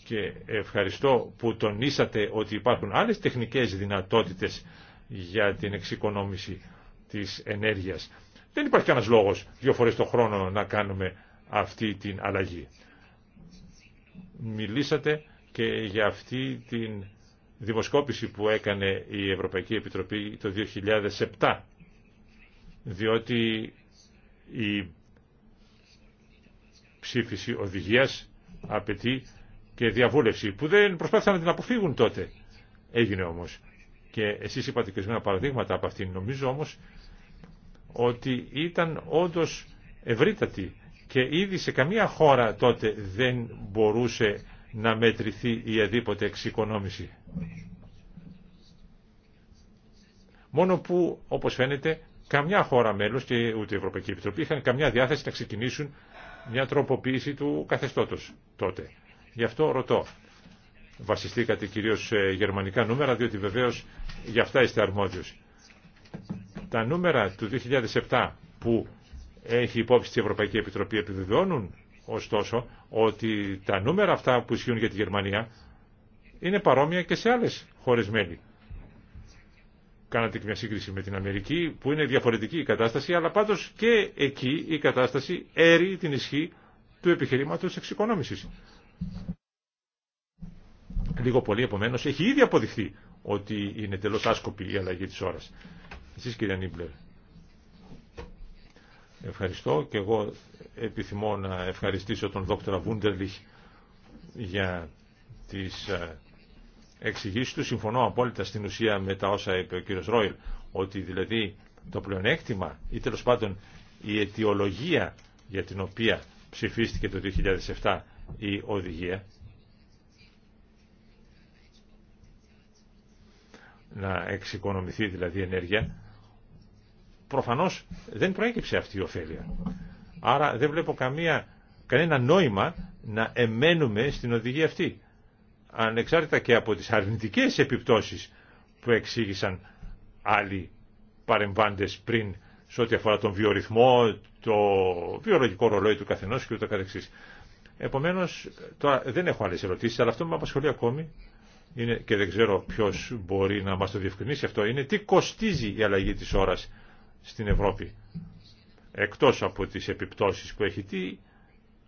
και ευχαριστώ που τονίσατε ότι υπάρχουν άλλες τεχνικές δυνατότητες για την εξοικονόμηση της ενέργειας. Δεν υπάρχει κανένας λόγος δύο φορές το χρόνο να κάνουμε αυτή την αλλαγή. Μιλήσατε και για αυτή την δημοσκόπηση που έκανε η Ευρωπαϊκή Επιτροπή το 2007 διότι η ψήφιση οδηγίας απαιτεί και διαβούλευση που δεν προσπάθησαν να την αποφύγουν τότε. Έγινε όμως. Και εσείς είπατε και ορισμένα παραδείγματα από αυτήν. Νομίζω όμως ότι ήταν όντως ευρύτατη και ήδη σε καμία χώρα τότε δεν μπορούσε να μετρηθεί η αδίποτε εξοικονόμηση. Μόνο που, όπως φαίνεται, καμιά χώρα μέλος και ούτε η Ευρωπαϊκή Επιτροπή είχαν καμιά διάθεση να ξεκινήσουν μια τροποποίηση του καθεστώτος τότε. Γι' αυτό ρωτώ. Βασιστήκατε κυρίως σε γερμανικά νούμερα, διότι βεβαίως γι' αυτά είστε αρμόδιος. Τα νούμερα του 2007 που έχει υπόψη τη Ευρωπαϊκή Επιτροπή επιβεβαιώνουν ωστόσο ότι τα νούμερα αυτά που ισχύουν για τη Γερμανία είναι παρόμοια και σε άλλες χώρες μέλη. Κάνατε και μια σύγκριση με την Αμερική που είναι διαφορετική η κατάσταση αλλά πάντως και εκεί η κατάσταση έρει την ισχύ του επιχειρήματος εξοικονόμησης. Λίγο πολύ επομένως έχει ήδη αποδειχθεί ότι είναι τελώς άσκοπη η αλλαγή της ώρας. Εσείς κύριε Νίμπλερ. Ευχαριστώ και εγώ επιθυμώ να ευχαριστήσω τον δόκτωρα Βούντερλιχ για τις ε, εξηγήσεις του. Συμφωνώ απόλυτα στην ουσία με τα όσα είπε ο κύριος Ρόιλ, ότι δηλαδή το πλεονέκτημα ή τέλος πάντων η αιτιολογία για την οποία ψηφίστηκε το 2007 η οδηγία να εξοικονομηθεί δηλαδή ενέργεια προφανώς δεν προέκυψε αυτή η ωφέλεια άρα δεν βλέπω καμία, κανένα νόημα να εμένουμε στην οδηγία αυτή ανεξάρτητα και από τις αρνητικές επιπτώσεις που εξήγησαν άλλοι παρεμβάντες πριν σε ό,τι αφορά τον βιορυθμό, το βιολογικό ρολόι του καθενός και ούτω Επομένως, τώρα δεν έχω άλλε ερωτήσει, αλλά αυτό που με απασχολεί ακόμη είναι, και δεν ξέρω ποιο μπορεί να μα το διευκρινίσει αυτό, είναι τι κοστίζει η αλλαγή της ώρας στην Ευρώπη. Εκτός από τις επιπτώσεις που έχει, τι,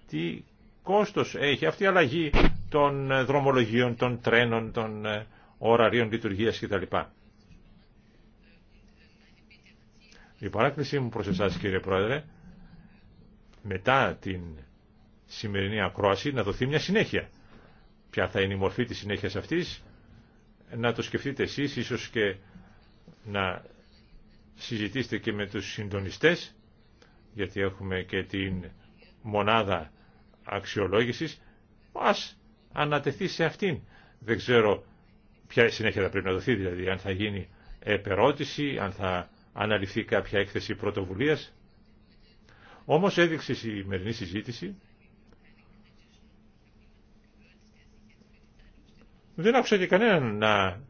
τι κόστος έχει αυτή η αλλαγή των ε, δρομολογίων, των τρένων, των ε, ωραρίων λειτουργίας κτλ. Η παράκλησή μου προς εσάς κύριε Πρόεδρε, μετά την σημερινή ακρόαση να δοθεί μια συνέχεια. Ποια θα είναι η μορφή της συνέχειας αυτής, να το σκεφτείτε εσείς, ίσως και να συζητήσετε και με τους συντονιστές, γιατί έχουμε και την μονάδα αξιολόγησης, ας ανατεθεί σε αυτήν. Δεν ξέρω ποια συνέχεια θα πρέπει να δοθεί, δηλαδή αν θα γίνει επερώτηση, αν θα αναλυθεί κάποια έκθεση πρωτοβουλίας. Όμως έδειξε η σημερινή συζήτηση Δεν άκουσα και κανέναν να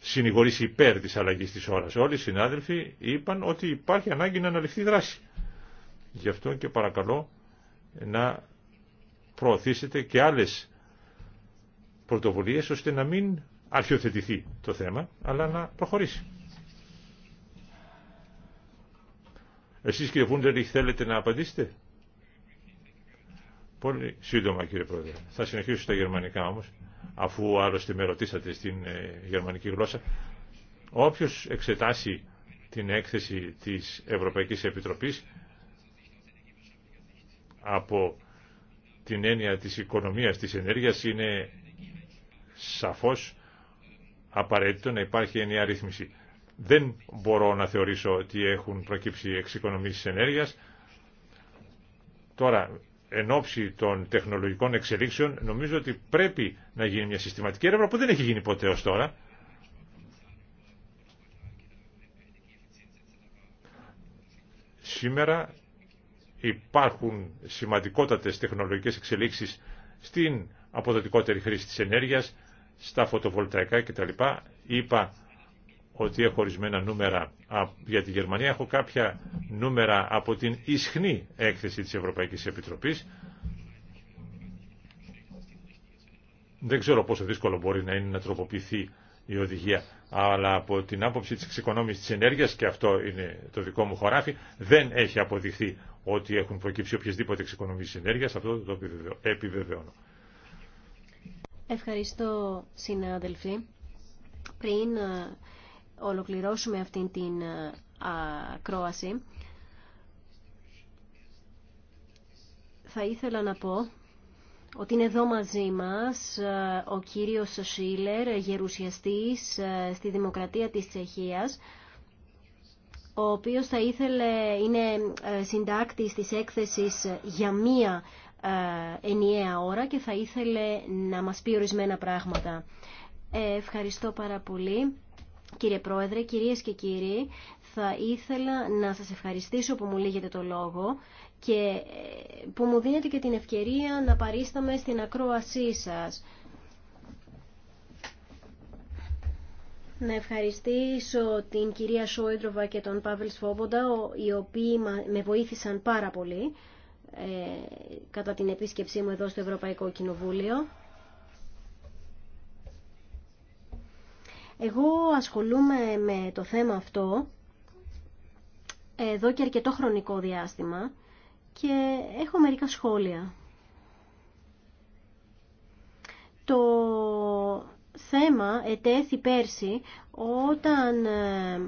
συνηγορήσει υπέρ της αλλαγής της ώρας. Όλοι οι συνάδελφοι είπαν ότι υπάρχει ανάγκη να αναλυφθεί δράση. Γι' αυτό και παρακαλώ να προωθήσετε και άλλες πρωτοβουλίες ώστε να μην αρχιοθετηθεί το θέμα, αλλά να προχωρήσει. Εσείς κύριε Βούντερη θέλετε να απαντήσετε. Πολύ σύντομα κύριε Πρόεδρε. Θα συνεχίσω στα γερμανικά όμως αφού άλλωστε με ρωτήσατε στην ε, γερμανική γλώσσα. Όποιος εξετάσει την έκθεση της Ευρωπαϊκής Επιτροπής από την έννοια της οικονομίας της ενέργειας είναι σαφώς απαραίτητο να υπάρχει ενιαία ρύθμιση. Δεν μπορώ να θεωρήσω ότι έχουν προκύψει εξοικονομήσεις ενέργειας. Τώρα, εν ώψη των τεχνολογικών εξελίξεων νομίζω ότι πρέπει να γίνει μια συστηματική έρευνα που δεν έχει γίνει ποτέ ως τώρα. Σήμερα υπάρχουν σημαντικότατες τεχνολογικές εξελίξεις στην αποδοτικότερη χρήση της ενέργειας, στα φωτοβολταϊκά κτλ. Είπα ότι έχω ορισμένα νούμερα για τη Γερμανία. Έχω κάποια νούμερα από την ισχνή έκθεση της Ευρωπαϊκής Επιτροπής. Δεν ξέρω πόσο δύσκολο μπορεί να είναι να τροποποιηθεί η οδηγία, αλλά από την άποψη της εξοικονόμησης της ενέργειας, και αυτό είναι το δικό μου χωράφι, δεν έχει αποδειχθεί ότι έχουν προκύψει οποιασδήποτε της ενέργειας, αυτό το επιβεβαιώνω. Ευχαριστώ συνάδελφοι. Πριν ε, ολοκληρώσουμε αυτήν την ε, ακρόαση, θα ήθελα να πω ότι είναι εδώ μαζί μας ε, ο κύριος Σίλερ, γερουσιαστής ε, στη Δημοκρατία της Τσεχίας, ο οποίος θα ήθελε, είναι συντάκτης της έκθεσης για μία ενιαία ώρα και θα ήθελε να μας πει ορισμένα πράγματα. Ευχαριστώ πάρα πολύ. Κύριε Πρόεδρε, κυρίες και κύριοι, θα ήθελα να σας ευχαριστήσω που μου λύγετε το λόγο και ε, που μου δίνετε και την ευκαιρία να παρίσταμε στην ακρόασή σας. Να ευχαριστήσω την κυρία Σόιντροβα και τον Παύλ Σφόμποντα, οι οποίοι με βοήθησαν πάρα πολύ ε, κατά την επίσκεψή μου εδώ στο Ευρωπαϊκό Κοινοβούλιο. Εγώ ασχολούμαι με το θέμα αυτό εδώ και αρκετό χρονικό διάστημα και έχω μερικά σχόλια. Το θέμα ετέθη πέρσι όταν ε,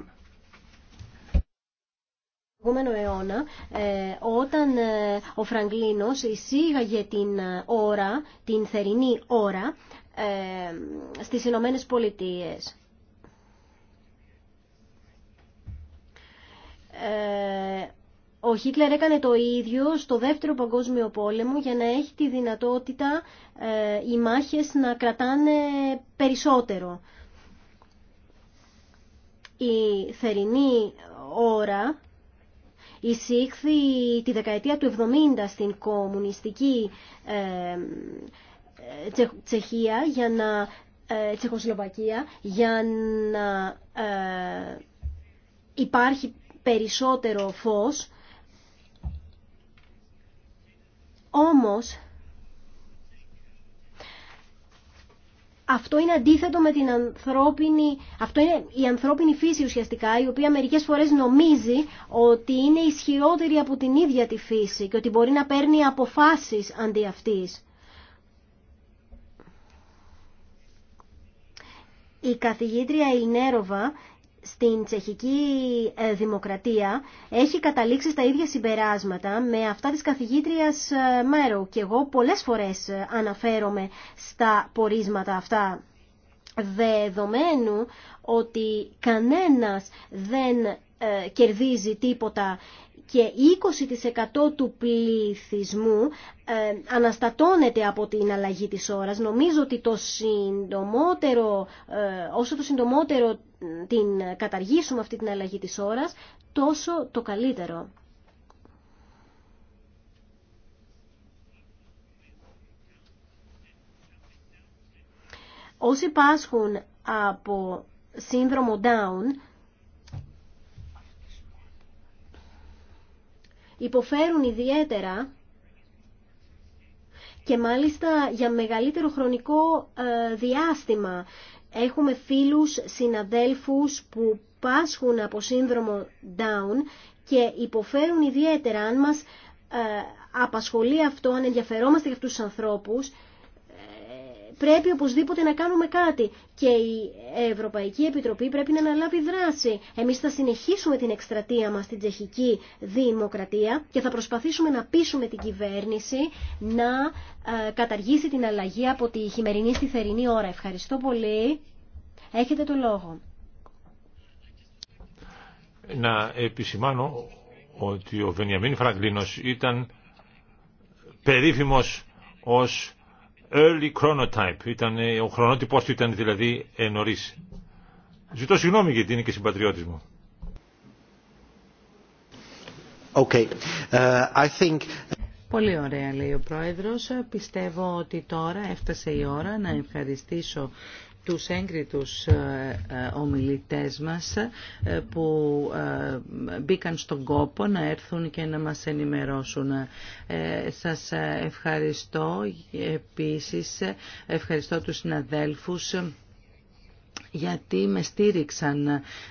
αιώνα, ε, όταν ε, ο Φραγκλίνος εισήγαγε την ώρα, την θερινή ώρα, ε, στις Ηνωμένε Πολιτείες. Ε, ο Χίτλερ έκανε το ίδιο στο δεύτερο παγκόσμιο πόλεμο για να έχει τη δυνατότητα ε, οι μάχες να κρατάνε περισσότερο. Η θερινή ώρα εισήχθη τη δεκαετία του 70 στην κομμουνιστική Τσεχία για να ε, Τσεχοσλοβακία για να ε, υπάρχει περισσότερο φως όμως αυτό είναι αντίθετο με την ανθρώπινη, αυτό είναι η ανθρώπινη φύση ουσιαστικά, η οποία μερικές φορές νομίζει ότι είναι ισχυρότερη από την ίδια τη φύση και ότι μπορεί να παίρνει αποφάσεις αντί αυτής. Η καθηγήτρια Ινέροβα στην τσεχική ε, δημοκρατία έχει καταλήξει στα ίδια συμπεράσματα με αυτά της καθηγήτριας ε, Μέρο και εγώ πολλές φορές ε, αναφέρομαι στα πορίσματα αυτά δεδομένου ότι κανένας δεν κερδίζει τίποτα και 20% του πληθυσμού ε, αναστατώνεται από την αλλαγή της ώρας. Νομίζω ότι το συντομότερο, ε, όσο το συντομότερο την καταργήσουμε αυτή την αλλαγή της ώρας, τόσο το καλύτερο. Όσοι πάσχουν από σύνδρομο Down υποφέρουν ιδιαίτερα και μάλιστα για μεγαλύτερο χρονικό ε, διάστημα. Έχουμε φίλους, συναδέλφους που πάσχουν από σύνδρομο Down και υποφέρουν ιδιαίτερα αν μας ε, απασχολεί αυτό, αν ενδιαφερόμαστε για αυτούς τους ανθρώπους πρέπει οπωσδήποτε να κάνουμε κάτι και η Ευρωπαϊκή Επιτροπή πρέπει να αναλάβει δράση. Εμείς θα συνεχίσουμε την εκστρατεία μας στην τσεχική δημοκρατία και θα προσπαθήσουμε να πείσουμε την κυβέρνηση να ε, καταργήσει την αλλαγή από τη χειμερινή στη θερινή ώρα. Ευχαριστώ πολύ. Έχετε το λόγο. Να επισημάνω ότι ο Βενιαμίν Φραγκλίνος ήταν περίφημος ως early chronotype. Ήταν, ε, ο χρονότυπος του ήταν δηλαδή ε, νωρίς. Ζητώ συγγνώμη γιατί είναι και συμπατριώτης μου. Okay. Uh, I think... Uh, Πολύ ωραία λέει ο Πρόεδρος. Πιστεύω ότι τώρα έφτασε η ώρα να ευχαριστήσω τους έγκριτους ε, ε, ομιλητές μας ε, που μπήκαν στον κόπο να έρθουν και να μας ενημερώσουν. Σας ευχαριστώ επίσης, ευχαριστώ τους συναδέλφους γιατί με στήριξαν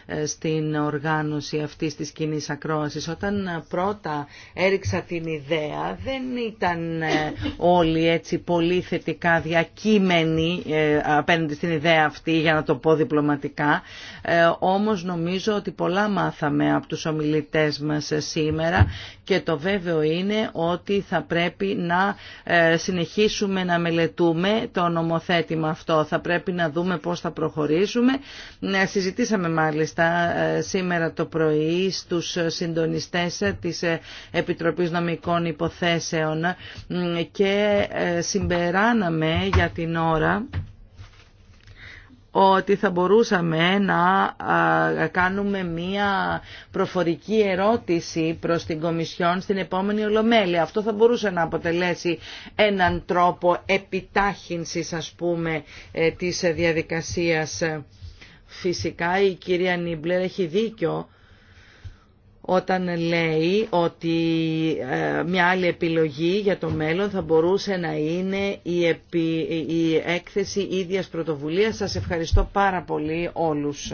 ε, στην οργάνωση αυτή της κοινή ακρόασης. Όταν ε, πρώτα έριξα την ιδέα δεν ήταν ε, όλοι έτσι πολύ θετικά διακείμενοι απέναντι στην ιδέα αυτή για να το πω διπλωματικά. Όμως νομίζω ότι πολλά μάθαμε από τους ομιλητές μας σήμερα και το βέβαιο είναι ότι θα πρέπει να συνεχίσουμε να μελετούμε το νομοθέτημα αυτό. Θα πρέπει να δούμε πώς θα προχωρήσουμε ναι, συζητήσαμε μάλιστα ε, σήμερα το πρωί στους συντονιστές της Επιτροπής Νομικών Υποθέσεων και ε, συμπεράναμε για την ώρα ότι θα μπορούσαμε να κάνουμε μία προφορική ερώτηση προς την Κομισιόν στην επόμενη Ολομέλεια. Αυτό θα μπορούσε να αποτελέσει έναν τρόπο επιτάχυνσης, ας πούμε, ε, της διαδικασίας. Φυσικά η κυρία Νίμπλερ έχει δίκιο όταν λέει ότι ε, μια άλλη επιλογή για το μέλλον θα μπορούσε να είναι η, η έκθεση ίδιας πρωτοβουλίας. Σας ευχαριστώ πάρα πολύ όλους.